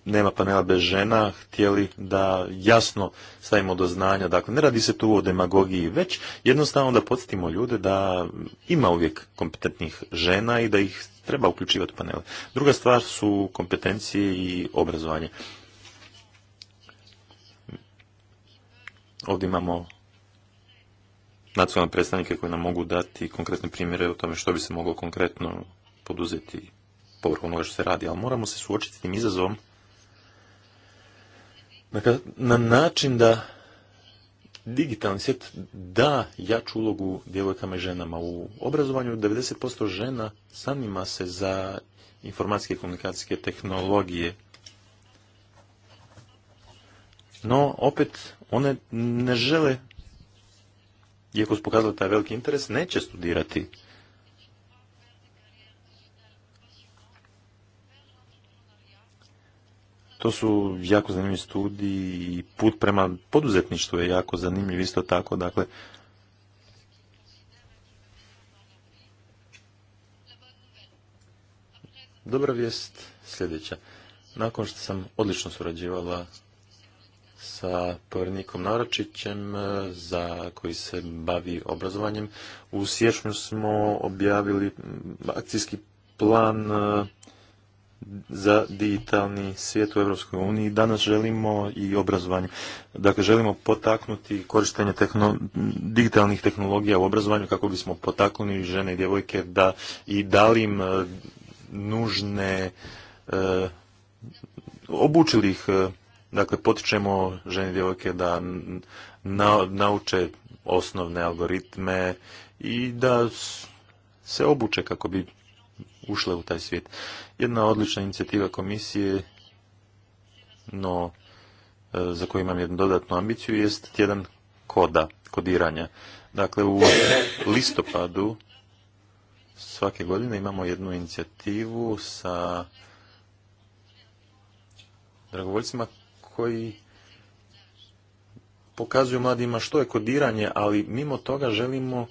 nema panela bez žena, htjeli da jasno stavimo do znanja. Dakle, ne radi se tu o demagogiji, već jednostavno da podsjetimo ljude da ima uvijek kompetentnih žena i da ih treba uključivati u panele. Druga stvar su kompetencije i obrazovanje. Ovdje imamo nacionalne predstavnike koji nam mogu dati konkretne primjere o tome što bi se moglo konkretno poduzeti povrhu onoga što se radi, ali moramo se suočiti s tim izazom na način da digitalni svijet da jaču ulogu djevojkama i ženama. U obrazovanju 90% žena sanima se za informacijske i komunikacijske tehnologije. No, opet, one ne žele, iako su pokazali taj veliki interes, neće studirati. To su jako zanimljivi studiji i put prema poduzetništvu je jako zanimljiv isto tako, dakle, Dobra vijest sljedeća. Nakon što sam odlično surađivala sa povjernikom Naročićem e, za koji se bavi obrazovanjem. U siječnju smo objavili akcijski plan e, za digitalni svijet u Europskoj uniji. Danas želimo i obrazovanje. Dakle, želimo potaknuti korištenje tehno, digitalnih tehnologija u obrazovanju kako bismo potaknuli žene i djevojke da i dali im e, nužne, obučili ih Dakle, potičemo žene i djevojke da nauče osnovne algoritme i da se obuče kako bi ušle u taj svijet. Jedna odlična inicijativa komisije, no e, za koju imam jednu dodatnu ambiciju, jest tjedan koda, kodiranja. Dakle, u listopadu svake godine imamo jednu inicijativu sa dragovoljcima koji pokazuju mladima što je kodiranje, ali mimo toga želimo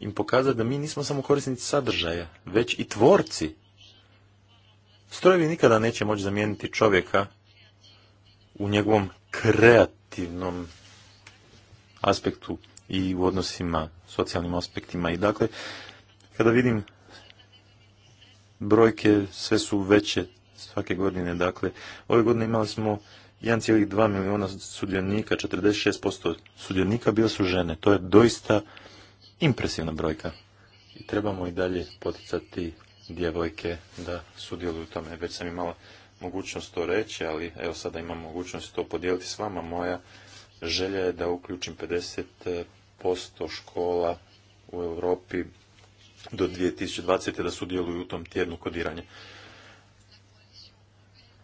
im pokazati da mi nismo samo korisnici sadržaja, već i tvorci. Strojevi nikada neće moći zamijeniti čovjeka u njegovom kreativnom aspektu i u odnosima, socijalnim aspektima. I dakle, kada vidim brojke, sve su veće svake godine. Dakle, ove godine imali smo 1,2 milijuna sudionika, 46% sudionika bile su žene. To je doista impresivna brojka. I trebamo i dalje poticati djevojke da sudjeluju u tome. Već sam imala mogućnost to reći, ali evo sada imam mogućnost to podijeliti s vama. Moja želja je da uključim 50% škola u Europi do 2020. da sudjeluju u tom tjednu kodiranja.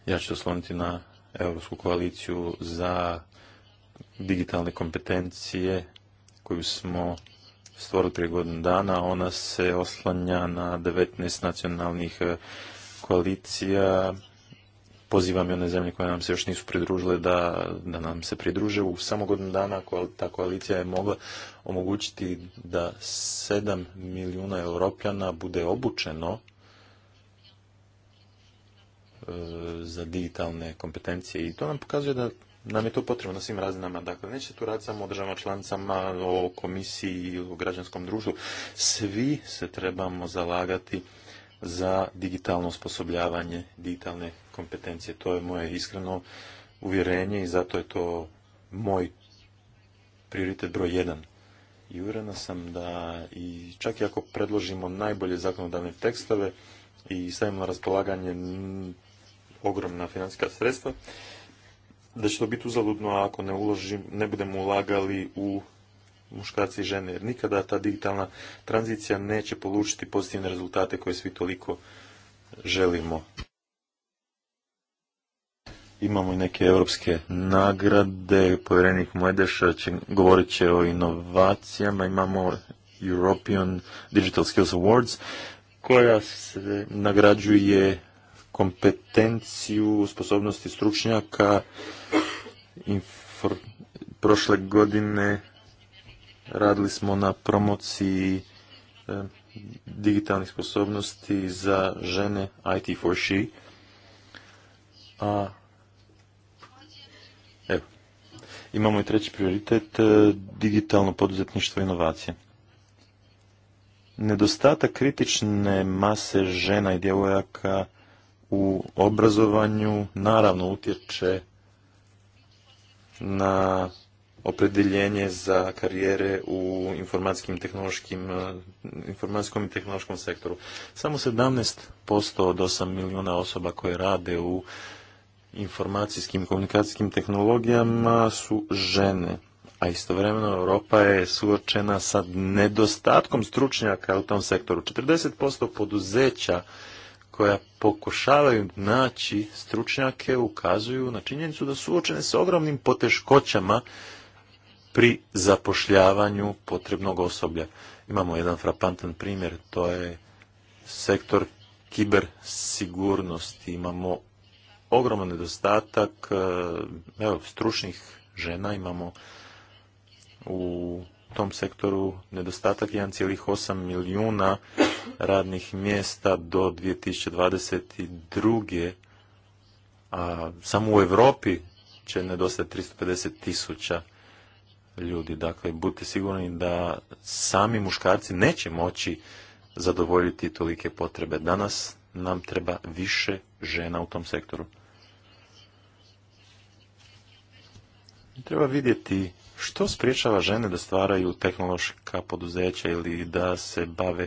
Ja ću osloniti na Europsku koaliciju za digitalne kompetencije koju smo stvorili prije godinu dana. Ona se oslanja na 19 nacionalnih e, koalicija. Pozivam i one zemlje koje nam se još nisu pridružile da, da nam se pridruže. U samo godinu dana ta koalicija je mogla omogućiti da 7 milijuna europljana bude obučeno E, za digitalne kompetencije i to nam pokazuje da nam je to potrebno na svim razinama. Dakle, neće tu raditi samo o državama članicama, o komisiji i o građanskom društvu. Svi se trebamo zalagati za digitalno osposobljavanje, digitalne kompetencije. To je moje iskreno uvjerenje i zato je to moj prioritet broj jedan. I uvjerena sam da i čak i ako predložimo najbolje zakonodavne tekstove i stavimo na raspolaganje ogromna financijska sredstva, da će to biti uzaludno ako ne, uložim, ne budemo ulagali u muškarci i žene, jer nikada ta digitalna tranzicija neće polučiti pozitivne rezultate koje svi toliko želimo. Imamo i neke europske nagrade, povjerenik Moedeša će, govorit će o inovacijama, imamo European Digital Skills Awards, koja se nagrađuje kompetenciju, sposobnosti stručnjaka. Prošle godine radili smo na promociji e, digitalnih sposobnosti za žene IT for she. A, evo, imamo i treći prioritet, e, digitalno poduzetništvo i inovacije. Nedostatak kritične mase žena i djevojaka u obrazovanju naravno utječe na opredjeljenje za karijere u informacijskim tehnološkim, informacijskom i tehnološkom sektoru. Samo 17% od 8 milijuna osoba koje rade u informacijskim i komunikacijskim tehnologijama su žene, a istovremeno Europa je suočena sa nedostatkom stručnjaka u tom sektoru. 40% poduzeća koja pokušavaju naći stručnjake ukazuju na činjenicu da su uočene sa ogromnim poteškoćama pri zapošljavanju potrebnog osoblja. Imamo jedan frapantan primjer, to je sektor kibersigurnosti. Imamo ogroman nedostatak eh, evo, stručnih žena, imamo u tom sektoru nedostatak 1,8 milijuna radnih mjesta do 2022. A samo u Europi će nedostati 350 tisuća ljudi. Dakle, budite sigurni da sami muškarci neće moći zadovoljiti tolike potrebe. Danas nam treba više žena u tom sektoru. Treba vidjeti što spriječava žene da stvaraju tehnološka poduzeća ili da se bave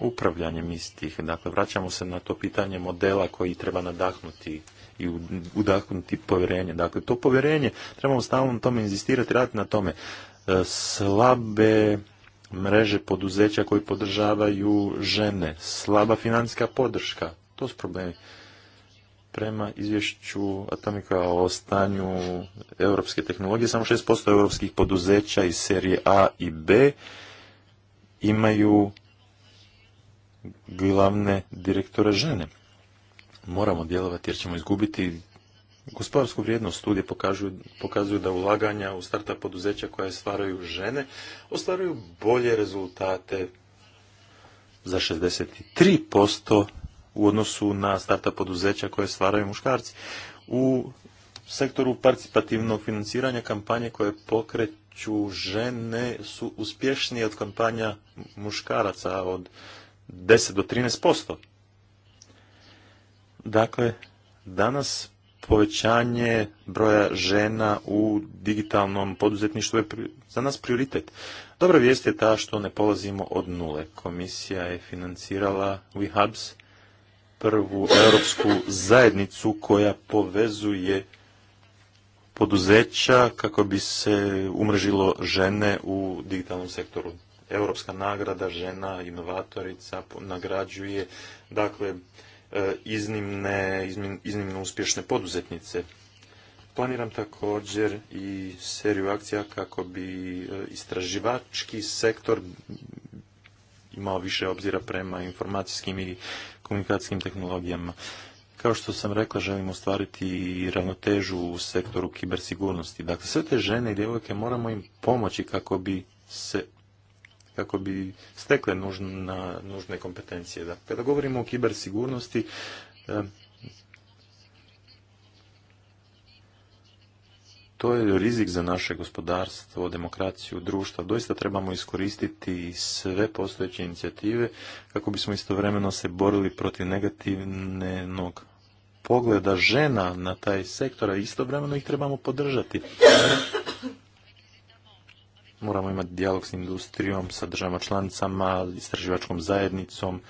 upravljanjem istih? Dakle, vraćamo se na to pitanje modela koji treba nadahnuti i udahnuti povjerenje. Dakle, to povjerenje trebamo stalno na tome inzistirati, raditi na tome. E, slabe mreže poduzeća koji podržavaju žene, slaba financijska podrška, to su problemi prema izvješću Atomika o stanju europske tehnologije, samo 6% europskih poduzeća iz serije A i B imaju glavne direktore žene. Moramo djelovati jer ćemo izgubiti gospodarsku vrijednost. Studije pokazuju, pokazuju da ulaganja u starta poduzeća koje stvaraju žene ostvaruju bolje rezultate za 63% u odnosu na starta poduzeća koje stvaraju muškarci. U sektoru participativnog financiranja kampanje koje pokreću žene su uspješnije od kampanja muškaraca od 10 do 13%. Dakle, danas povećanje broja žena u digitalnom poduzetništvu je za nas prioritet. Dobra vijest je ta što ne polazimo od nule. Komisija je financirala WeHubs prvu europsku zajednicu koja povezuje poduzeća kako bi se umrežilo žene u digitalnom sektoru. Europska nagrada žena inovatorica nagrađuje dakle e, iznimne, iznimno uspješne poduzetnice. Planiram također i seriju akcija kako bi e, istraživački sektor imao više obzira prema informacijskim i komunikacijskim tehnologijama. Kao što sam rekla, želimo ostvariti i ravnotežu u sektoru kibersigurnosti. Dakle, sve te žene i djevojke moramo im pomoći kako bi se kako bi stekle nužne kompetencije. Dakle, kada govorimo o kibersigurnosti, eh, to je rizik za naše gospodarstvo, demokraciju, društva, Doista trebamo iskoristiti sve postojeće inicijative kako bismo istovremeno se borili protiv negativnog pogleda žena na taj sektor, a istovremeno ih trebamo podržati. Moramo imati dijalog s industrijom, sa državama članicama, istraživačkom zajednicom.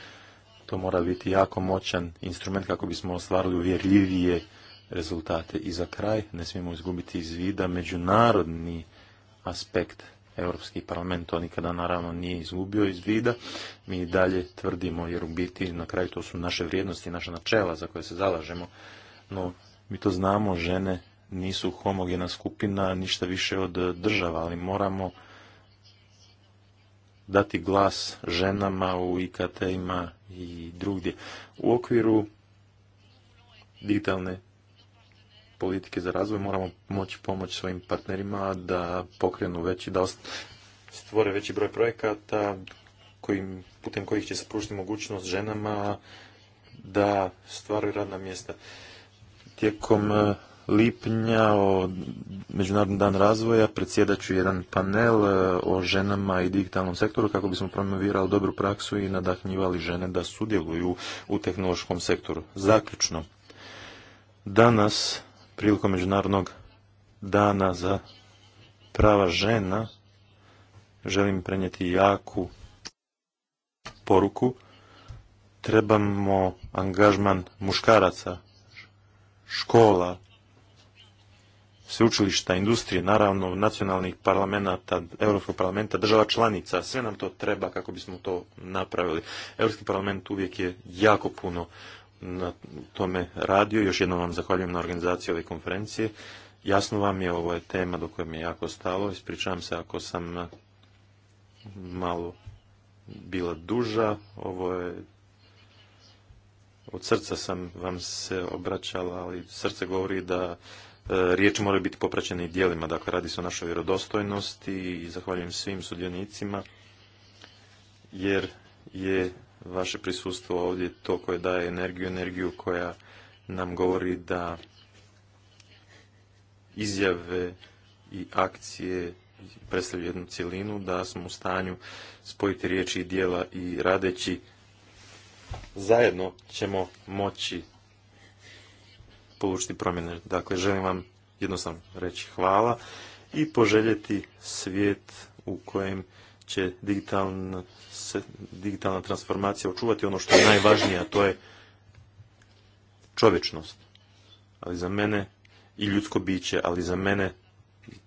To mora biti jako moćan instrument kako bismo ostvarili uvjerljivije rezultate. I za kraj ne smijemo izgubiti iz vida međunarodni aspekt Europski parlament to nikada naravno nije izgubio iz vida. Mi i dalje tvrdimo, jer u biti na kraju to su naše vrijednosti, naša načela za koje se zalažemo. No, mi to znamo, žene nisu homogena skupina, ništa više od država, ali moramo dati glas ženama u IKT-ima i drugdje. U okviru digitalne politike za razvoj moramo moći pomoći svojim partnerima da pokrenu veći, da stvore veći broj projekata kojim, putem kojih će se pružiti mogućnost ženama da stvaraju radna mjesta. Tijekom e, lipnja o Međunarodni dan razvoja predsjedat ću jedan panel e, o ženama i digitalnom sektoru kako bismo promovirali dobru praksu i nadahnjivali žene da sudjeluju u tehnološkom sektoru. Zaključno, danas prilikom Međunarodnog dana za prava žena želim prenijeti jaku poruku. Trebamo angažman muškaraca, škola, sveučilišta, industrije, naravno nacionalnih parlamenta, Europskog parlamenta, država članica, sve nam to treba kako bismo to napravili. Europski parlament uvijek je jako puno na tome radio. Još jednom vam zahvaljujem na organizaciji ove konferencije. Jasno vam je, ovo je tema do koje mi je jako stalo. Ispričavam se ako sam eh, malo bila duža. Ovo je od srca sam vam se obraćala, ali srce govori da eh, riječ moraju biti popraćena i dijelima. Dakle, radi se o našoj vjerodostojnosti i zahvaljujem svim sudionicima, jer je vaše prisustvo ovdje to koje daje energiju, energiju koja nam govori da izjave i akcije predstavljaju jednu cjelinu, da smo u stanju spojiti riječi i dijela i radeći zajedno ćemo moći polučiti promjene. Dakle, želim vam jednostavno reći hvala i poželjeti svijet u kojem će digitalna se digitalna transformacija očuvati ono što je najvažnije, a to je čovečnost. Ali za mene i ljudsko biće, ali za mene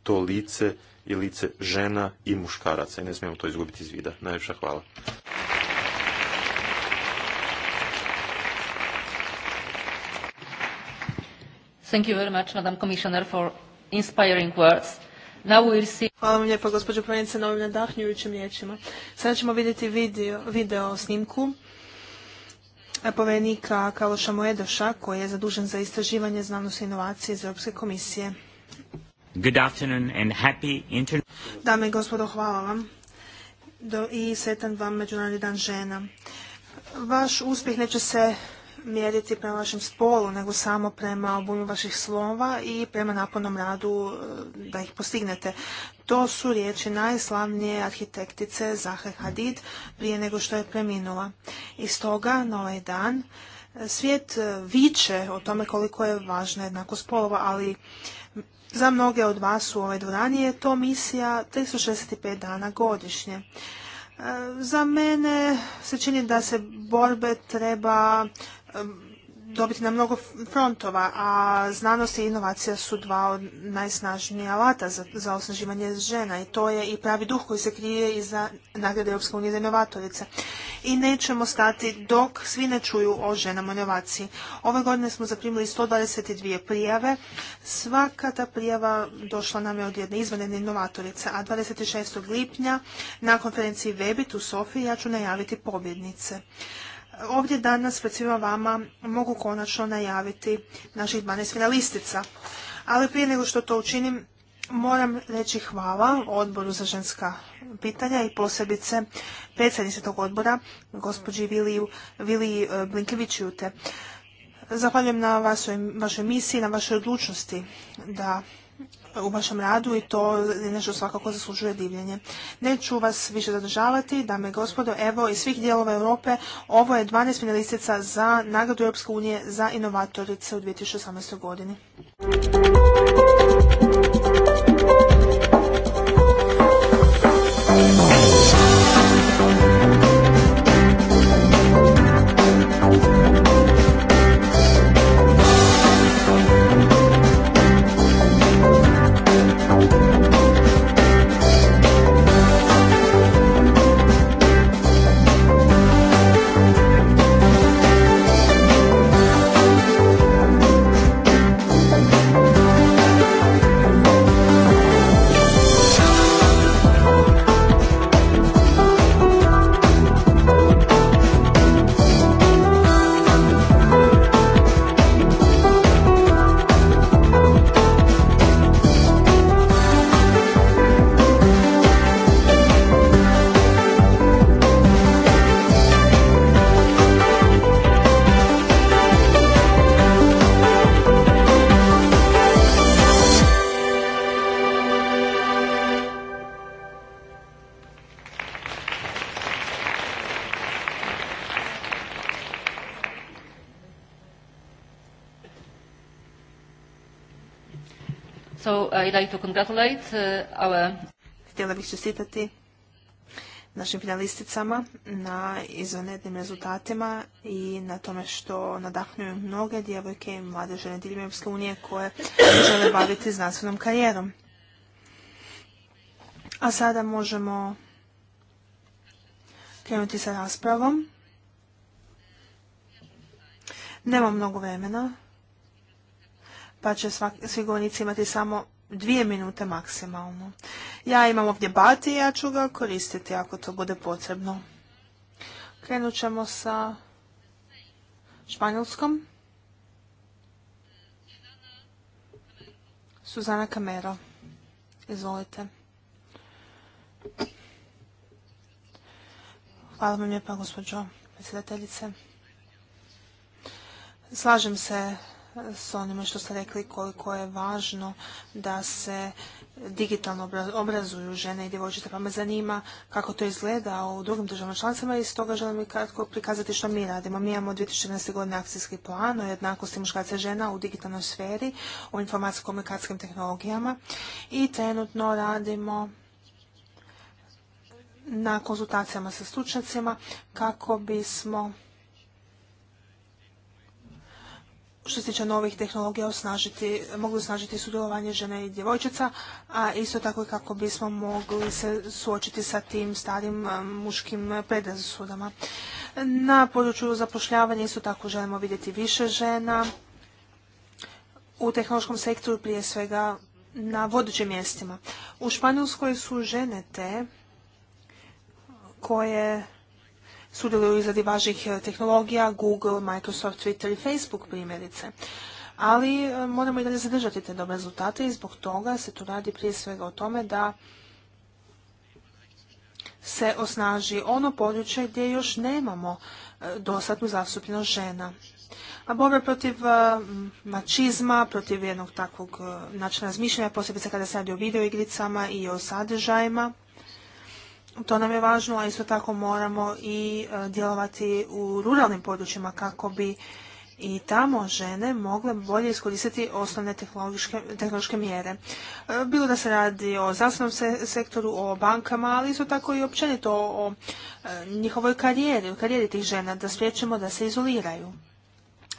to lice i lice žena i muškaraca. I ne smijemo to izgubiti iz vida. Najljepša hvala. Thank you very much, Madam Commissioner, for inspiring words. Hvala vam lijepa gospođo Provenice na ovim nadahnjujućim riječima. Sada ćemo vidjeti video, video snimku eh, povenika Kaloša Moedoša koji je zadužen za istraživanje znanosti i inovacije iz Europske komisije. Good afternoon and happy Dame i gospodo, hvala vam Do, i sretan vam Međunarodni dan žena. Vaš uspjeh neće se mjeriti prema vašem spolu, nego samo prema obunju vaših slova i prema naponom radu e, da ih postignete. To su riječi najslavnije arhitektice Zahar Hadid prije nego što je preminula. I stoga na ovaj dan svijet e, viče o tome koliko je važna jednakost spolova, ali za mnoge od vas u ovoj dvorani je to misija 365 dana godišnje. E, za mene se čini da se borbe treba dobiti na mnogo frontova, a znanost i inovacija su dva od najsnažnijih alata za, osnaživanje žena i to je i pravi duh koji se krije za nagrade Europske unije za inovatorice. I nećemo stati dok svi ne čuju o ženama inovaciji. Ove godine smo zaprimili 122 prijave. Svaka ta prijava došla nam je od jedne izvanredne inovatorice, a 26. lipnja na konferenciji Webit u Sofiji ja ću najaviti pobjednice ovdje danas pred svima vama mogu konačno najaviti naših 12 finalistica. Ali prije nego što to učinim, moram reći hvala odboru za ženska pitanja i posebice predsjednici tog odbora, gospođi Vili Viliji e, Zahvaljujem na vašoj, vašoj misiji, na vašoj odlučnosti da u vašem radu i to je nešto svakako zaslužuje divljenje. Neću vas više zadržavati, dame i gospodo, evo iz svih dijelova Europe ovo je 12 finalistica za nagradu Europske unije za inovatorice u 2018. godini. to uh, Htjela bih čestitati našim finalisticama na izvanrednim rezultatima i na tome što nadahnuju mnoge djevojke i mlade žene diljem Europske unije koje žele baviti znanstvenom karijerom. A sada možemo krenuti sa raspravom. Nemam mnogo vremena, pa će svi govornici imati samo dvije minute maksimalno. Ja imam ovdje bati i ja ću ga koristiti ako to bude potrebno. Krenut ćemo sa španjolskom. Suzana Camero. Izvolite. Hvala vam lijepa, gospođo predsjedateljice. Slažem se s onime što ste rekli koliko je važno da se digitalno obrazuju žene i djevojčice, pa me zanima kako to izgleda u drugim državama članicama i stoga želim i kratko prikazati što mi radimo. Mi imamo 2014. godine akcijski plan o jednakosti muškarca žena u digitalnoj sferi, u informacijsko-komunikacijskim tehnologijama i trenutno radimo na konzultacijama sa stručnjacima kako bismo što se tiče novih tehnologija osnažiti, mogli osnažiti sudjelovanje žene i djevojčica, a isto tako i kako bismo mogli se suočiti sa tim starim eh, muškim predrasudama. Na području zapošljavanja isto tako želimo vidjeti više žena u tehnološkom sektoru prije svega na vodećim mjestima. U Španjolskoj su žene te koje sudjeluju u izradi važnih e, tehnologija, Google, Microsoft, Twitter i Facebook primjerice. Ali e, moramo i dalje zadržati te dobre rezultate i zbog toga se tu radi prije svega o tome da se osnaži ono područje gdje još nemamo e, dosadnu zastupljenost žena. A borba protiv mačizma, protiv jednog takvog načina razmišljanja, posebice kada se radi o videoigricama i o sadržajima, to nam je važno, a isto tako moramo i e, djelovati u ruralnim područjima kako bi i tamo žene mogle bolje iskoristiti osnovne tehnološke, tehnološke mjere. E, bilo da se radi o zdravstvenom sektoru, o bankama, ali isto tako i općenito o, o e, njihovoj karijeri, o karijeri tih žena, da spriječimo da se izoliraju.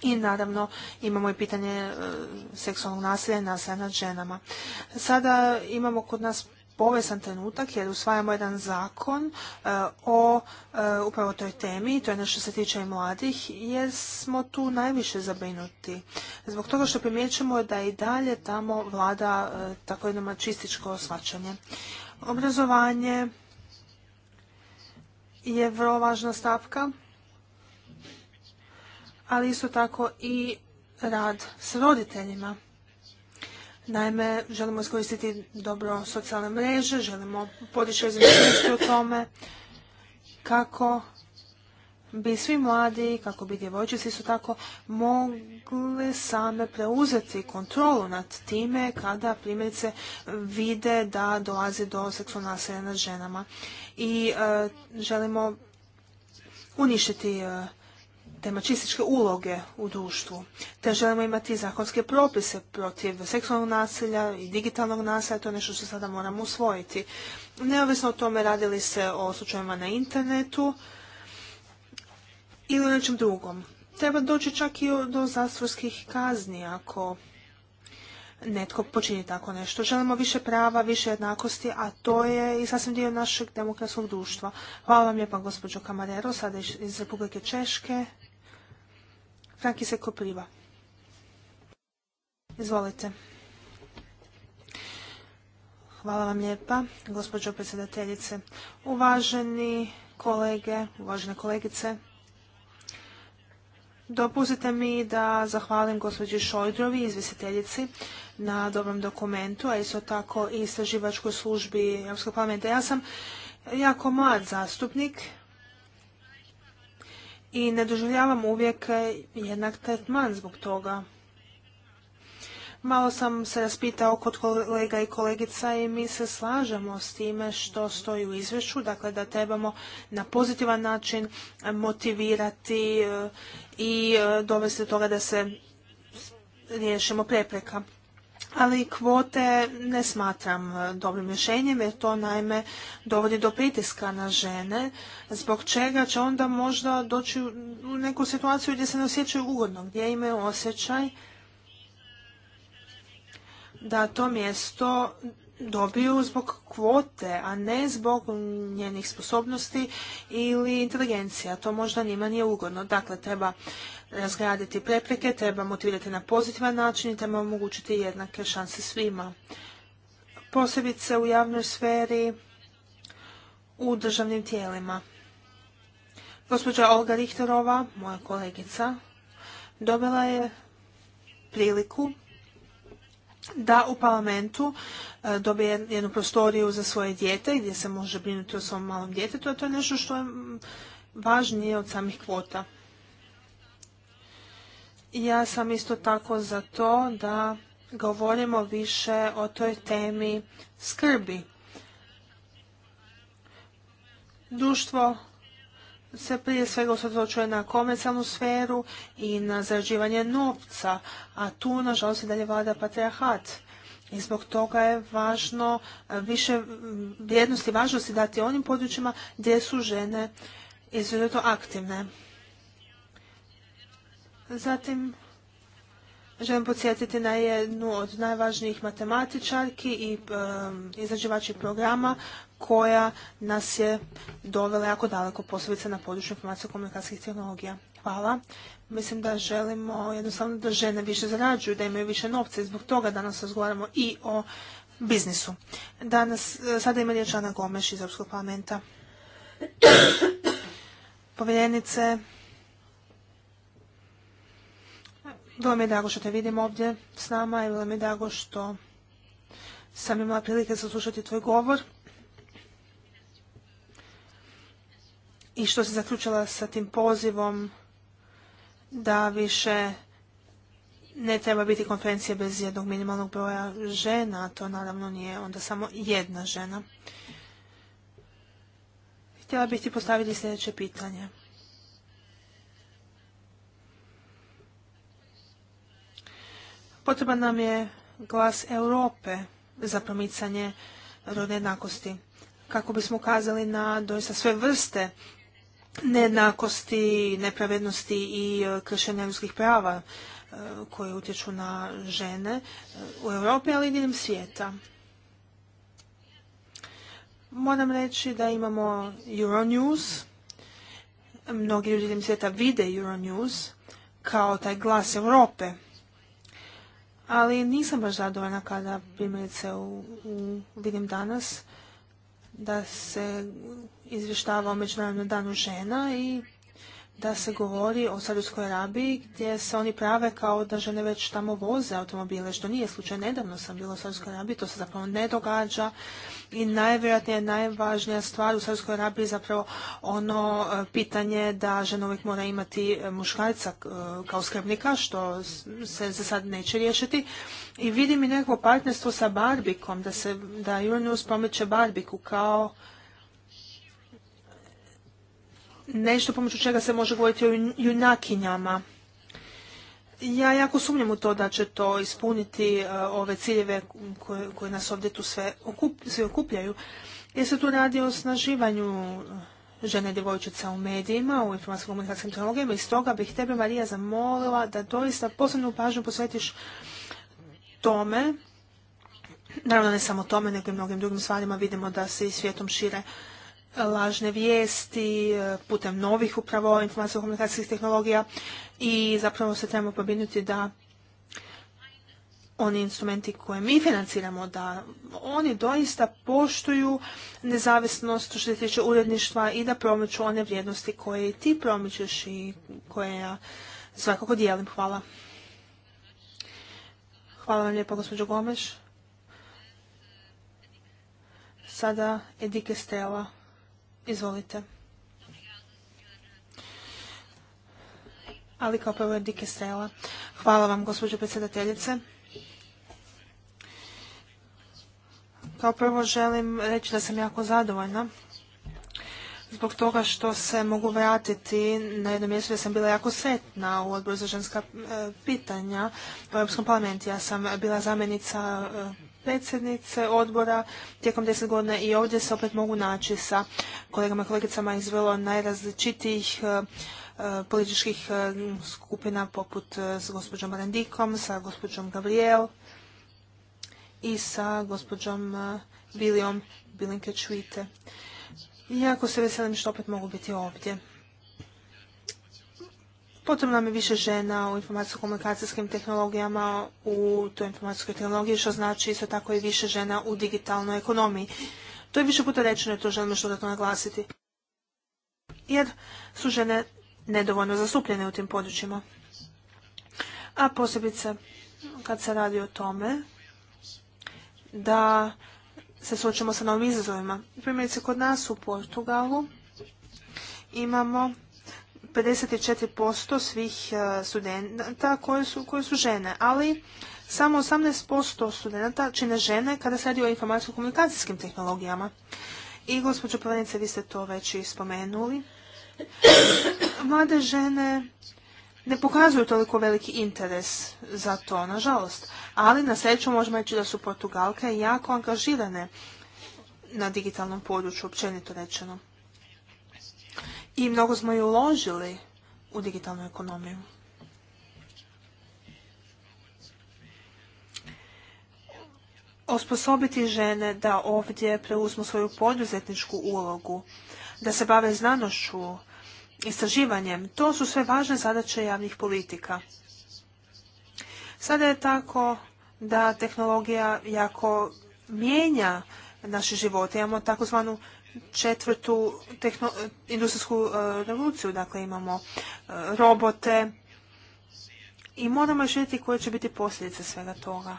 I naravno imamo i pitanje seksualnog nasilja i nasilja nad ženama. Sada imamo kod nas povesan trenutak jer usvajamo jedan zakon e, o e, upravo toj temi, to je nešto što se tiče i mladih, jer smo tu najviše zabrinuti. Zbog toga što primjećujemo da i dalje tamo vlada e, tako jedno mačističko osvačanje. Obrazovanje je vrlo važna stavka, ali isto tako i rad s roditeljima. Naime, želimo iskoristiti dobro socijalne mreže, želimo podići razmišljenosti o tome kako bi svi mladi, kako bi djevojčice isto tako mogli same preuzeti kontrolu nad time kada primjerice vide da dolazi do seksualnog nasilja nad ženama. I e, želimo uništiti e, tema čističke uloge u društvu. Te želimo imati zakonske propise protiv seksualnog nasilja i digitalnog nasilja, to je nešto što sada moramo usvojiti. Neovisno o tome radili se o slučajevima na internetu ili nečem drugom. Treba doći čak i do zastvorskih kazni ako netko počini tako nešto. Želimo više prava, više jednakosti, a to je i sasvim dio našeg demokratskog društva. Hvala vam lijepa, gospođo Kamarero, sada iz Republike Češke se Kopriva. Izvolite. Hvala vam lijepa, gospođo predsjedateljice. Uvaženi kolege, uvažene kolegice, dopustite mi da zahvalim gospođi Šojdrovi, izvjestiteljici, na dobrom dokumentu, a isto tako i istraživačkoj službi Europskog parlamenta. Ja sam jako mlad zastupnik i ne doživljavam uvijek jednak tretman zbog toga. Malo sam se raspitao kod kolega i kolegica i mi se slažemo s time što stoji u izvješću, dakle da trebamo na pozitivan način motivirati e, i e, dovesti do toga da se riješimo prepreka ali kvote ne smatram e, dobrim rješenjem jer to naime dovodi do pritiska na žene, zbog čega će onda možda doći u neku situaciju gdje se ne osjećaju ugodno, gdje imaju osjećaj da to mjesto dobiju zbog kvote, a ne zbog njenih sposobnosti ili inteligencija. To možda njima nije ugodno. Dakle, treba razgraditi prepreke, treba motivirati na pozitivan način i treba omogućiti jednake šanse svima. Posebice u javnoj sferi, u državnim tijelima. Gospođa Olga Richterova, moja kolegica, dobila je priliku da u parlamentu e, dobije jednu prostoriju za svoje dijete gdje se može brinuti o svom malom djetetu, a to je nešto što je mm, važnije od samih kvota. Ja sam isto tako za to da govorimo više o toj temi skrbi. Društvo se prije svega usredočuje na komercijalnu sferu i na zarađivanje novca, a tu nažalost i dalje vlada patriarhat. I zbog toga je važno više vrijednosti i važnosti dati onim područjima gdje su žene izuzetno aktivne. Zatim, želim podsjetiti na jednu od najvažnijih matematičarki i e, programa koja nas je dovela jako daleko, posebice na području informacijskih komunikacijskih tehnologija. Hvala. Mislim da želimo jednostavno da žene više zarađuju, da imaju više novca i zbog toga danas razgovaramo i o biznisu. Danas, e, sada ima riječ Ana Gomeš iz Europskog parlamenta. Povjerenice, vrlo mi je drago što te vidim ovdje s nama i vrlo mi je drago što sam imala prilike saslušati tvoj govor. i što se zaključila sa tim pozivom da više ne treba biti konferencije bez jednog minimalnog broja žena, to naravno nije onda samo jedna žena. Htjela bih ti postaviti sljedeće pitanje. Potreban nam je glas Europe za promicanje rodne jednakosti kako bismo ukazali na doista sve vrste nejednakosti, nepravednosti i e, kršenja ljudskih prava e, koje utječu na žene e, u Europi, ali i diljem svijeta. Moram reći da imamo Euronews. Mnogi ljudi diljem svijeta vide Euronews kao taj glas Europe. Ali nisam baš zadovoljna kada primjerice u, vidim danas da se izvještava o Međunarodnom danu žena i da se govori o Saudijskoj Arabiji gdje se oni prave kao da žene već tamo voze automobile, što nije slučaj. Nedavno sam bila u Saudijskoj Arabiji, to se zapravo ne događa i najvjerojatnije najvažnija stvar u Saudijskoj Arabiji je zapravo ono e, pitanje da žena uvijek mora imati e, muškarca e, kao skrbnika, što se za sad neće riješiti. I vidim i nekako partnerstvo sa Barbikom, da se da Euronews pomiče Barbiku kao nešto pomoću čega se može govoriti o junakinjama. Ja jako sumnjam u to da će to ispuniti e, ove ciljeve koje, koje nas ovdje tu sve, okupljaju. Jer se tu radi o snaživanju e, žene djevojčica u medijima, u informacijskom komunikacijskim tehnologijama i stoga bih tebe, Marija, zamolila da doista posebnu pažnju posvetiš tome, naravno ne samo tome, nego i mnogim drugim stvarima vidimo da se i svijetom šire lažne vijesti e, putem novih upravo informacijsko-komunikacijskih tehnologija i zapravo se trebamo pobrinuti da oni instrumenti koje mi financiramo, da oni doista poštuju nezavisnost što se tiče uredništva i da promiču one vrijednosti koje ti promičeš i koje ja svakako dijelim. Hvala. Hvala vam lijepo, gospođo Gomeš. Sada Edike Stela Izvolite. Ali kao prvo Dike Stela. Hvala vam, gospođo predsjedateljice. Kao prvo želim reći da sam jako zadovoljna zbog toga što se mogu vratiti na jedno mjesto gdje sam bila jako sretna u odboru za ženska e, pitanja u Europskom parlamentu. Ja sam bila zamjenica e, predsjednice odbora tijekom deset godina i ovdje se opet mogu naći sa kolegama i kolegicama iz vrlo najrazličitijih eh, eh, političkih eh, skupina poput s gospođom Randikom, sa gospođom Gabriel i sa gospođom Bilijom Bilinke čvite Jako se veselim što opet mogu biti ovdje. Potrebno nam je više žena u informacijsko-komunikacijskim tehnologijama, u toj informacijskoj tehnologiji, što znači isto tako i više žena u digitalnoj ekonomiji. To je više puta rečeno i to želim još dodatno naglasiti. Jer su žene nedovoljno zastupljene u tim područjima. A posebice kad se radi o tome da se suočimo sa novim izazovima. Primjerice, kod nas u Portugalu imamo 54% svih e, studenta koje su, koje su žene, ali samo 18% studenta čine žene kada se radi o informacijsko-komunikacijskim tehnologijama. I, gospođo Pavanice, vi ste to već i spomenuli. Mlade žene ne pokazuju toliko veliki interes za to, nažalost. Ali na sreću možemo reći da su Portugalke jako angažirane na digitalnom području, općenito rečeno i mnogo smo i uložili u digitalnu ekonomiju. Osposobiti žene da ovdje preuzmu svoju poduzetničku ulogu, da se bave znanošću, istraživanjem, to su sve važne zadaće javnih politika. Sada je tako da tehnologija jako mijenja naše živote. Imamo takozvanu četvrtu industrijsku e, revoluciju, dakle imamo e, robote i moramo još vidjeti koje će biti posljedice svega toga.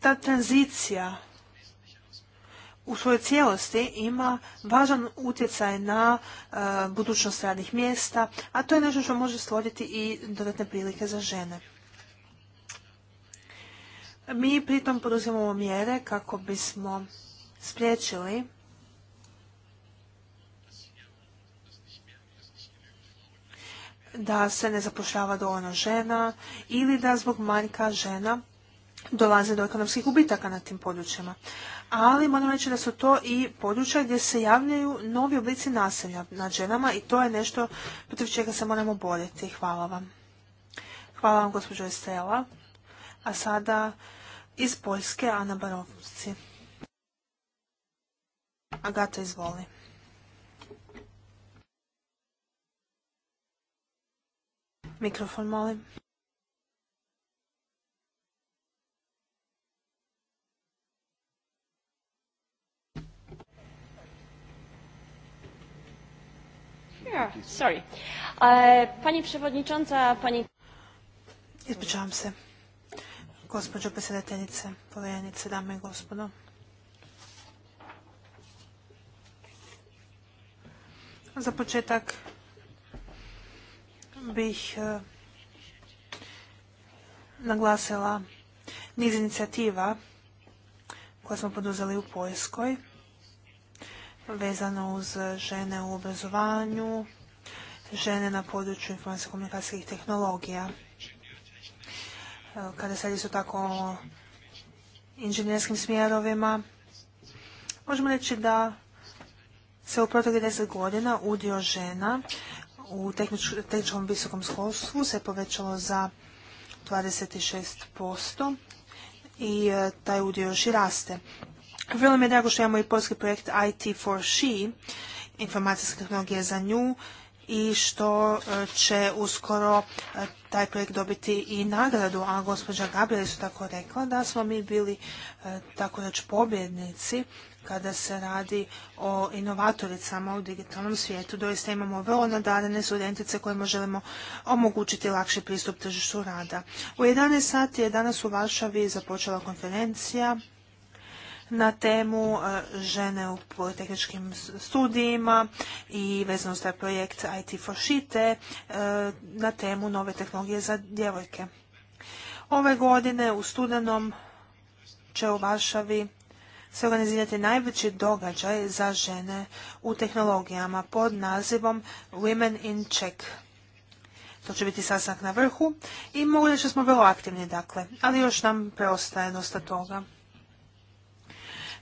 Ta tranzicija u svojoj cijelosti ima važan utjecaj na e, budućnost radnih mjesta, a to je nešto što može stvoriti i dodatne prilike za žene. Mi pritom poduzimamo mjere kako bismo spriječili da se ne zapošljava dovoljno žena ili da zbog manjka žena dolaze do ekonomskih gubitaka na tim područjima. Ali moram reći da su to i područja gdje se javljaju novi oblici naselja nad ženama i to je nešto protiv čega se moramo boriti. Hvala vam. Hvala vam gospođo Estela. A sada iz Poljske, Ana Barovci. Agata, izvoli. Mikrofon, molim. Sorry. Uh, pani przewodnicząca, pani... Ispričavam se. Gospođo predsjedateljice, povjerenice, dame i gospodo. Za početak bih eh, naglasila niz inicijativa koje smo poduzeli u Poljskoj vezano uz žene u obrazovanju, žene na području informacijsko-komunikacijskih tehnologija kada se isto tako o inženjerskim smjerovima. Možemo reći da se u proteklih deset godina udio žena u tehničkom visokom skolstvu se povećalo za 26% i e, taj udio još i raste. Vrlo mi je drago što imamo i polski projekt IT for She, informacijske tehnologije za nju, i što e, će uskoro e, taj projekt dobiti i nagradu, a gospođa Gabriel su tako rekla da smo mi bili e, tako reći pobjednici kada se radi o inovatoricama u digitalnom svijetu. Doista imamo vrlo nadarene studentice kojima želimo omogućiti lakši pristup tržištu rada. U 11 sati je danas u Varšavi započela konferencija na temu e, žene u politehničkim studijima i vezano s projekt IT for Shite e, na temu nove tehnologije za djevojke. Ove godine u studenom će u Varšavi se organizirati najveći događaj za žene u tehnologijama pod nazivom Women in Czech. To će biti sastanak na vrhu i mogu da smo vrlo aktivni, dakle, ali još nam preostaje dosta toga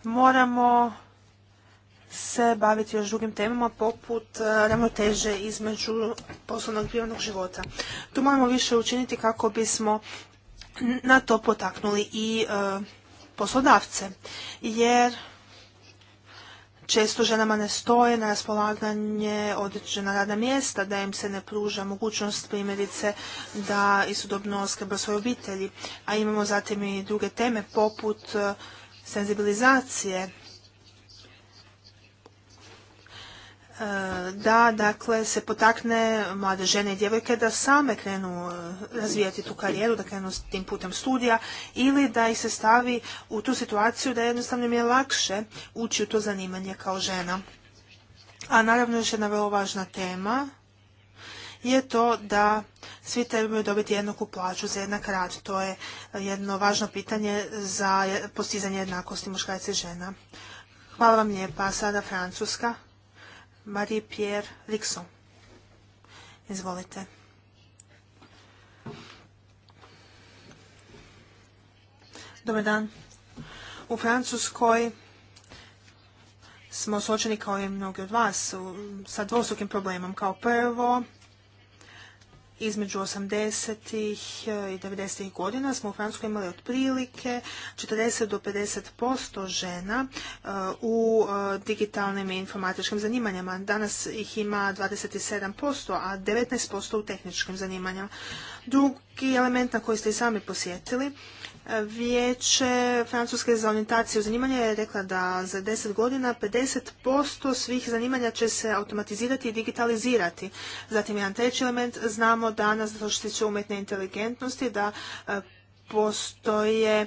moramo se baviti još drugim temama poput e, ravnoteže između poslovnog i privatnog života. Tu moramo više učiniti kako bismo na to potaknuli i e, poslodavce, jer često ženama ne stoje na raspolaganje određena rada mjesta, da im se ne pruža mogućnost primjerice da istodobno skrba svoje obitelji. A imamo zatim i druge teme poput e, senzibilizacije e, da dakle se potakne mlade žene i djevojke da same krenu e, razvijati tu karijeru, da krenu tim putem studija ili da ih se stavi u tu situaciju da jednostavno im je lakše ući u to zanimanje kao žena. A naravno još jedna vrlo važna tema je to da svi trebaju dobiti jednaku plaću za jednak rad. To je jedno važno pitanje za postizanje jednakosti muškarca i žena. Hvala vam lijepa. Sada Francuska. Marie-Pierre Rixon. Izvolite. Dobar dan. U Francuskoj smo suočeni kao i mnogi od vas sa dvostrukim problemom. Kao prvo, između 80 e, i 90 godina smo u Francuskoj imali otprilike 40 do 50% žena e, u e, digitalnim i informatičkim zanimanjama. Danas ih ima 27%, a 19% u tehničkim zanimanjama. Drugi element na koji ste i sami posjetili Vijeće Francuske za orientaciju u je rekla da za 10 godina 50% svih zanimanja će se automatizirati i digitalizirati. Zatim jedan treći element, znamo danas zato što se tiče umjetne inteligentnosti da e, postoje e,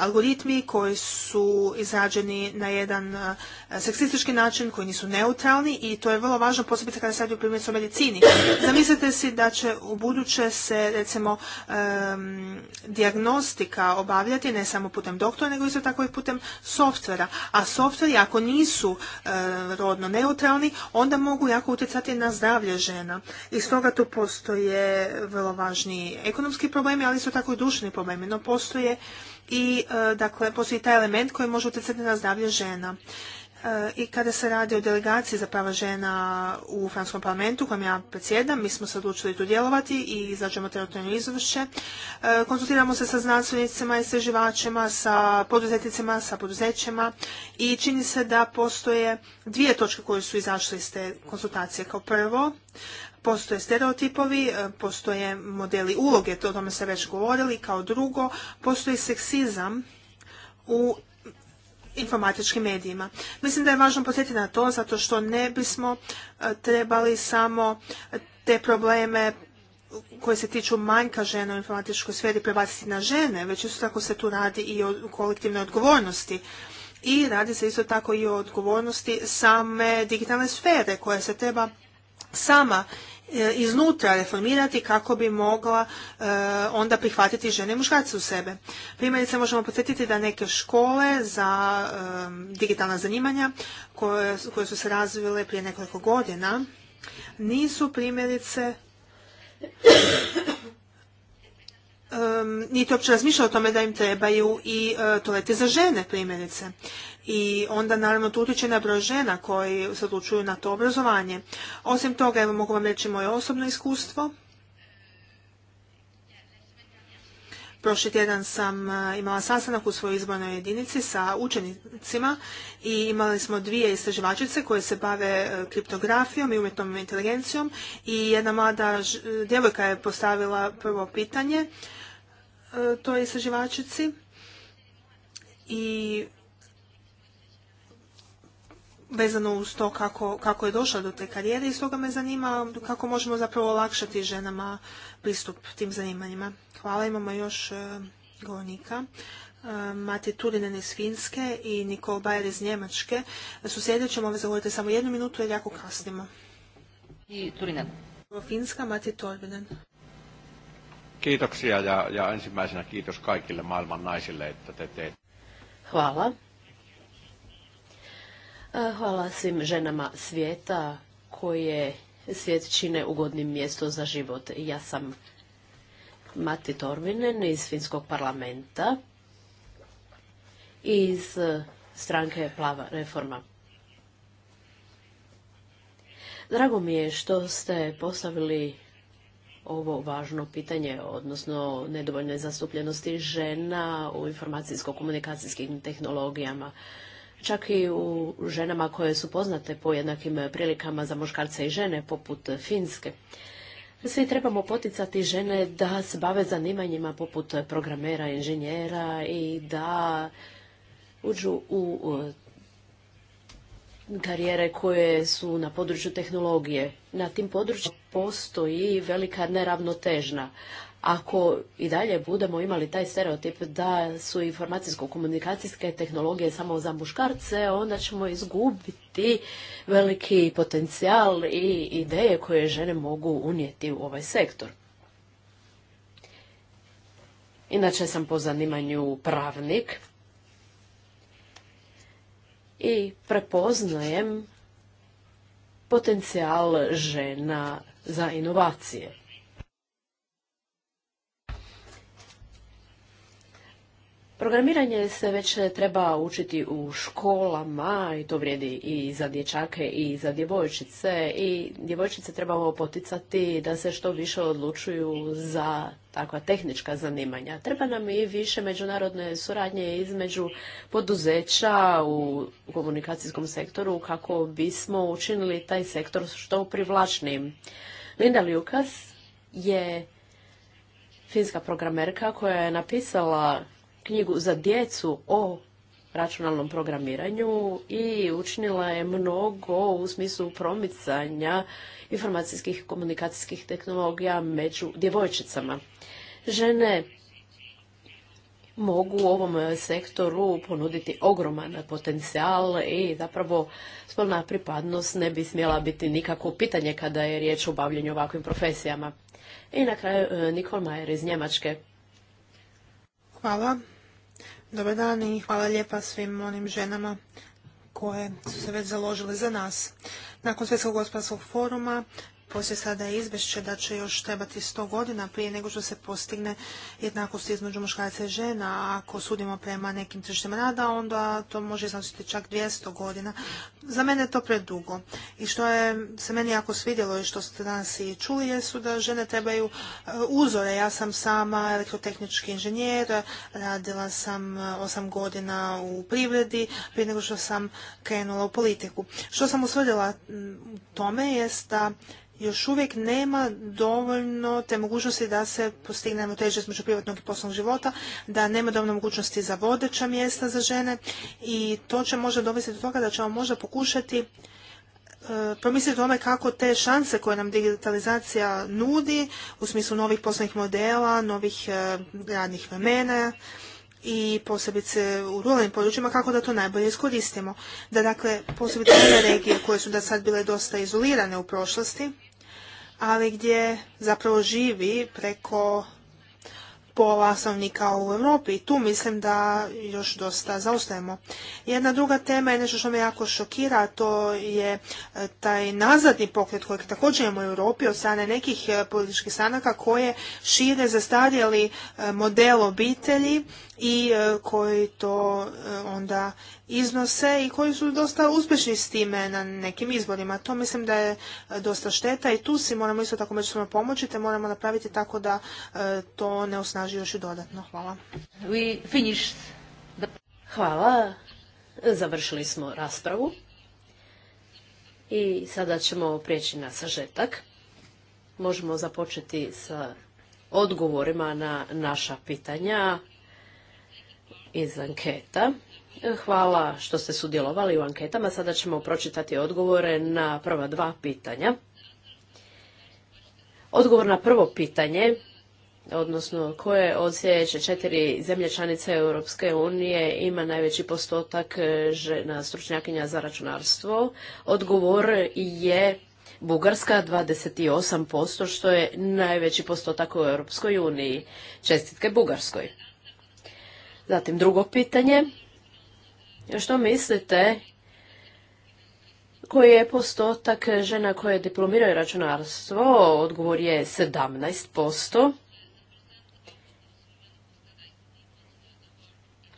algoritmi koji su izrađeni na jedan e, seksistički način, koji nisu neutralni i to je vrlo važno posebice kada se radi u primjerice o medicini. Zamislite si da će u buduće se recimo dijagnostika obavljati ne samo putem doktora, nego isto tako i putem softvera. A softveri ako nisu e, rodno neutralni, onda mogu jako utjecati na zdravlje žena. I stoga tu postoje vrlo važni ekonomski problemi, ali isto tako i duše i postoje i e, dakle, postoji taj element koji može utjecati na zdravlje žena. E, I kada se radi o delegaciji za prava žena u Franskom parlamentu, kojem ja predsjedam, mi smo se odlučili tu djelovati i izađemo teritorijalno izvršće. konsultiramo se sa znanstvenicima, istraživačima, sa poduzetnicima, sa poduzećima i čini se da postoje dvije točke koje su izašle iz te konsultacije. Kao prvo, Postoje stereotipovi, e, postoje modeli uloge, to o tome se već govorili, kao drugo, postoji seksizam u informatičkim medijima. Mislim da je važno posjetiti na to zato što ne bismo e, trebali samo te probleme koje se tiču manjka žena u informatičkoj sferi prebaciti na žene, već isto tako se tu radi i o kolektivnoj odgovornosti. I radi se isto tako i o odgovornosti same digitalne sfere koja se treba sama e, iznutra reformirati kako bi mogla e, onda prihvatiti žene i muškarce u sebe. Primjerice možemo podsjetiti da neke škole za e, digitalna zanimanja koje, koje su se razvile prije nekoliko godina nisu primjerice um, niti uopće razmišlja o tome da im trebaju i uh, za žene primjerice. I onda naravno to utječe na broj žena koji se odlučuju na to obrazovanje. Osim toga, evo mogu vam reći moje osobno iskustvo. Prošli tjedan sam e, imala sastanak u svojoj izbornoj jedinici sa učenicima i imali smo dvije istraživačice koje se bave e, kriptografijom i umjetnom inteligencijom i jedna mlada e, djevojka je postavila prvo pitanje toj istraživačici i vezano uz to kako, kako je došla do te karijere i stoga me zanima kako možemo zapravo olakšati ženama pristup tim zanimanjima. Hvala, imamo još e, govornika. E, Mati Turinen iz Finske i Nikol Bajer iz Njemačke. Su sljedećem ove samo jednu minutu jer jako kasnimo. I Turinen. Finska, Mati Turinen. Kiitoksia ja, ja ensimmäisenä kiitos kaikille maailman naisille, että te teette. Hvala. E, hvala svim ženama svijeta koje svijet čine ugodnim mjesto za život. Ja sam Mati Torvinen iz Finskog parlamenta i iz e, stranke Plava reforma. Drago mi je što ste postavili ovo važno pitanje, odnosno nedovoljne zastupljenosti žena u informacijsko-komunikacijskim tehnologijama. Čak i u ženama koje su poznate po jednakim prilikama za muškarce i žene, poput Finske. Svi trebamo poticati žene da se bave zanimanjima poput programera, inženjera i da uđu u karijere koje su na području tehnologije. Na tim područjima postoji velika neravnotežna. Ako i dalje budemo imali taj stereotip da su informacijsko-komunikacijske tehnologije samo za muškarce, onda ćemo izgubiti veliki potencijal i ideje koje žene mogu unijeti u ovaj sektor. Inače sam po zanimanju pravnik i prepoznajem potencijal žena za inovacije. Programiranje se već treba učiti u školama i to vrijedi i za dječake i za djevojčice i djevojčice trebamo poticati da se što više odlučuju za takva tehnička zanimanja. Treba nam i više međunarodne suradnje između poduzeća u komunikacijskom sektoru kako bismo učinili taj sektor što privlačnijim. Linda Ljukas je finska programerka koja je napisala knjigu za djecu o računalnom programiranju i učinila je mnogo u smislu promicanja informacijskih i komunikacijskih tehnologija među djevojčicama. Žene mogu u ovom sektoru ponuditi ogroman potencijal i zapravo spolna pripadnost ne bi smjela biti nikako pitanje kada je riječ o bavljenju ovakvim profesijama. I na kraju eh, Nikol Majer iz Njemačke. Hvala. Dobar dan i hvala lijepa svim onim ženama koje su se već založile za nas. Nakon Svjetskog gospodarskog foruma poslije sada je izvješće da će još trebati 100 godina prije nego što se postigne jednakost između muškaraca i žena. ako sudimo prema nekim tržištima rada, onda to može iznositi čak 200 godina. Za mene je to predugo. I što je se meni jako svidjelo i što ste danas i čuli jesu da žene trebaju e, uzore. Ja sam sama elektrotehnički inženjer, radila sam 8 e, godina u privredi prije nego što sam krenula u politiku. Što sam usvrdila tome jest da još uvijek nema dovoljno te mogućnosti da se postigne ravnoteža između privatnog i poslovnog života, da nema dovoljno mogućnosti za vodeća mjesta za žene i to će možda dovesti do toga da ćemo možda pokušati e, promisliti o tome kako te šanse koje nam digitalizacija nudi u smislu novih poslovnih modela, novih e, radnih vremena i posebice u ruralnim područjima kako da to najbolje iskoristimo. Da dakle posebice one regije koje su da sad bile dosta izolirane u prošlosti, ali gdje zapravo živi preko pola stanovnika u Europi i tu mislim da još dosta zaostajemo. Jedna druga tema je nešto što me jako šokira, to je e, taj nazadni pokret kojeg također imamo u Europi od strane nekih e, političkih stranaka koje šire zastarjeli e, model obitelji i e, koji to e, onda iznose i koji su dosta uspješni s time na nekim izborima. To mislim da je e, dosta šteta i tu si moramo isto tako međusobno pomoći te moramo napraviti tako da to ne osnaži još i dodatno. Hvala. We Hvala. Završili smo raspravu. I sada ćemo prijeći na sažetak. Možemo započeti sa odgovorima na naša pitanja iz anketa. Hvala što ste sudjelovali u anketama. Sada ćemo pročitati odgovore na prva dva pitanja. Odgovor na prvo pitanje, odnosno koje od sljedeće četiri zemlje članice Europske unije ima najveći postotak žena stručnjakinja za računarstvo, odgovor je Bugarska 28%, što je najveći postotak u Europskoj uniji. Čestitke Bugarskoj. Zatim drugo pitanje, što mislite koji je postotak žena koje diplomiraju računarstvo? Odgovor je 17%.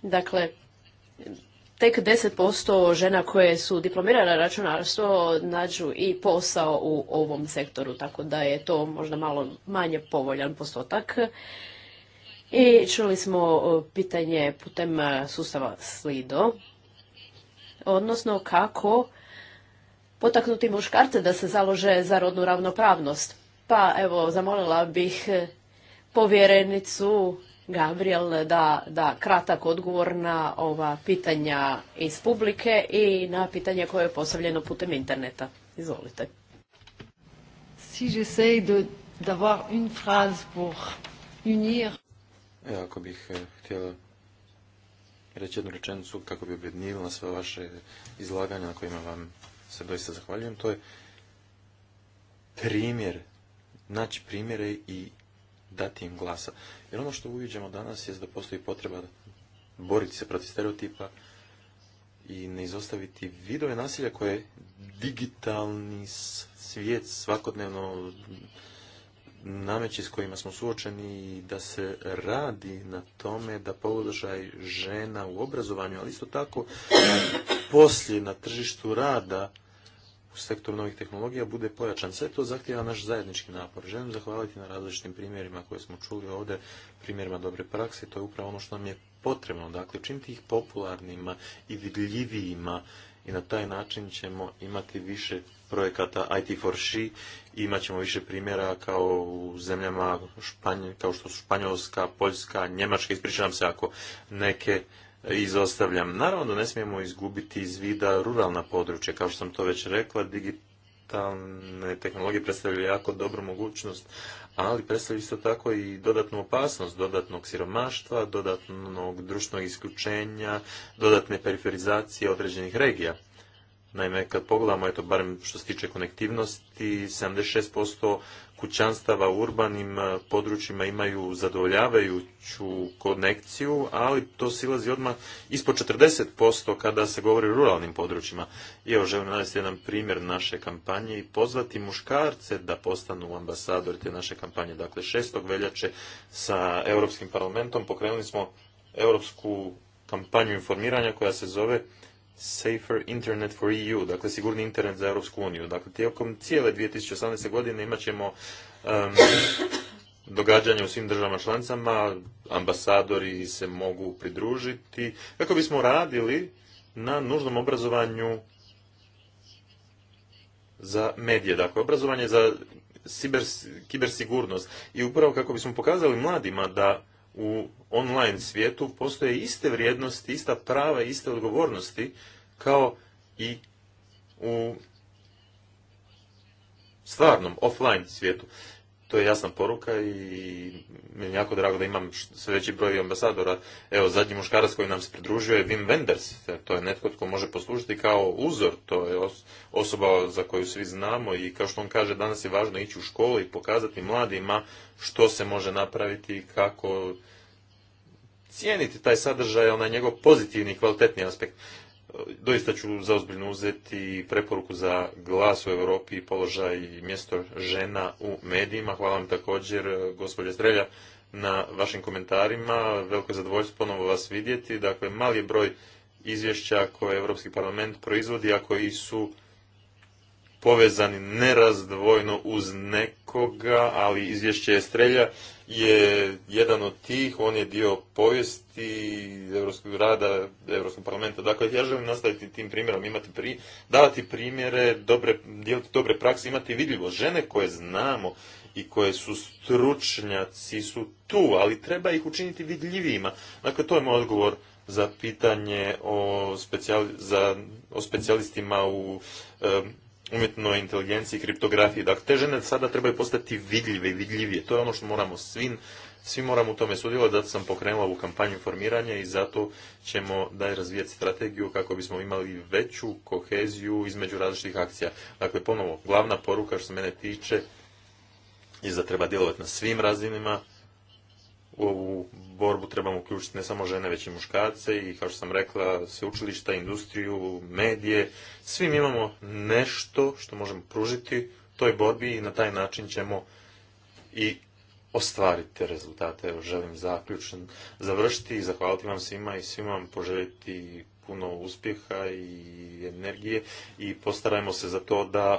Dakle, tek 10% žena koje su diplomirale računarstvo nađu i posao u ovom sektoru, tako da je to možda malo manje povoljan postotak. I čuli smo pitanje putem e, sustava SLIDO, odnosno kako potaknuti muškarce da se založe za rodnu ravnopravnost. Pa evo, zamolila bih e, povjerenicu Gabriel da, da kratak odgovor na ova pitanja iz publike i na pitanje koje je postavljeno putem interneta. Izvolite. Si de d'avoir une phrase pour unir Evo, ako bih e, htjela reći jednu rečenicu kako bi objednila sve vaše izlaganja na kojima vam se doista zahvaljujem, to je primjer, naći primjere i dati im glasa. Jer ono što uviđamo danas je da postoji potreba boriti se protiv stereotipa i ne izostaviti vidove nasilja koje digitalni svijet svakodnevno nameći s kojima smo suočeni i da se radi na tome da položaj žena u obrazovanju, ali isto tako poslije na tržištu rada u sektoru novih tehnologija bude pojačan. Sve to zahtjeva naš zajednički napor. Želim zahvaliti na različitim primjerima koje smo čuli ovdje, primjerima dobre prakse. To je upravo ono što nam je potrebno. Dakle, čim ih popularnima i vidljivijima i na taj način ćemo imati više projekata IT for She imat ćemo više primjera kao u zemljama kao što su Španjolska, Poljska, Njemačka, ispričavam se ako neke izostavljam. Naravno da ne smijemo izgubiti iz vida ruralna područja, kao što sam to već rekla, digitalne tehnologije predstavljaju jako dobru mogućnost, ali predstavljaju isto tako i dodatnu opasnost, dodatnog siromaštva, dodatnog društvenog isključenja, dodatne periferizacije određenih regija. Naime, kad pogledamo, eto, barem što se tiče konektivnosti, 76% kućanstava u urbanim eh, područjima imaju zadovoljavajuću konekciju, ali to silazi odmah ispod 40% kada se govori o ruralnim područjima. I evo, želim navesti jedan primjer naše kampanje i pozvati muškarce da postanu ambasadori te naše kampanje. Dakle, 6. veljače sa Europskim parlamentom pokrenuli smo europsku kampanju informiranja koja se zove Safer Internet for EU, dakle sigurni internet za Europsku uniju. Dakle, tijekom cijele 2018. godine imat ćemo um, događanja u svim državama članicama, ambasadori se mogu pridružiti, kako bismo radili na nužnom obrazovanju za medije, dakle obrazovanje za kibersigurnost i upravo kako bismo pokazali mladima da u online svijetu postoje iste vrijednosti, ista prava, i iste odgovornosti kao i u stvarnom offline svijetu to je jasna poruka i mi je jako drago da imam sve veći broj ambasadora. Evo, zadnji muškarac koji nam se pridružio je Wim Wenders. E, to je netko tko može poslužiti kao uzor. To je osoba za koju svi znamo i kao što on kaže, danas je važno ići u školu i pokazati mladima što se može napraviti i kako cijeniti taj sadržaj, onaj njegov pozitivni i kvalitetni aspekt doista ću zaozbiljno uzeti preporuku za glas u Europi i položaj i mjesto žena u medijima. Hvala vam također, e, gospođa Strelja, na vašim komentarima. Veliko je zadovoljstvo ponovo vas vidjeti. Dakle, mali je broj izvješća koje Europski parlament proizvodi, a koji su povezani nerazdvojno uz nekoga, ali izvješće strelja, je jedan od tih, on je dio povijesti Evropskog rada, Evropskog parlamenta. Dakle, ja želim nastaviti tim primjerom, imati pri, davati primjere, dobre, dijeliti dobre prakse, imati vidljivo. Žene koje znamo i koje su stručnjaci su tu, ali treba ih učiniti vidljivijima. Dakle, to je moj odgovor za pitanje o, specijal, za, o specijalistima u umjetnoj inteligenciji, kriptografiji. Dakle, te žene sada trebaju postati vidljive i vidljivije. To je ono što moramo svim, svi moramo u tome sudjelovati, zato sam pokrenula ovu kampanju informiranja i zato ćemo dalje razvijati strategiju kako bismo imali veću koheziju između različitih akcija. Dakle, ponovo, glavna poruka što se mene tiče je da treba djelovati na svim razinima, u ovu borbu trebamo uključiti ne samo žene, već i muškarce i, kao što sam rekla, sveučilišta, industriju, medije. Svi mi imamo nešto što možemo pružiti toj borbi i na taj način ćemo i ostvariti te rezultate. Evo, želim zaključno završiti i zahvaliti vam svima i svima vam poželjeti puno uspjeha i energije i postarajmo se za to da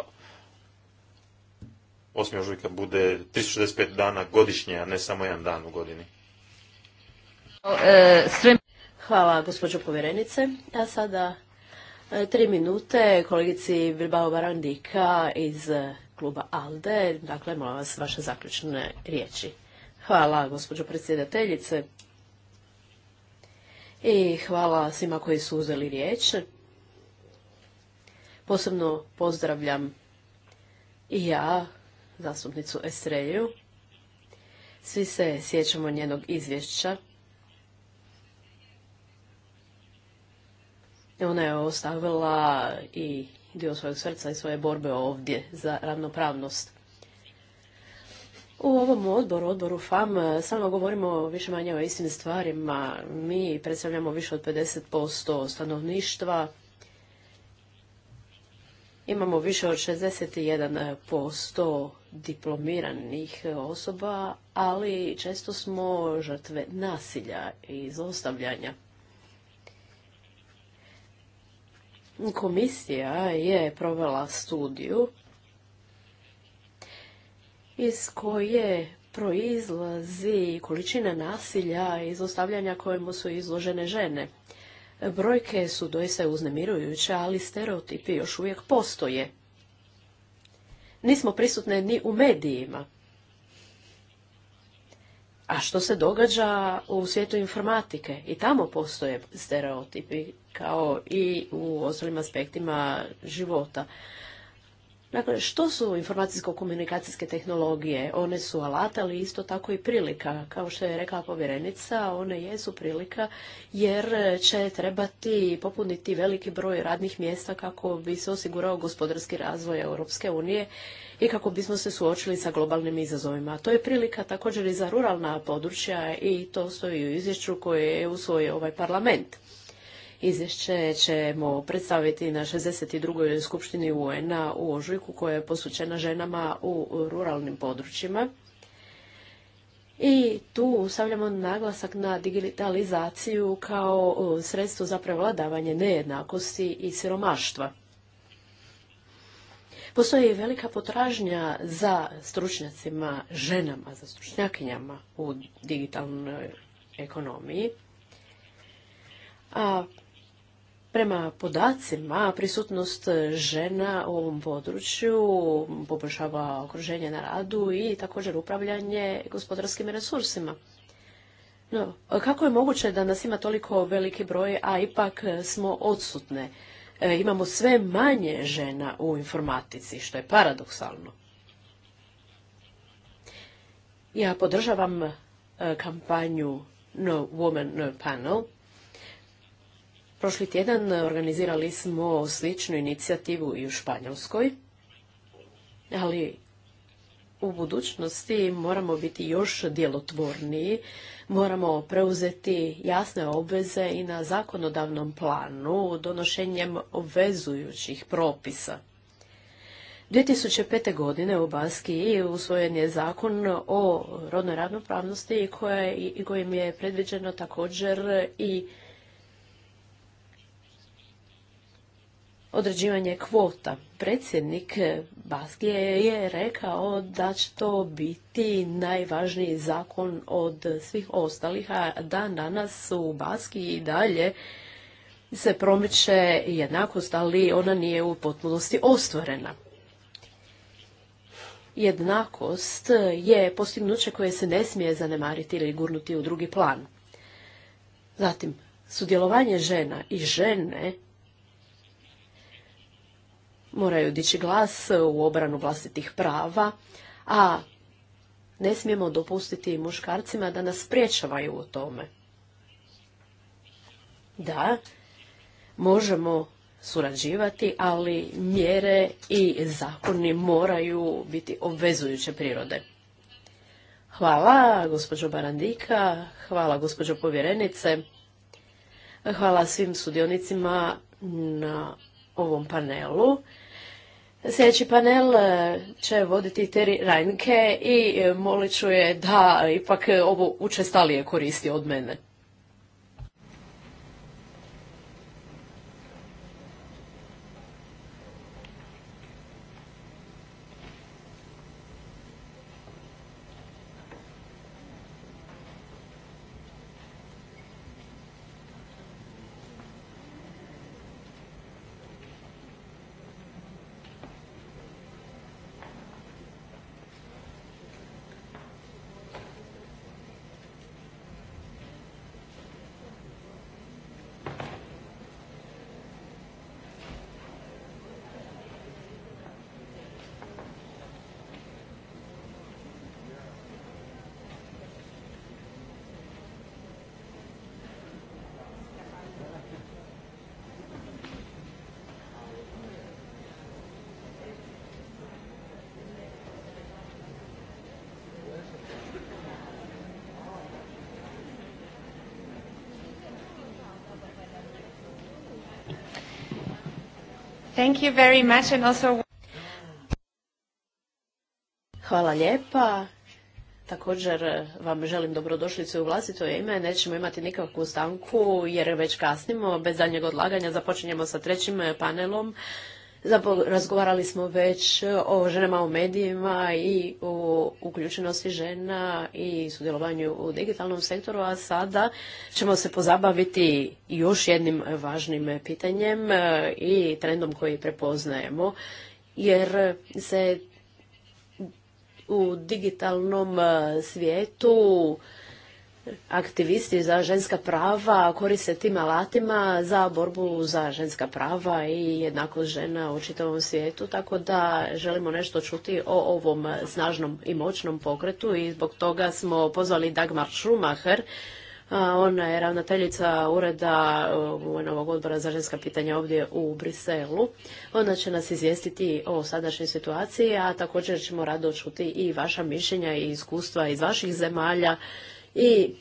8. ožujka bude 365 dana godišnje, a ne samo jedan dan u godini. E, hvala gospođo povjerenice. A sada e, tri minute kolegici Bilbao Barandika iz kluba ALDE. Dakle, molim vas vaše zaključne riječi. Hvala gospođo predsjedateljice. I hvala svima koji su uzeli riječ. Posebno pozdravljam i ja zastupnicu Esreju. Svi se sjećamo njenog izvješća. Ona je ostavila i dio svojeg srca i svoje borbe ovdje za ravnopravnost. U ovom odboru, odboru FAM, samo govorimo više manje o istim stvarima. Mi predstavljamo više od 50% stanovništva, Imamo više od 61% diplomiranih osoba, ali često smo žrtve nasilja i zlostavljanja. Komisija je provela studiju iz koje proizlazi količina nasilja i izostavljanja, kojemu su izložene žene. Brojke su doista uznemirujuće, ali stereotipi još uvijek postoje. Nismo prisutne ni u medijima. A što se događa u svijetu informatike? I tamo postoje stereotipi, kao i u ostalim aspektima života. Dakle, što su informacijsko-komunikacijske tehnologije? One su alat, ali isto tako i prilika. Kao što je rekla povjerenica, one jesu prilika jer će trebati popuniti veliki broj radnih mjesta kako bi se osigurao gospodarski razvoj Europske unije i kako bismo se suočili sa globalnim izazovima. To je prilika također i za ruralna područja i to stoji u izvješću koje je usvojio ovaj parlament. Izvješće ćemo predstaviti na 62. skupštini UN-a u Ožujku koja je posvećena ženama u ruralnim područjima. I tu stavljamo naglasak na digitalizaciju kao e, sredstvo za prevladavanje nejednakosti i siromaštva. Postoji velika potražnja za stručnjacima, ženama, za stručnjakinjama u digitalnoj ekonomiji. A Prema podacima, prisutnost žena u ovom području poboljšava okruženje na radu i također upravljanje gospodarskim resursima. No, kako je moguće da nas ima toliko veliki broj, a ipak smo odsutne? E, imamo sve manje žena u informatici, što je paradoksalno. Ja podržavam e, kampanju No Woman No Panel, Prošli tjedan organizirali smo sličnu inicijativu i u Španjolskoj, ali u budućnosti moramo biti još djelotvorniji, moramo preuzeti jasne obveze i na zakonodavnom planu donošenjem obvezujućih propisa. 2005. godine u Baskiji usvojen je zakon o rodnoj ravnopravnosti kojim je predviđeno također i određivanje kvota. Predsjednik Baskije je rekao da će to biti najvažniji zakon od svih ostalih, a dan danas u Baskiji i dalje se promiče jednakost, ali ona nije u potpunosti ostvorena. Jednakost je postignuće koje se ne smije zanemariti ili gurnuti u drugi plan. Zatim, sudjelovanje žena i žene moraju dići glas u obranu vlastitih prava, a ne smijemo dopustiti muškarcima da nas priječavaju u tome. Da, možemo surađivati, ali mjere i zakoni moraju biti obvezujuće prirode. Hvala, gospođo Barandika, hvala, gospođo povjerenice, hvala svim sudionicima na ovom panelu. Sljedeći panel e, će voditi Teri Reinke i e, molit ću je da ipak e, ovo učestalije koristi od mene. Thank you very much and also... Hvala lijepa. Također vam želim dobrodošlicu u vlastito ime. Nećemo imati nikakvu stanku jer već kasnimo. Bez daljnjeg odlaganja započinjemo sa trećim panelom Zapravo, razgovarali smo već o ženama u medijima i o uključenosti žena i sudjelovanju u digitalnom sektoru, a sada ćemo se pozabaviti još jednim važnim pitanjem e, i trendom koji prepoznajemo, jer se u digitalnom e, svijetu aktivisti za ženska prava koriste tim alatima za borbu za ženska prava i jednakost žena u čitavom svijetu, tako da želimo nešto čuti o ovom snažnom i moćnom pokretu i zbog toga smo pozvali Dagmar Schumacher, ona je ravnateljica ureda uh, UN-ovog odbora za ženska pitanja ovdje u Briselu. Ona će nas izvijestiti o sadašnjoj situaciji, a također ćemo rado čuti i vaša mišljenja i iskustva iz vaših zemalja i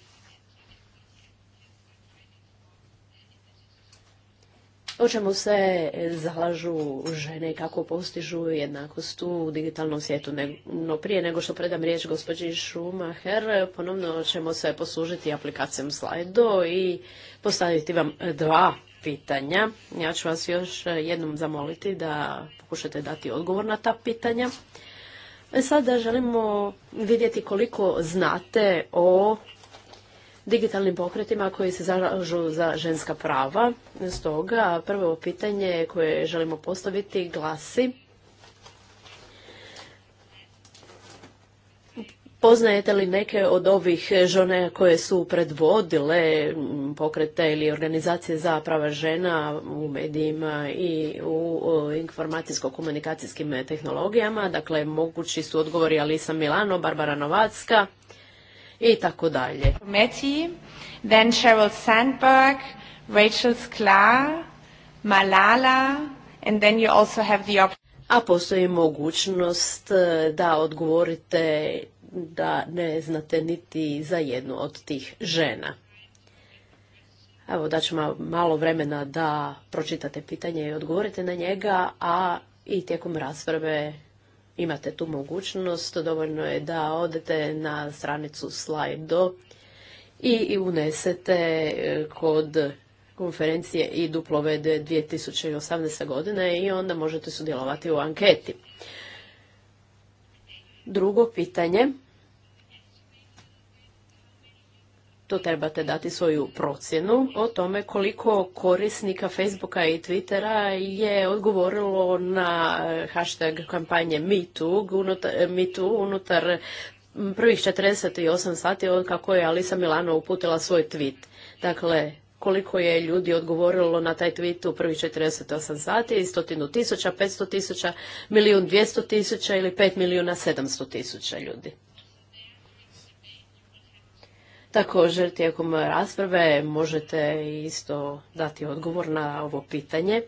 o čemu se zalažu žene i kako postižu jednakost u digitalnom svijetu. No prije nego što predam riječ gospođi Schumacher, ponovno ćemo se poslužiti aplikacijom Slido i postaviti vam dva pitanja. Ja ću vas još jednom zamoliti da pokušate dati odgovor na ta pitanja. E Sada želimo vidjeti koliko znate o digitalnim pokretima koji se zalažu za ženska prava. Stoga prvo pitanje koje želimo postaviti glasi Poznajete li neke od ovih žene koje su predvodile pokrete ili organizacije za prava žena u medijima i u informacijsko-komunikacijskim tehnologijama? Dakle, mogući su odgovori Alisa Milano, Barbara Novacka i tako dalje. Meti, then Sheryl Sandberg, Rachel Sklar, Malala, and then you also have the option a postoji mogućnost eh, da odgovorite da ne znate niti za jednu od tih žena. Evo, daćemo malo vremena da pročitate pitanje i odgovorite na njega, a i tijekom rasprave imate tu mogućnost. Dovoljno je da odete na stranicu Slido i unesete e, kod konferencije i duplove 2018. godine i onda možete sudjelovati u anketi. Drugo pitanje, tu trebate dati svoju procjenu o tome koliko korisnika Facebooka i Twittera je odgovorilo na hashtag kampanje MeToo unutar, unutar prvih 48 sati od kako je Alisa Milano uputila svoj tweet. Dakle, koliko je ljudi odgovorilo na taj tweet u prvi 48 sati, stotinu tisuća, petsto tisuća, milijun dvjesto tisuća ili pet milijuna sedamsto tisuća ljudi. Također, tijekom rasprave možete isto dati odgovor na ovo pitanje.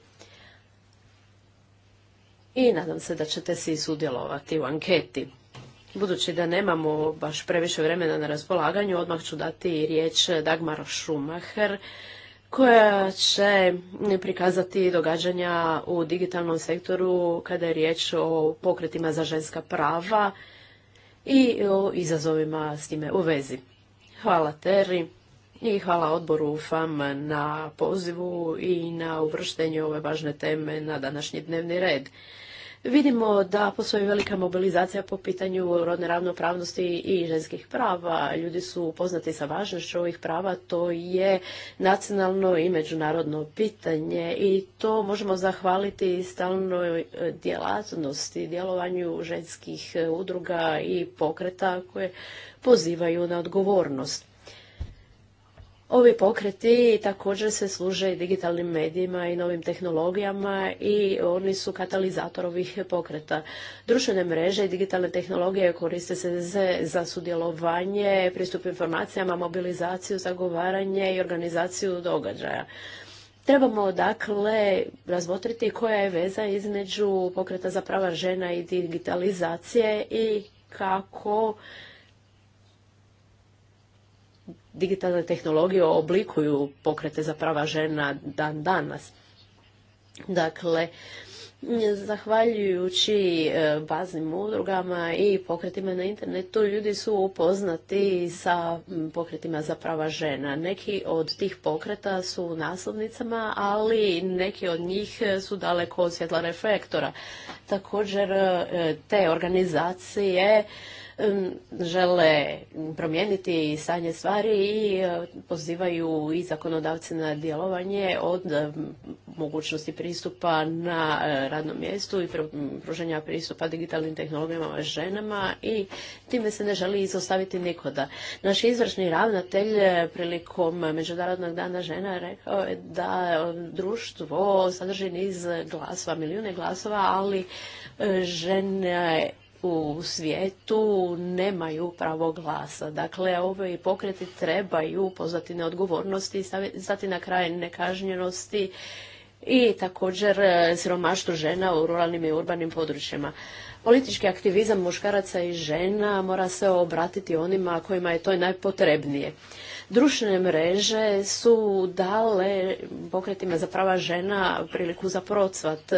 I nadam se da ćete svi sudjelovati u anketi. Budući da nemamo baš previše vremena na raspolaganju, odmah ću dati riječ Dagmar Schumacher, koja će prikazati događanja u digitalnom sektoru kada je riječ o pokretima za ženska prava i o izazovima s time u vezi. Hvala Teri i hvala odboru FAM na pozivu i na uvrštenju ove važne teme na današnji dnevni red. Vidimo da postoji velika mobilizacija po pitanju rodne ravnopravnosti i ženskih prava. Ljudi su upoznati sa važnošću ovih prava, to je nacionalno i međunarodno pitanje i to možemo zahvaliti stalnoj e, djelatnosti, djelovanju ženskih e, udruga i pokreta koje pozivaju na odgovornost. Ovi pokreti također se služe i digitalnim medijima i novim tehnologijama i oni su katalizator ovih pokreta. Društvene mreže i digitalne tehnologije koriste se za sudjelovanje, pristup informacijama, mobilizaciju, zagovaranje i organizaciju događaja. Trebamo dakle razmotriti koja je veza između pokreta za prava žena i digitalizacije i kako digitalne tehnologije oblikuju pokrete za prava žena dan danas. Dakle, zahvaljujući e, baznim udrugama i pokretima na internetu ljudi su upoznati sa pokretima za prava žena. Neki od tih pokreta su u naslovnicama, ali neki od njih su daleko od svjetla reflektora. Također e, te organizacije žele promijeniti stanje stvari i e, pozivaju i zakonodavce na djelovanje od e, mogućnosti pristupa na e, radnom mjestu i pruženja pristupa digitalnim tehnologijama ženama i time se ne želi izostaviti nikoda. Naš izvršni ravnatelj prilikom Međunarodnog dana žena rekao je da društvo sadrži niz glasova, milijune glasova, ali žene u svijetu nemaju pravo glasa. Dakle, ove pokreti trebaju pozvati na odgovornosti i stati na kraj nekažnjenosti i također e, siromaštvu žena u ruralnim i urbanim područjima. Politički aktivizam muškaraca i žena mora se obratiti onima kojima je to najpotrebnije. Društvene mreže su dale pokretima za prava žena priliku za procvat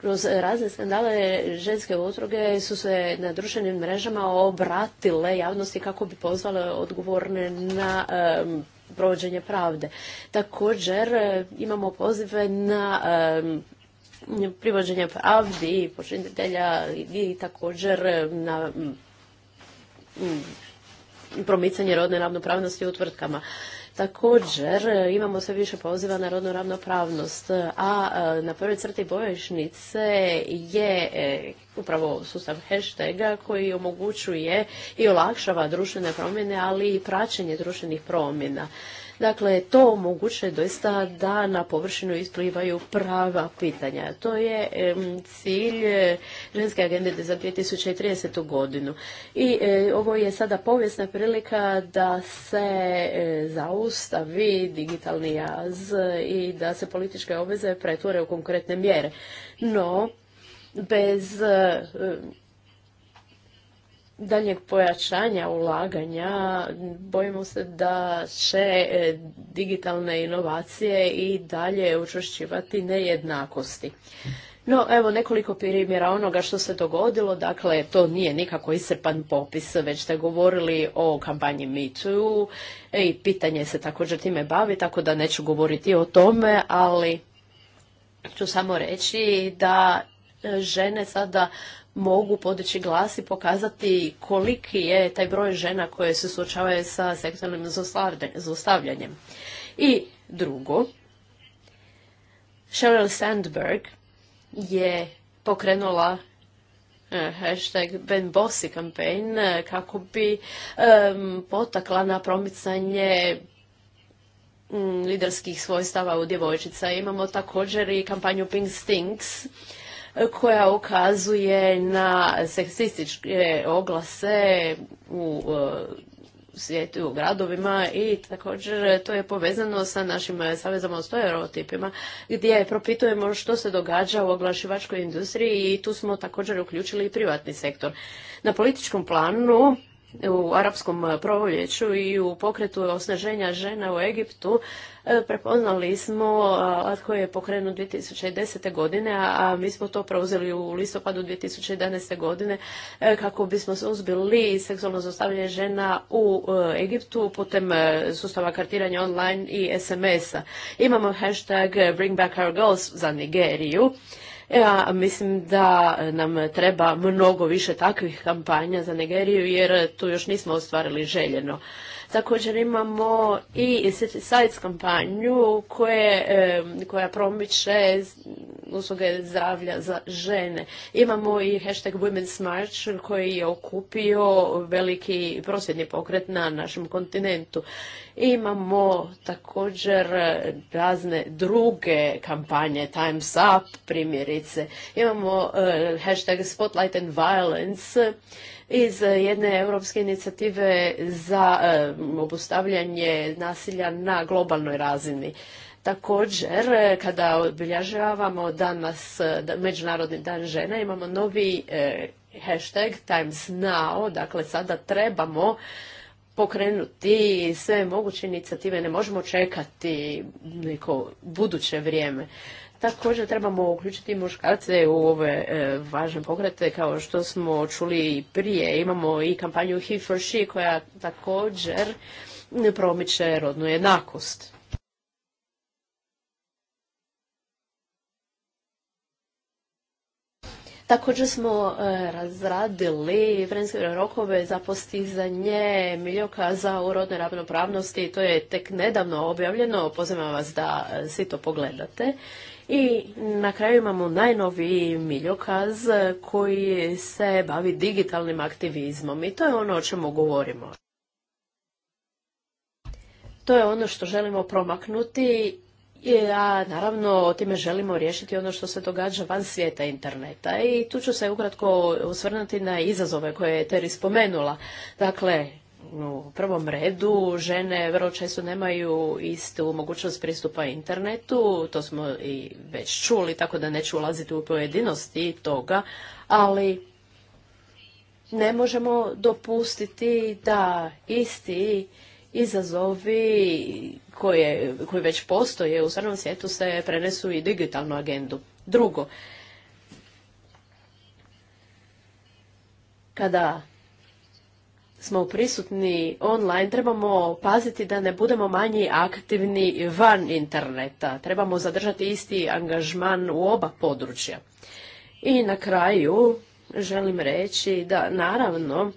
kroz razne skandale ženske utroge su se na društvenim mrežama obratile javnosti kako bi pozvale odgovorne na provođenje pravde. Također e, imamo pozive na privođenje pravdi počinitelja i također na promicanje rodne ravnopravnosti u tvrtkama. Također e, imamo sve više poziva na rodnu ravnopravnost, e, a e, na prvoj crti bojišnice je upravo sustav hashtaga koji omogućuje i olakšava društvene promjene, ali i praćenje društvenih promjena. Dakle, to omogućuje doista da na površinu isplivaju prava pitanja. To je cilj e, ženske agende za 2030. godinu. I e, ovo je sada povijesna prilika da se e, zaustavi digitalni jaz i da se političke obveze pretvore u konkretne mjere. No, bez daljnjeg pojačanja ulaganja bojimo se da će e, digitalne inovacije i dalje učešćivati nejednakosti. No, evo nekoliko primjera onoga što se dogodilo. Dakle, to nije nikako isrpan popis, već ste govorili o kampanji MeToo e, i pitanje se također time bavi, tako da neću govoriti o tome, ali ću samo reći da e, žene sada mogu podići glas i pokazati koliki je taj broj žena koje se suočavaju sa seksualnim zaustavljanjem. I drugo, Sheryl Sandberg je pokrenula e, hashtag Ben Bossy campaign e, kako bi um, potakla na promicanje mm, liderskih svojstava u djevojčica. Imamo također i kampanju Pink Stinks koja ukazuje na seksističke oglase u e, svijetu, u gradovima i također to je povezano sa našim savezama o stereotipima gdje propitujemo što se događa u oglašivačkoj industriji i tu smo također uključili i privatni sektor. Na političkom planu u arapskom proljeću i u pokretu osnaženja žena u Egiptu e, prepoznali smo koji je pokrenut 2010. godine, a mi smo to preuzeli u listopadu 2011. godine e, kako bismo uzbili seksualno zlostavljanje žena u e, Egiptu putem sustava kartiranja online i SMS-a. Imamo hashtag Bring Back Our Girls za Nigeriju ja e, mislim da nam treba mnogo više takvih kampanja za Nigeriju jer tu još nismo ostvarili željeno. Također imamo i Sites kampanju koje, koja promiče usluge zdravlja za žene. Imamo i hashtag Women's March koji je okupio veliki prosvjedni pokret na našem kontinentu. Imamo također razne druge kampanje, Time's Up primjerice. Imamo eh, hashtag Spotlight and Violence iz e, jedne europske inicijative za e, obustavljanje nasilja na globalnoj razini. Također, e, kada obilježavamo danas Međunarodni dan žena, imamo novi hashtag Times Now, dakle sada trebamo pokrenuti sve moguće inicijative, ne možemo čekati neko buduće vrijeme. Također trebamo uključiti muškarce u ove e, važne pokrete, kao što smo čuli prije. Imamo i kampanju He for She koja također promiče rodnu jednakost. Također smo e, razradili vremenske rokove za postizanje miljoka za urodne ravnopravnosti. To je tek nedavno objavljeno. Pozivam vas da e, svi to pogledate. I na kraju imamo najnoviji miljokaz koji se bavi digitalnim aktivizmom i to je ono o čemu govorimo. To je ono što želimo promaknuti a naravno o time želimo riješiti ono što se događa van svijeta interneta i tu ću se ukratko osvrnuti na izazove koje je Teri spomenula. Dakle, u prvom redu žene vrlo često nemaju istu mogućnost pristupa internetu, to smo i već čuli, tako da neću ulaziti u pojedinosti toga, ali ne možemo dopustiti da isti izazovi koji već postoje u stvarnom svijetu se prenesu i digitalnu agendu. Drugo, kada smo prisutni online, trebamo paziti da ne budemo manji aktivni van interneta. Trebamo zadržati isti angažman u oba područja. I na kraju želim reći da naravno,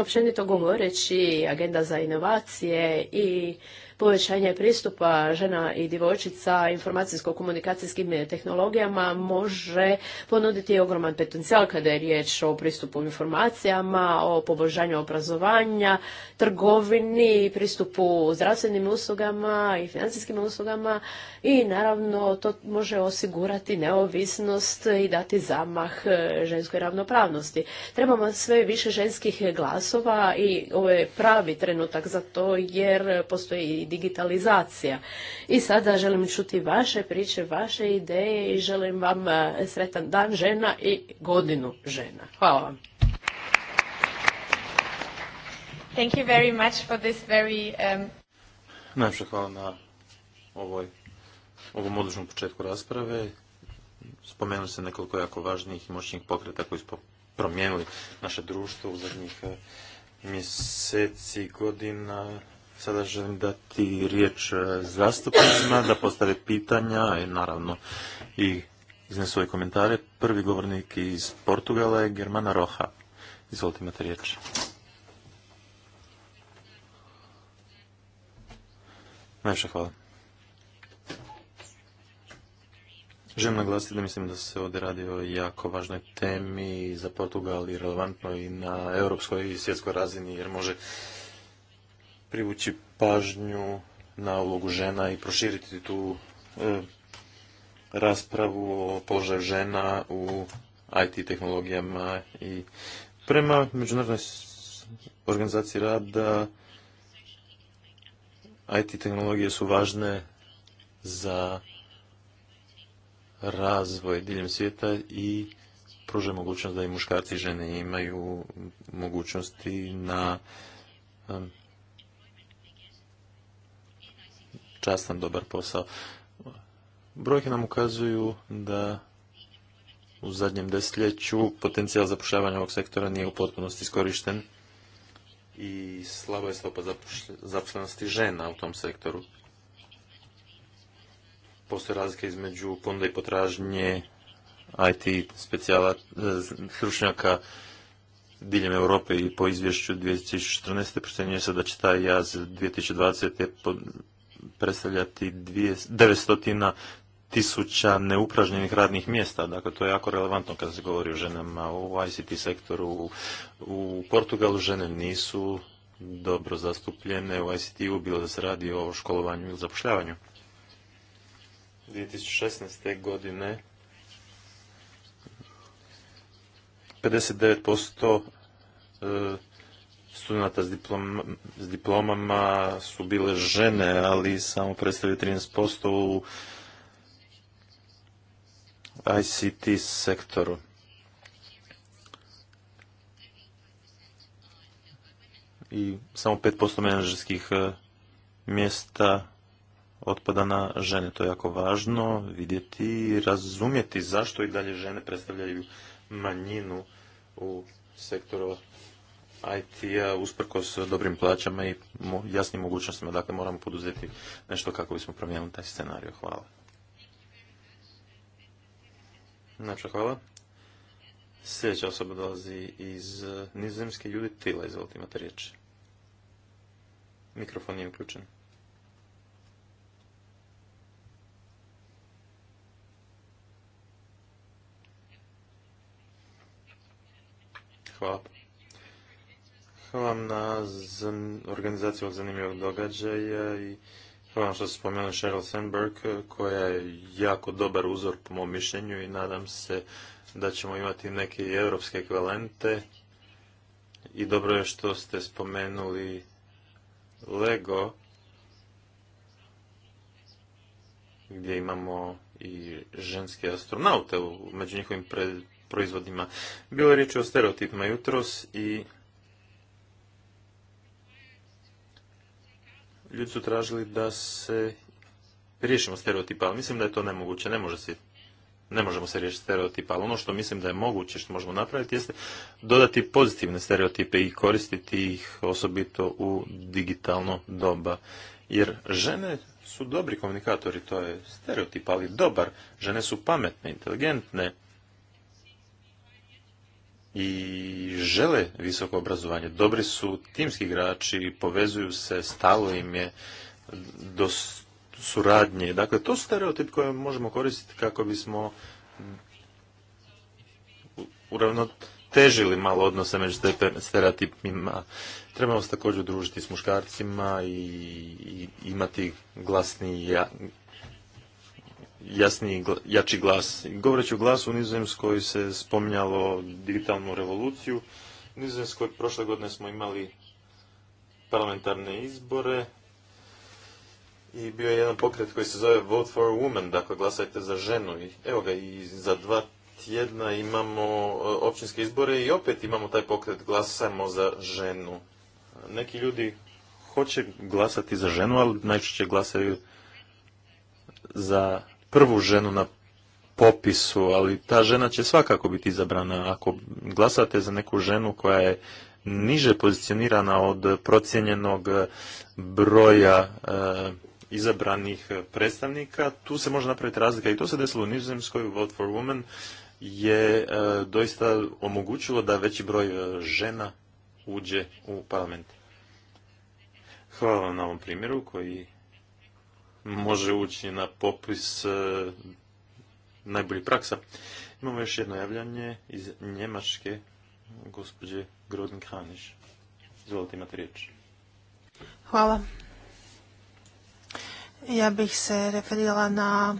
općenito govoreći, agenda za inovacije i povećanje pristupa žena i djevojčica informacijsko-komunikacijskim tehnologijama može ponuditi ogroman potencijal kada je riječ o pristupu informacijama, o poboljšanju obrazovanja, trgovini, pristupu zdravstvenim uslugama i financijskim uslugama i naravno to može osigurati neovisnost i dati zamah e, ženskoj ravnopravnosti. Trebamo sve više ženskih glasova i ovo je pravi trenutak za to jer postoji i digitalizacija. I sada želim čuti vaše priče, vaše ideje i želim vam e, sretan dan žena i godinu žena. Hvala vam. Thank you very much for this very... Um... hvala na ovoj ovom odličnom početku rasprave. Spomenuli ste nekoliko jako važnijih i moćnih pokreta koji su promijenili naše društvo u zadnjih eh, mjeseci, godina. Sada želim dati riječ eh, zastupnicima da postave pitanja i naravno i iznesu svoje komentare. Prvi govornik iz Portugala je Germana Roha. Izvolite imate riječ. Najviše hvala. Želim naglasiti da mislim da se ovdje radi o jako važnoj temi za Portugal i relevantno i na europskoj i svjetskoj razini jer može privući pažnju na ulogu žena i proširiti tu e, raspravu o položaju žena u IT tehnologijama i prema Međunarodnoj organizaciji rada IT tehnologije su važne za razvoj diljem svijeta i pruža mogućnost da i muškarci i žene imaju mogućnosti na častan dobar posao. Brojke nam ukazuju da u zadnjem desetljeću potencijal zapošljavanja ovog sektora nije u potpunosti iskorišten i slaba je stopa zaposlenosti žena u tom sektoru postoje razlike između ponude i potražnje IT specijala, e, stručnjaka diljem Europe i po izvješću 2014. procjenjuje se da će taj jaz 2020. predstavljati 900 tisuća neupražnjenih radnih mjesta. Dakle, to je jako relevantno kada se govori o ženama u ICT sektoru. U Portugalu žene nisu dobro zastupljene u ICT-u, bilo da se radi o školovanju ili zapošljavanju. 2016. godine 59% e, studenta s, s diplomama su bile žene, ali samo predstavljaju 13% u ICT sektoru. I samo 5% menadžerskih e, mjesta otpada na žene. To je jako važno vidjeti i razumjeti zašto i dalje žene predstavljaju manjinu u sektoru IT-a usprkos dobrim plaćama i jasnim mogućnostima. Dakle, moramo poduzeti nešto kako bismo promijenili taj scenarij. Hvala. Znači, hvala. Sljedeća osoba dolazi iz nizozemske ljudi. Tila. Izvolite, imate riječ. Mikrofon je uključen. Hvala. Hvala vam na organizaciju ovog zanimljivog događaja i hvala vam što ste spomenuli Sheryl Sandberg koja je jako dobar uzor po mom mišljenju i nadam se da ćemo imati neke europske ekvalente i dobro je što ste spomenuli Lego gdje imamo i ženske astronaute među njihovim proizvodima. Bilo je riječ o stereotipima jutros i ljudi su tražili da se riješimo stereotipa, ali mislim da je to nemoguće, ne može se ne možemo se riješiti stereotipa, ali ono što mislim da je moguće, što možemo napraviti, jeste dodati pozitivne stereotipe i koristiti ih osobito u digitalno doba. Jer žene su dobri komunikatori, to je stereotip, ali dobar. Žene su pametne, inteligentne, i žele visoko obrazovanje. Dobri su timski igrači, povezuju se, stalo im je do suradnje. Dakle, to su stereotip koje možemo koristiti kako bismo uravnotežili malo odnose među stereotipima. Trebamo se također družiti s muškarcima i imati glasni jasniji, jači glas. Govoreći o glasu u Nizozemskoj se spominjalo digitalnu revoluciju. U Nizozemskoj prošle godine smo imali parlamentarne izbore i bio je jedan pokret koji se zove Vote for woman, dakle glasajte za ženu. evo ga, i za dva tjedna imamo e, općinske izbore i opet imamo taj pokret glasamo za ženu. Neki ljudi hoće glasati za ženu, ali najčešće glasaju za prvu ženu na popisu, ali ta žena će svakako biti izabrana. Ako glasate za neku ženu koja je niže pozicionirana od procijenjenog broja eh, izabranih predstavnika, tu se može napraviti razlika i to se desilo u Nizozemskoj, Vote for Women je eh, doista omogućilo da veći broj eh, žena uđe u parlament. Hvala vam na ovom primjeru koji može ući na popis e, najboljih praksa. Imamo još jedno javljanje iz Njemačke, gospođe Grodnik Haniš. Izvolite, imati riječ. Hvala. Ja bih se referirala na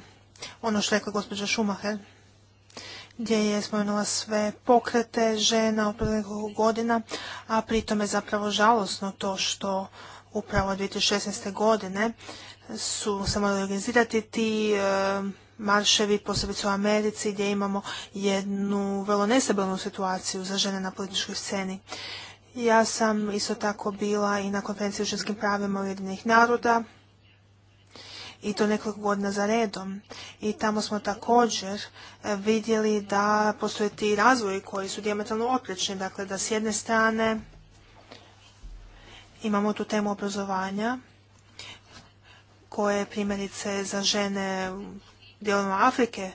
ono što rekla gospođa Šumacher, gdje je spomenula sve pokrete žena od godina, a pritom je zapravo žalosno to što upravo 2016. godine su se morali organizirati ti e, marševi, posebice u Americi gdje imamo jednu vrlo nestabilnu situaciju za žene na političkoj sceni. Ja sam isto tako bila i na konferenciji o ženskim pravima Ujedinih naroda i to nekoliko godina za redom. I tamo smo također e, vidjeli da postoje ti razvoji koji su diametralno oprečni. Dakle, da s jedne strane imamo tu temu obrazovanja, koje primjerice za žene dijelom Afrike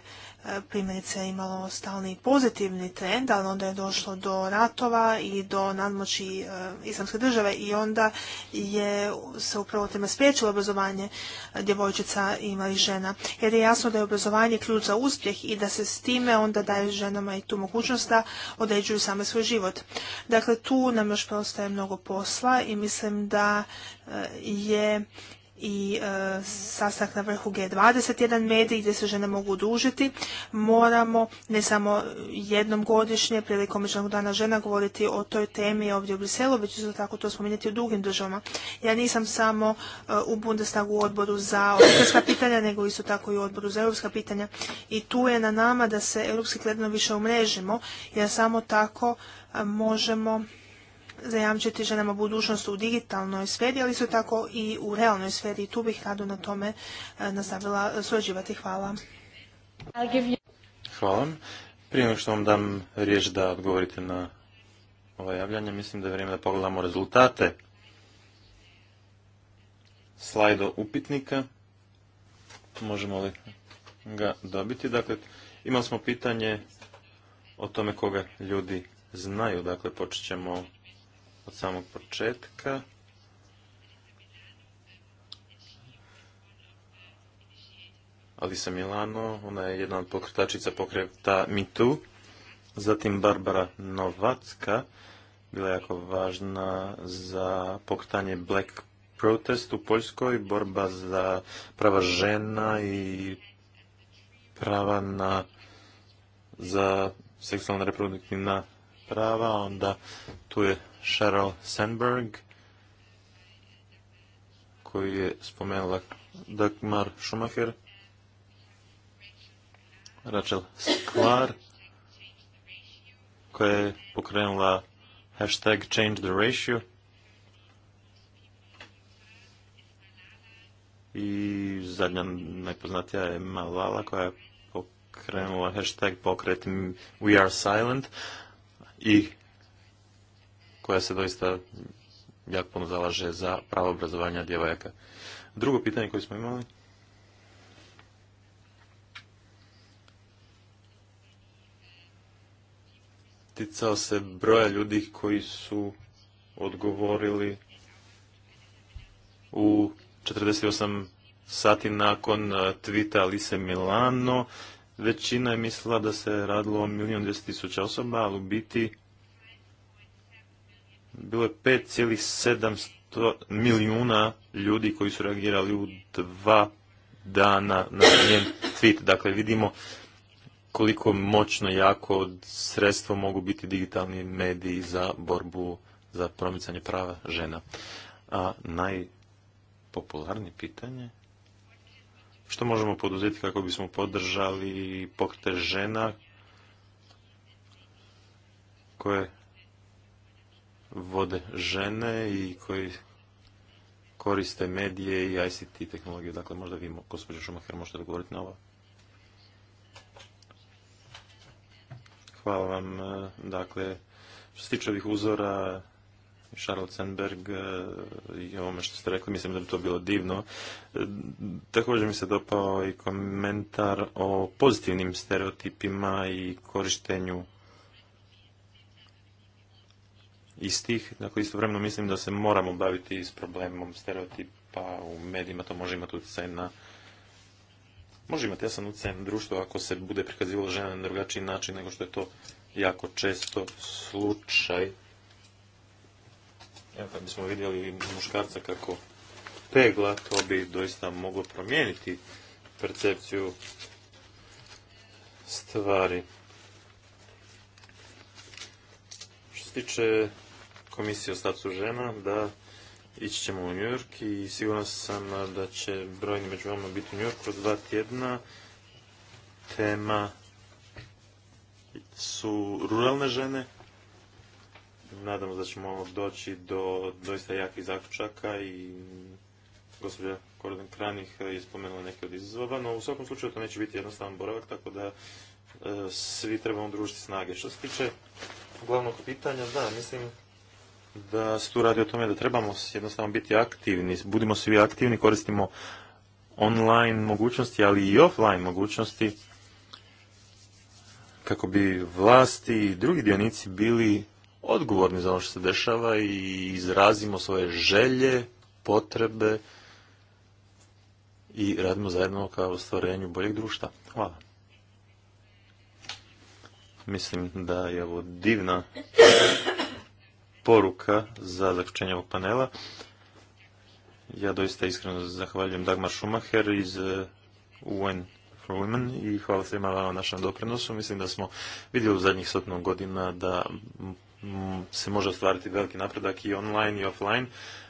e, primjerice imalo stalni pozitivni trend, ali onda je došlo do ratova i do nadmoći e, islamske države i onda je se upravo time spriječilo obrazovanje e, djevojčica i malih žena. Jer je jasno da je obrazovanje ključ za uspjeh i da se s time onda daje ženama i tu mogućnost da određuju same svoj život. Dakle, tu nam još preostaje mnogo posla i mislim da je i e, sastak na vrhu G20, jedan medij gdje se žene mogu dužiti, moramo ne samo jednom godišnje prilikom dana žena govoriti o toj temi ovdje u Briselu, već isto tako to spominjati u drugim državama. Ja nisam samo e, u Bundestagu odboru za europska pitanja, nego isto tako i u odboru za europska pitanja. I tu je na nama da se europski gledano više umrežimo, jer samo tako e, možemo zajamčiti ženama budućnost u digitalnoj sferi, ali isto tako i u realnoj sferi. Tu bih rado na tome e, nastavila surađivati. Hvala. Hvala. Prije nego što vam dam riječ da odgovorite na ova javljanja, mislim da je vrijeme da pogledamo rezultate slajdo upitnika. Možemo li ga dobiti? Dakle, imali smo pitanje o tome koga ljudi znaju. Dakle, počet ćemo od samog početka. Alisa Milano, ona je jedna od pokretačica pokreta Too. Zatim Barbara Novacka, bila je jako važna za pokretanje Black Protest u Poljskoj, borba za prava žena i prava na za seksualno reproduktivna prava, onda tu je Sheryl Sandberg, koji je spomenula Dagmar Schumacher, Rachel Sklar, koja je pokrenula hashtag change the ratio i zadnja najpoznatija je Malala koja je pokrenula hashtag pokret we are silent i koja se doista jako puno zalaže za pravo obrazovanja djevojaka. Drugo pitanje koje smo imali. ticao se broja ljudi koji su odgovorili u 48 sati nakon e, tvita lise Milano. Većina je mislila da se radilo o milijun tisuća osoba, ali u biti bilo je 5,7 milijuna ljudi koji su reagirali u dva dana na njen tweet. Dakle, vidimo koliko moćno jako sredstvo mogu biti digitalni mediji za borbu za promicanje prava žena. A najpopularnije pitanje što možemo poduzeti kako bismo podržali pokrete žena koje vode žene i koji koriste medije i ICT tehnologiju. Dakle, možda vi, gospođo Šumacher, možete odgovoriti na ovo. Hvala vam. E, dakle, što se tiče ovih uzora, Charles Sandberg e, i ovome što ste rekli, mislim da bi to bilo divno. E, također mi se dopao i komentar o pozitivnim stereotipima i korištenju istih. Dakle, istovremeno mislim da se moramo baviti s problemom stereotipa u medijima, to može imati utjecaj na može imati jasan utjecaj na društvo ako se bude prikazivalo žena na drugačiji način nego što je to jako često slučaj. Evo kad bismo vidjeli muškarca kako pegla, to bi doista moglo promijeniti percepciju stvari. Što se tiče komisije o statusu žena da ići ćemo u Njujork i siguran sam da će brojni među vama biti u Njujorku od dva tjedna. Tema su ruralne žene. Nadamo da ćemo doći do doista jakih zaključaka i gospođa Kordan Kranih je spomenula neke od izazova, no u svakom slučaju to neće biti jednostavan boravak, tako da e, svi trebamo družiti snage. Što se tiče glavnog pitanja, da, mislim da se tu radi o tome da trebamo jednostavno biti aktivni, budimo svi aktivni, koristimo online mogućnosti, ali i offline mogućnosti kako bi vlasti i drugi dionici bili odgovorni za ono što se dešava i izrazimo svoje želje, potrebe i radimo zajedno kao ostvarenju boljeg društva. Hvala. Mislim da je ovo divna poruka za zaključenje ovog panela. Ja doista iskreno zahvaljujem Dagmar Schumacher iz e, UN for Women i hvala svima vama našem doprinosu. Mislim da smo vidjeli u zadnjih sotnog godina da se može ostvariti veliki napredak i online i offline.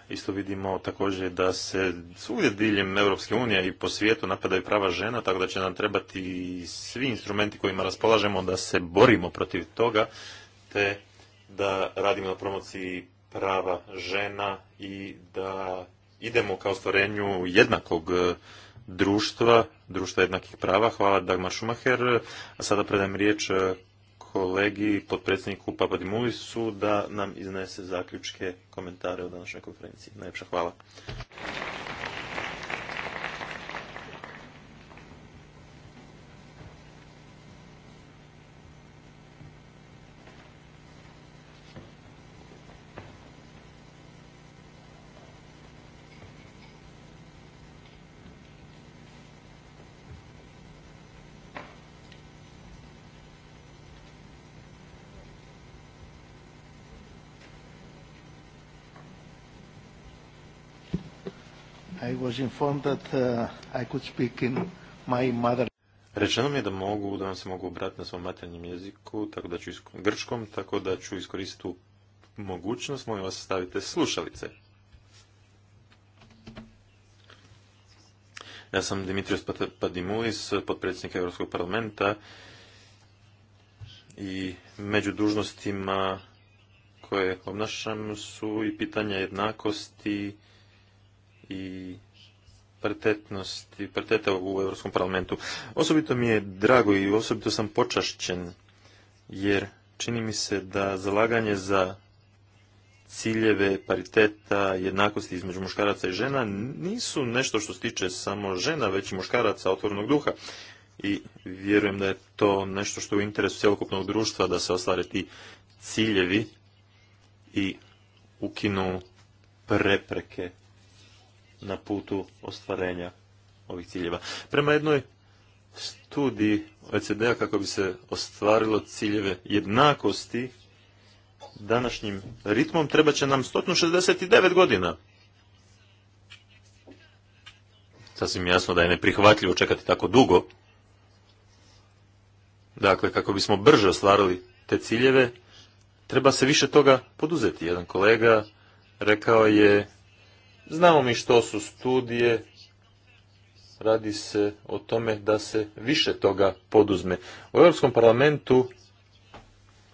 Isto vidimo također da se svugdje diljem Europske unije i po svijetu napadaju prava žena, tako da će nam trebati svi instrumenti kojima raspolažemo da se borimo protiv toga, te da radimo na promociji prava žena i da idemo ka ostvarenju jednakog e, društva, društva jednakih prava. Hvala Dagmar Šumacher. A sada predajem riječ e, kolegi, potpredsjedniku Papadimulisu, da nam iznese zaključke komentare o današnjoj konferenciji. Najljepša hvala. I was uh, Rečeno mi je da mogu, da vam se mogu obrati na svom maternjem jeziku, tako da ću grčkom, tako da ću iskoristiti tu mogućnost, molim vas stavite slušalice. Ja sam Dimitrios Padimulis, podpredsjednik Europskog parlamenta i među dužnostima koje obnašam su i pitanja jednakosti i paritetnosti pariteta u Europskom parlamentu. Osobito mi je drago i osobito sam počašćen jer čini mi se da zalaganje za ciljeve pariteta, jednakosti između muškaraca i žena nisu nešto što se tiče samo žena, već i muškaraca otvornog duha. I vjerujem da je to nešto što je u interesu cjelokupnog društva da se ostvare ti ciljevi i ukinu prepreke na putu ostvarenja ovih ciljeva. Prema jednoj studiji OECD-a kako bi se ostvarilo ciljeve jednakosti današnjim ritmom treba će nam 169 godina. Sasvim jasno da je neprihvatljivo čekati tako dugo. Dakle, kako bismo brže ostvarili te ciljeve, treba se više toga poduzeti. Jedan kolega rekao je Znamo mi što su studije, radi se o tome da se više toga poduzme. U Europskom parlamentu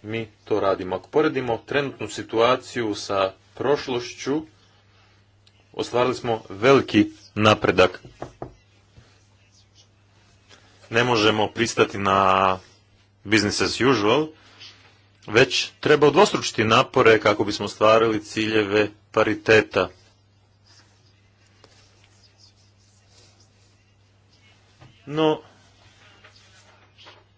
mi to radimo. Ako poredimo trenutnu situaciju sa prošlošću, ostvarili smo veliki napredak. Ne možemo pristati na business as usual, već treba odvostručiti napore kako bismo ostvarili ciljeve pariteta. no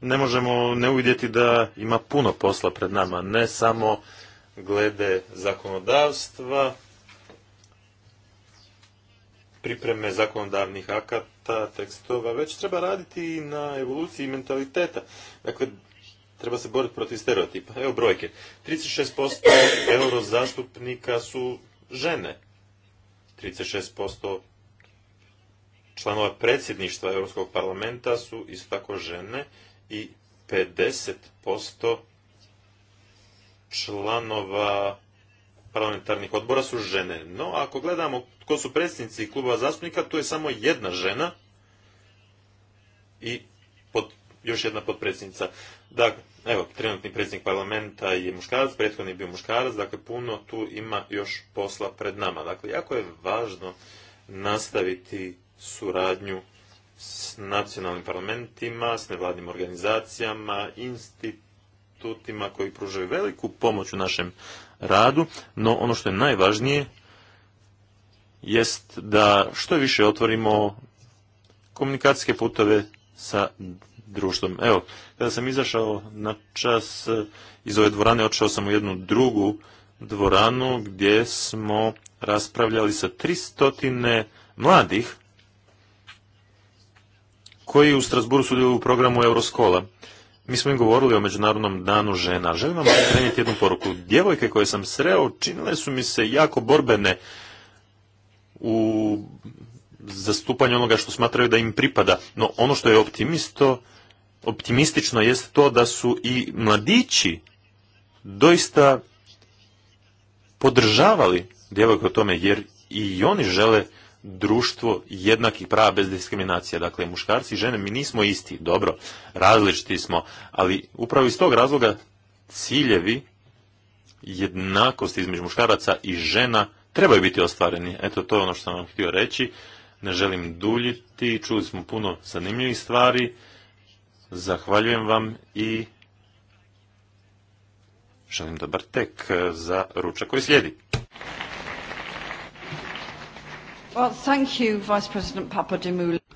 ne možemo ne uvidjeti da ima puno posla pred nama, ne samo glede zakonodavstva, pripreme zakonodavnih akata, tekstova, već treba raditi i na evoluciji mentaliteta. Dakle, treba se boriti protiv stereotipa. Evo brojke. 36% euro zastupnika su žene. 36% članova predsjedništva Europskog parlamenta su isto tako žene i 50% članova parlamentarnih odbora su žene. No, ako gledamo tko su predsjednici kluba zastupnika, tu je samo jedna žena i pod, još jedna potpredsjednica. Dakle, evo, trenutni predsjednik parlamenta je muškarac, prethodni je bio muškarac, dakle puno tu ima još posla pred nama. Dakle, jako je važno nastaviti suradnju s nacionalnim parlamentima, s nevladnim organizacijama, institutima koji pružaju veliku pomoć u našem radu, no ono što je najvažnije jest da što više otvorimo komunikacijske putove sa društvom. Evo, kada sam izašao na čas iz ove dvorane, otišao sam u jednu drugu dvoranu gdje smo raspravljali sa 300 mladih koji u Strasburu sudjeluju u programu Euroskola. Mi smo im govorili o Međunarodnom danu žena. Želim vam prenijeti jednu poruku. Djevojke koje sam sreo činile su mi se jako borbene u zastupanju onoga što smatraju da im pripada. No ono što je optimisto, optimistično jest to da su i mladići doista podržavali djevojke o tome jer i oni žele društvo jednakih prava bez diskriminacije. Dakle, muškarci i žene, mi nismo isti, dobro, različiti smo, ali upravo iz tog razloga ciljevi jednakosti između muškaraca i žena trebaju biti ostvareni. Eto, to je ono što sam vam htio reći. Ne želim duljiti, čuli smo puno zanimljivih stvari. Zahvaljujem vam i želim dobar tek za ručak koji slijedi.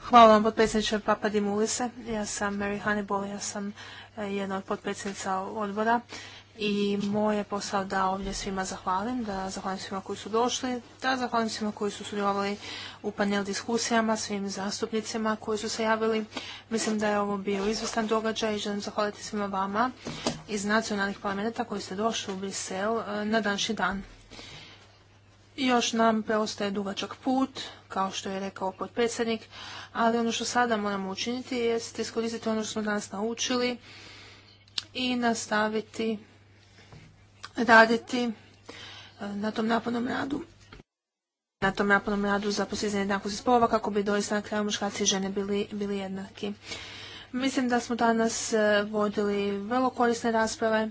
Hvala vam, potpredsjedniče Papadimulise. Ja sam Mary Hannibal, ja sam e, jedna od potpredsjednica odbora i moj je posao da ovdje svima zahvalim, da zahvalim svima koji su došli, da zahvalim svima koji su sudjelovali u panel diskusijama, svim zastupnicima koji su se javili. Mislim da je ovo bio izvrstan događaj i želim zahvaliti svima vama iz nacionalnih parlamenta koji ste došli u Brisel e, na danšnji dan. Još nam preostaje dugačak put, kao što je rekao potpredsjednik, ali ono što sada moramo učiniti je iskoristiti ono što smo danas naučili i nastaviti raditi eh, na tom napornom radu na tom napornom radu za postizanje jednakosti spolova kako bi doista na kraju muškarci i žene bili, bili jednaki. Mislim da smo danas eh, vodili vrlo korisne rasprave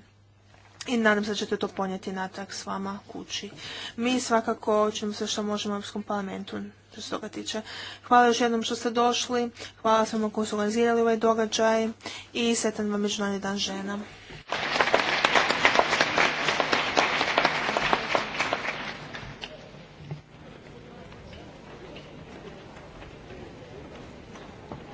i nadam se da ćete to ponijeti natrag s vama kući. Mi svakako ćemo sve što možemo u Europskom parlamentu što se toga tiče. Hvala još jednom što ste došli, hvala svima koji su organizirali ovaj događaj i sretan vam Međunarodni dan žena.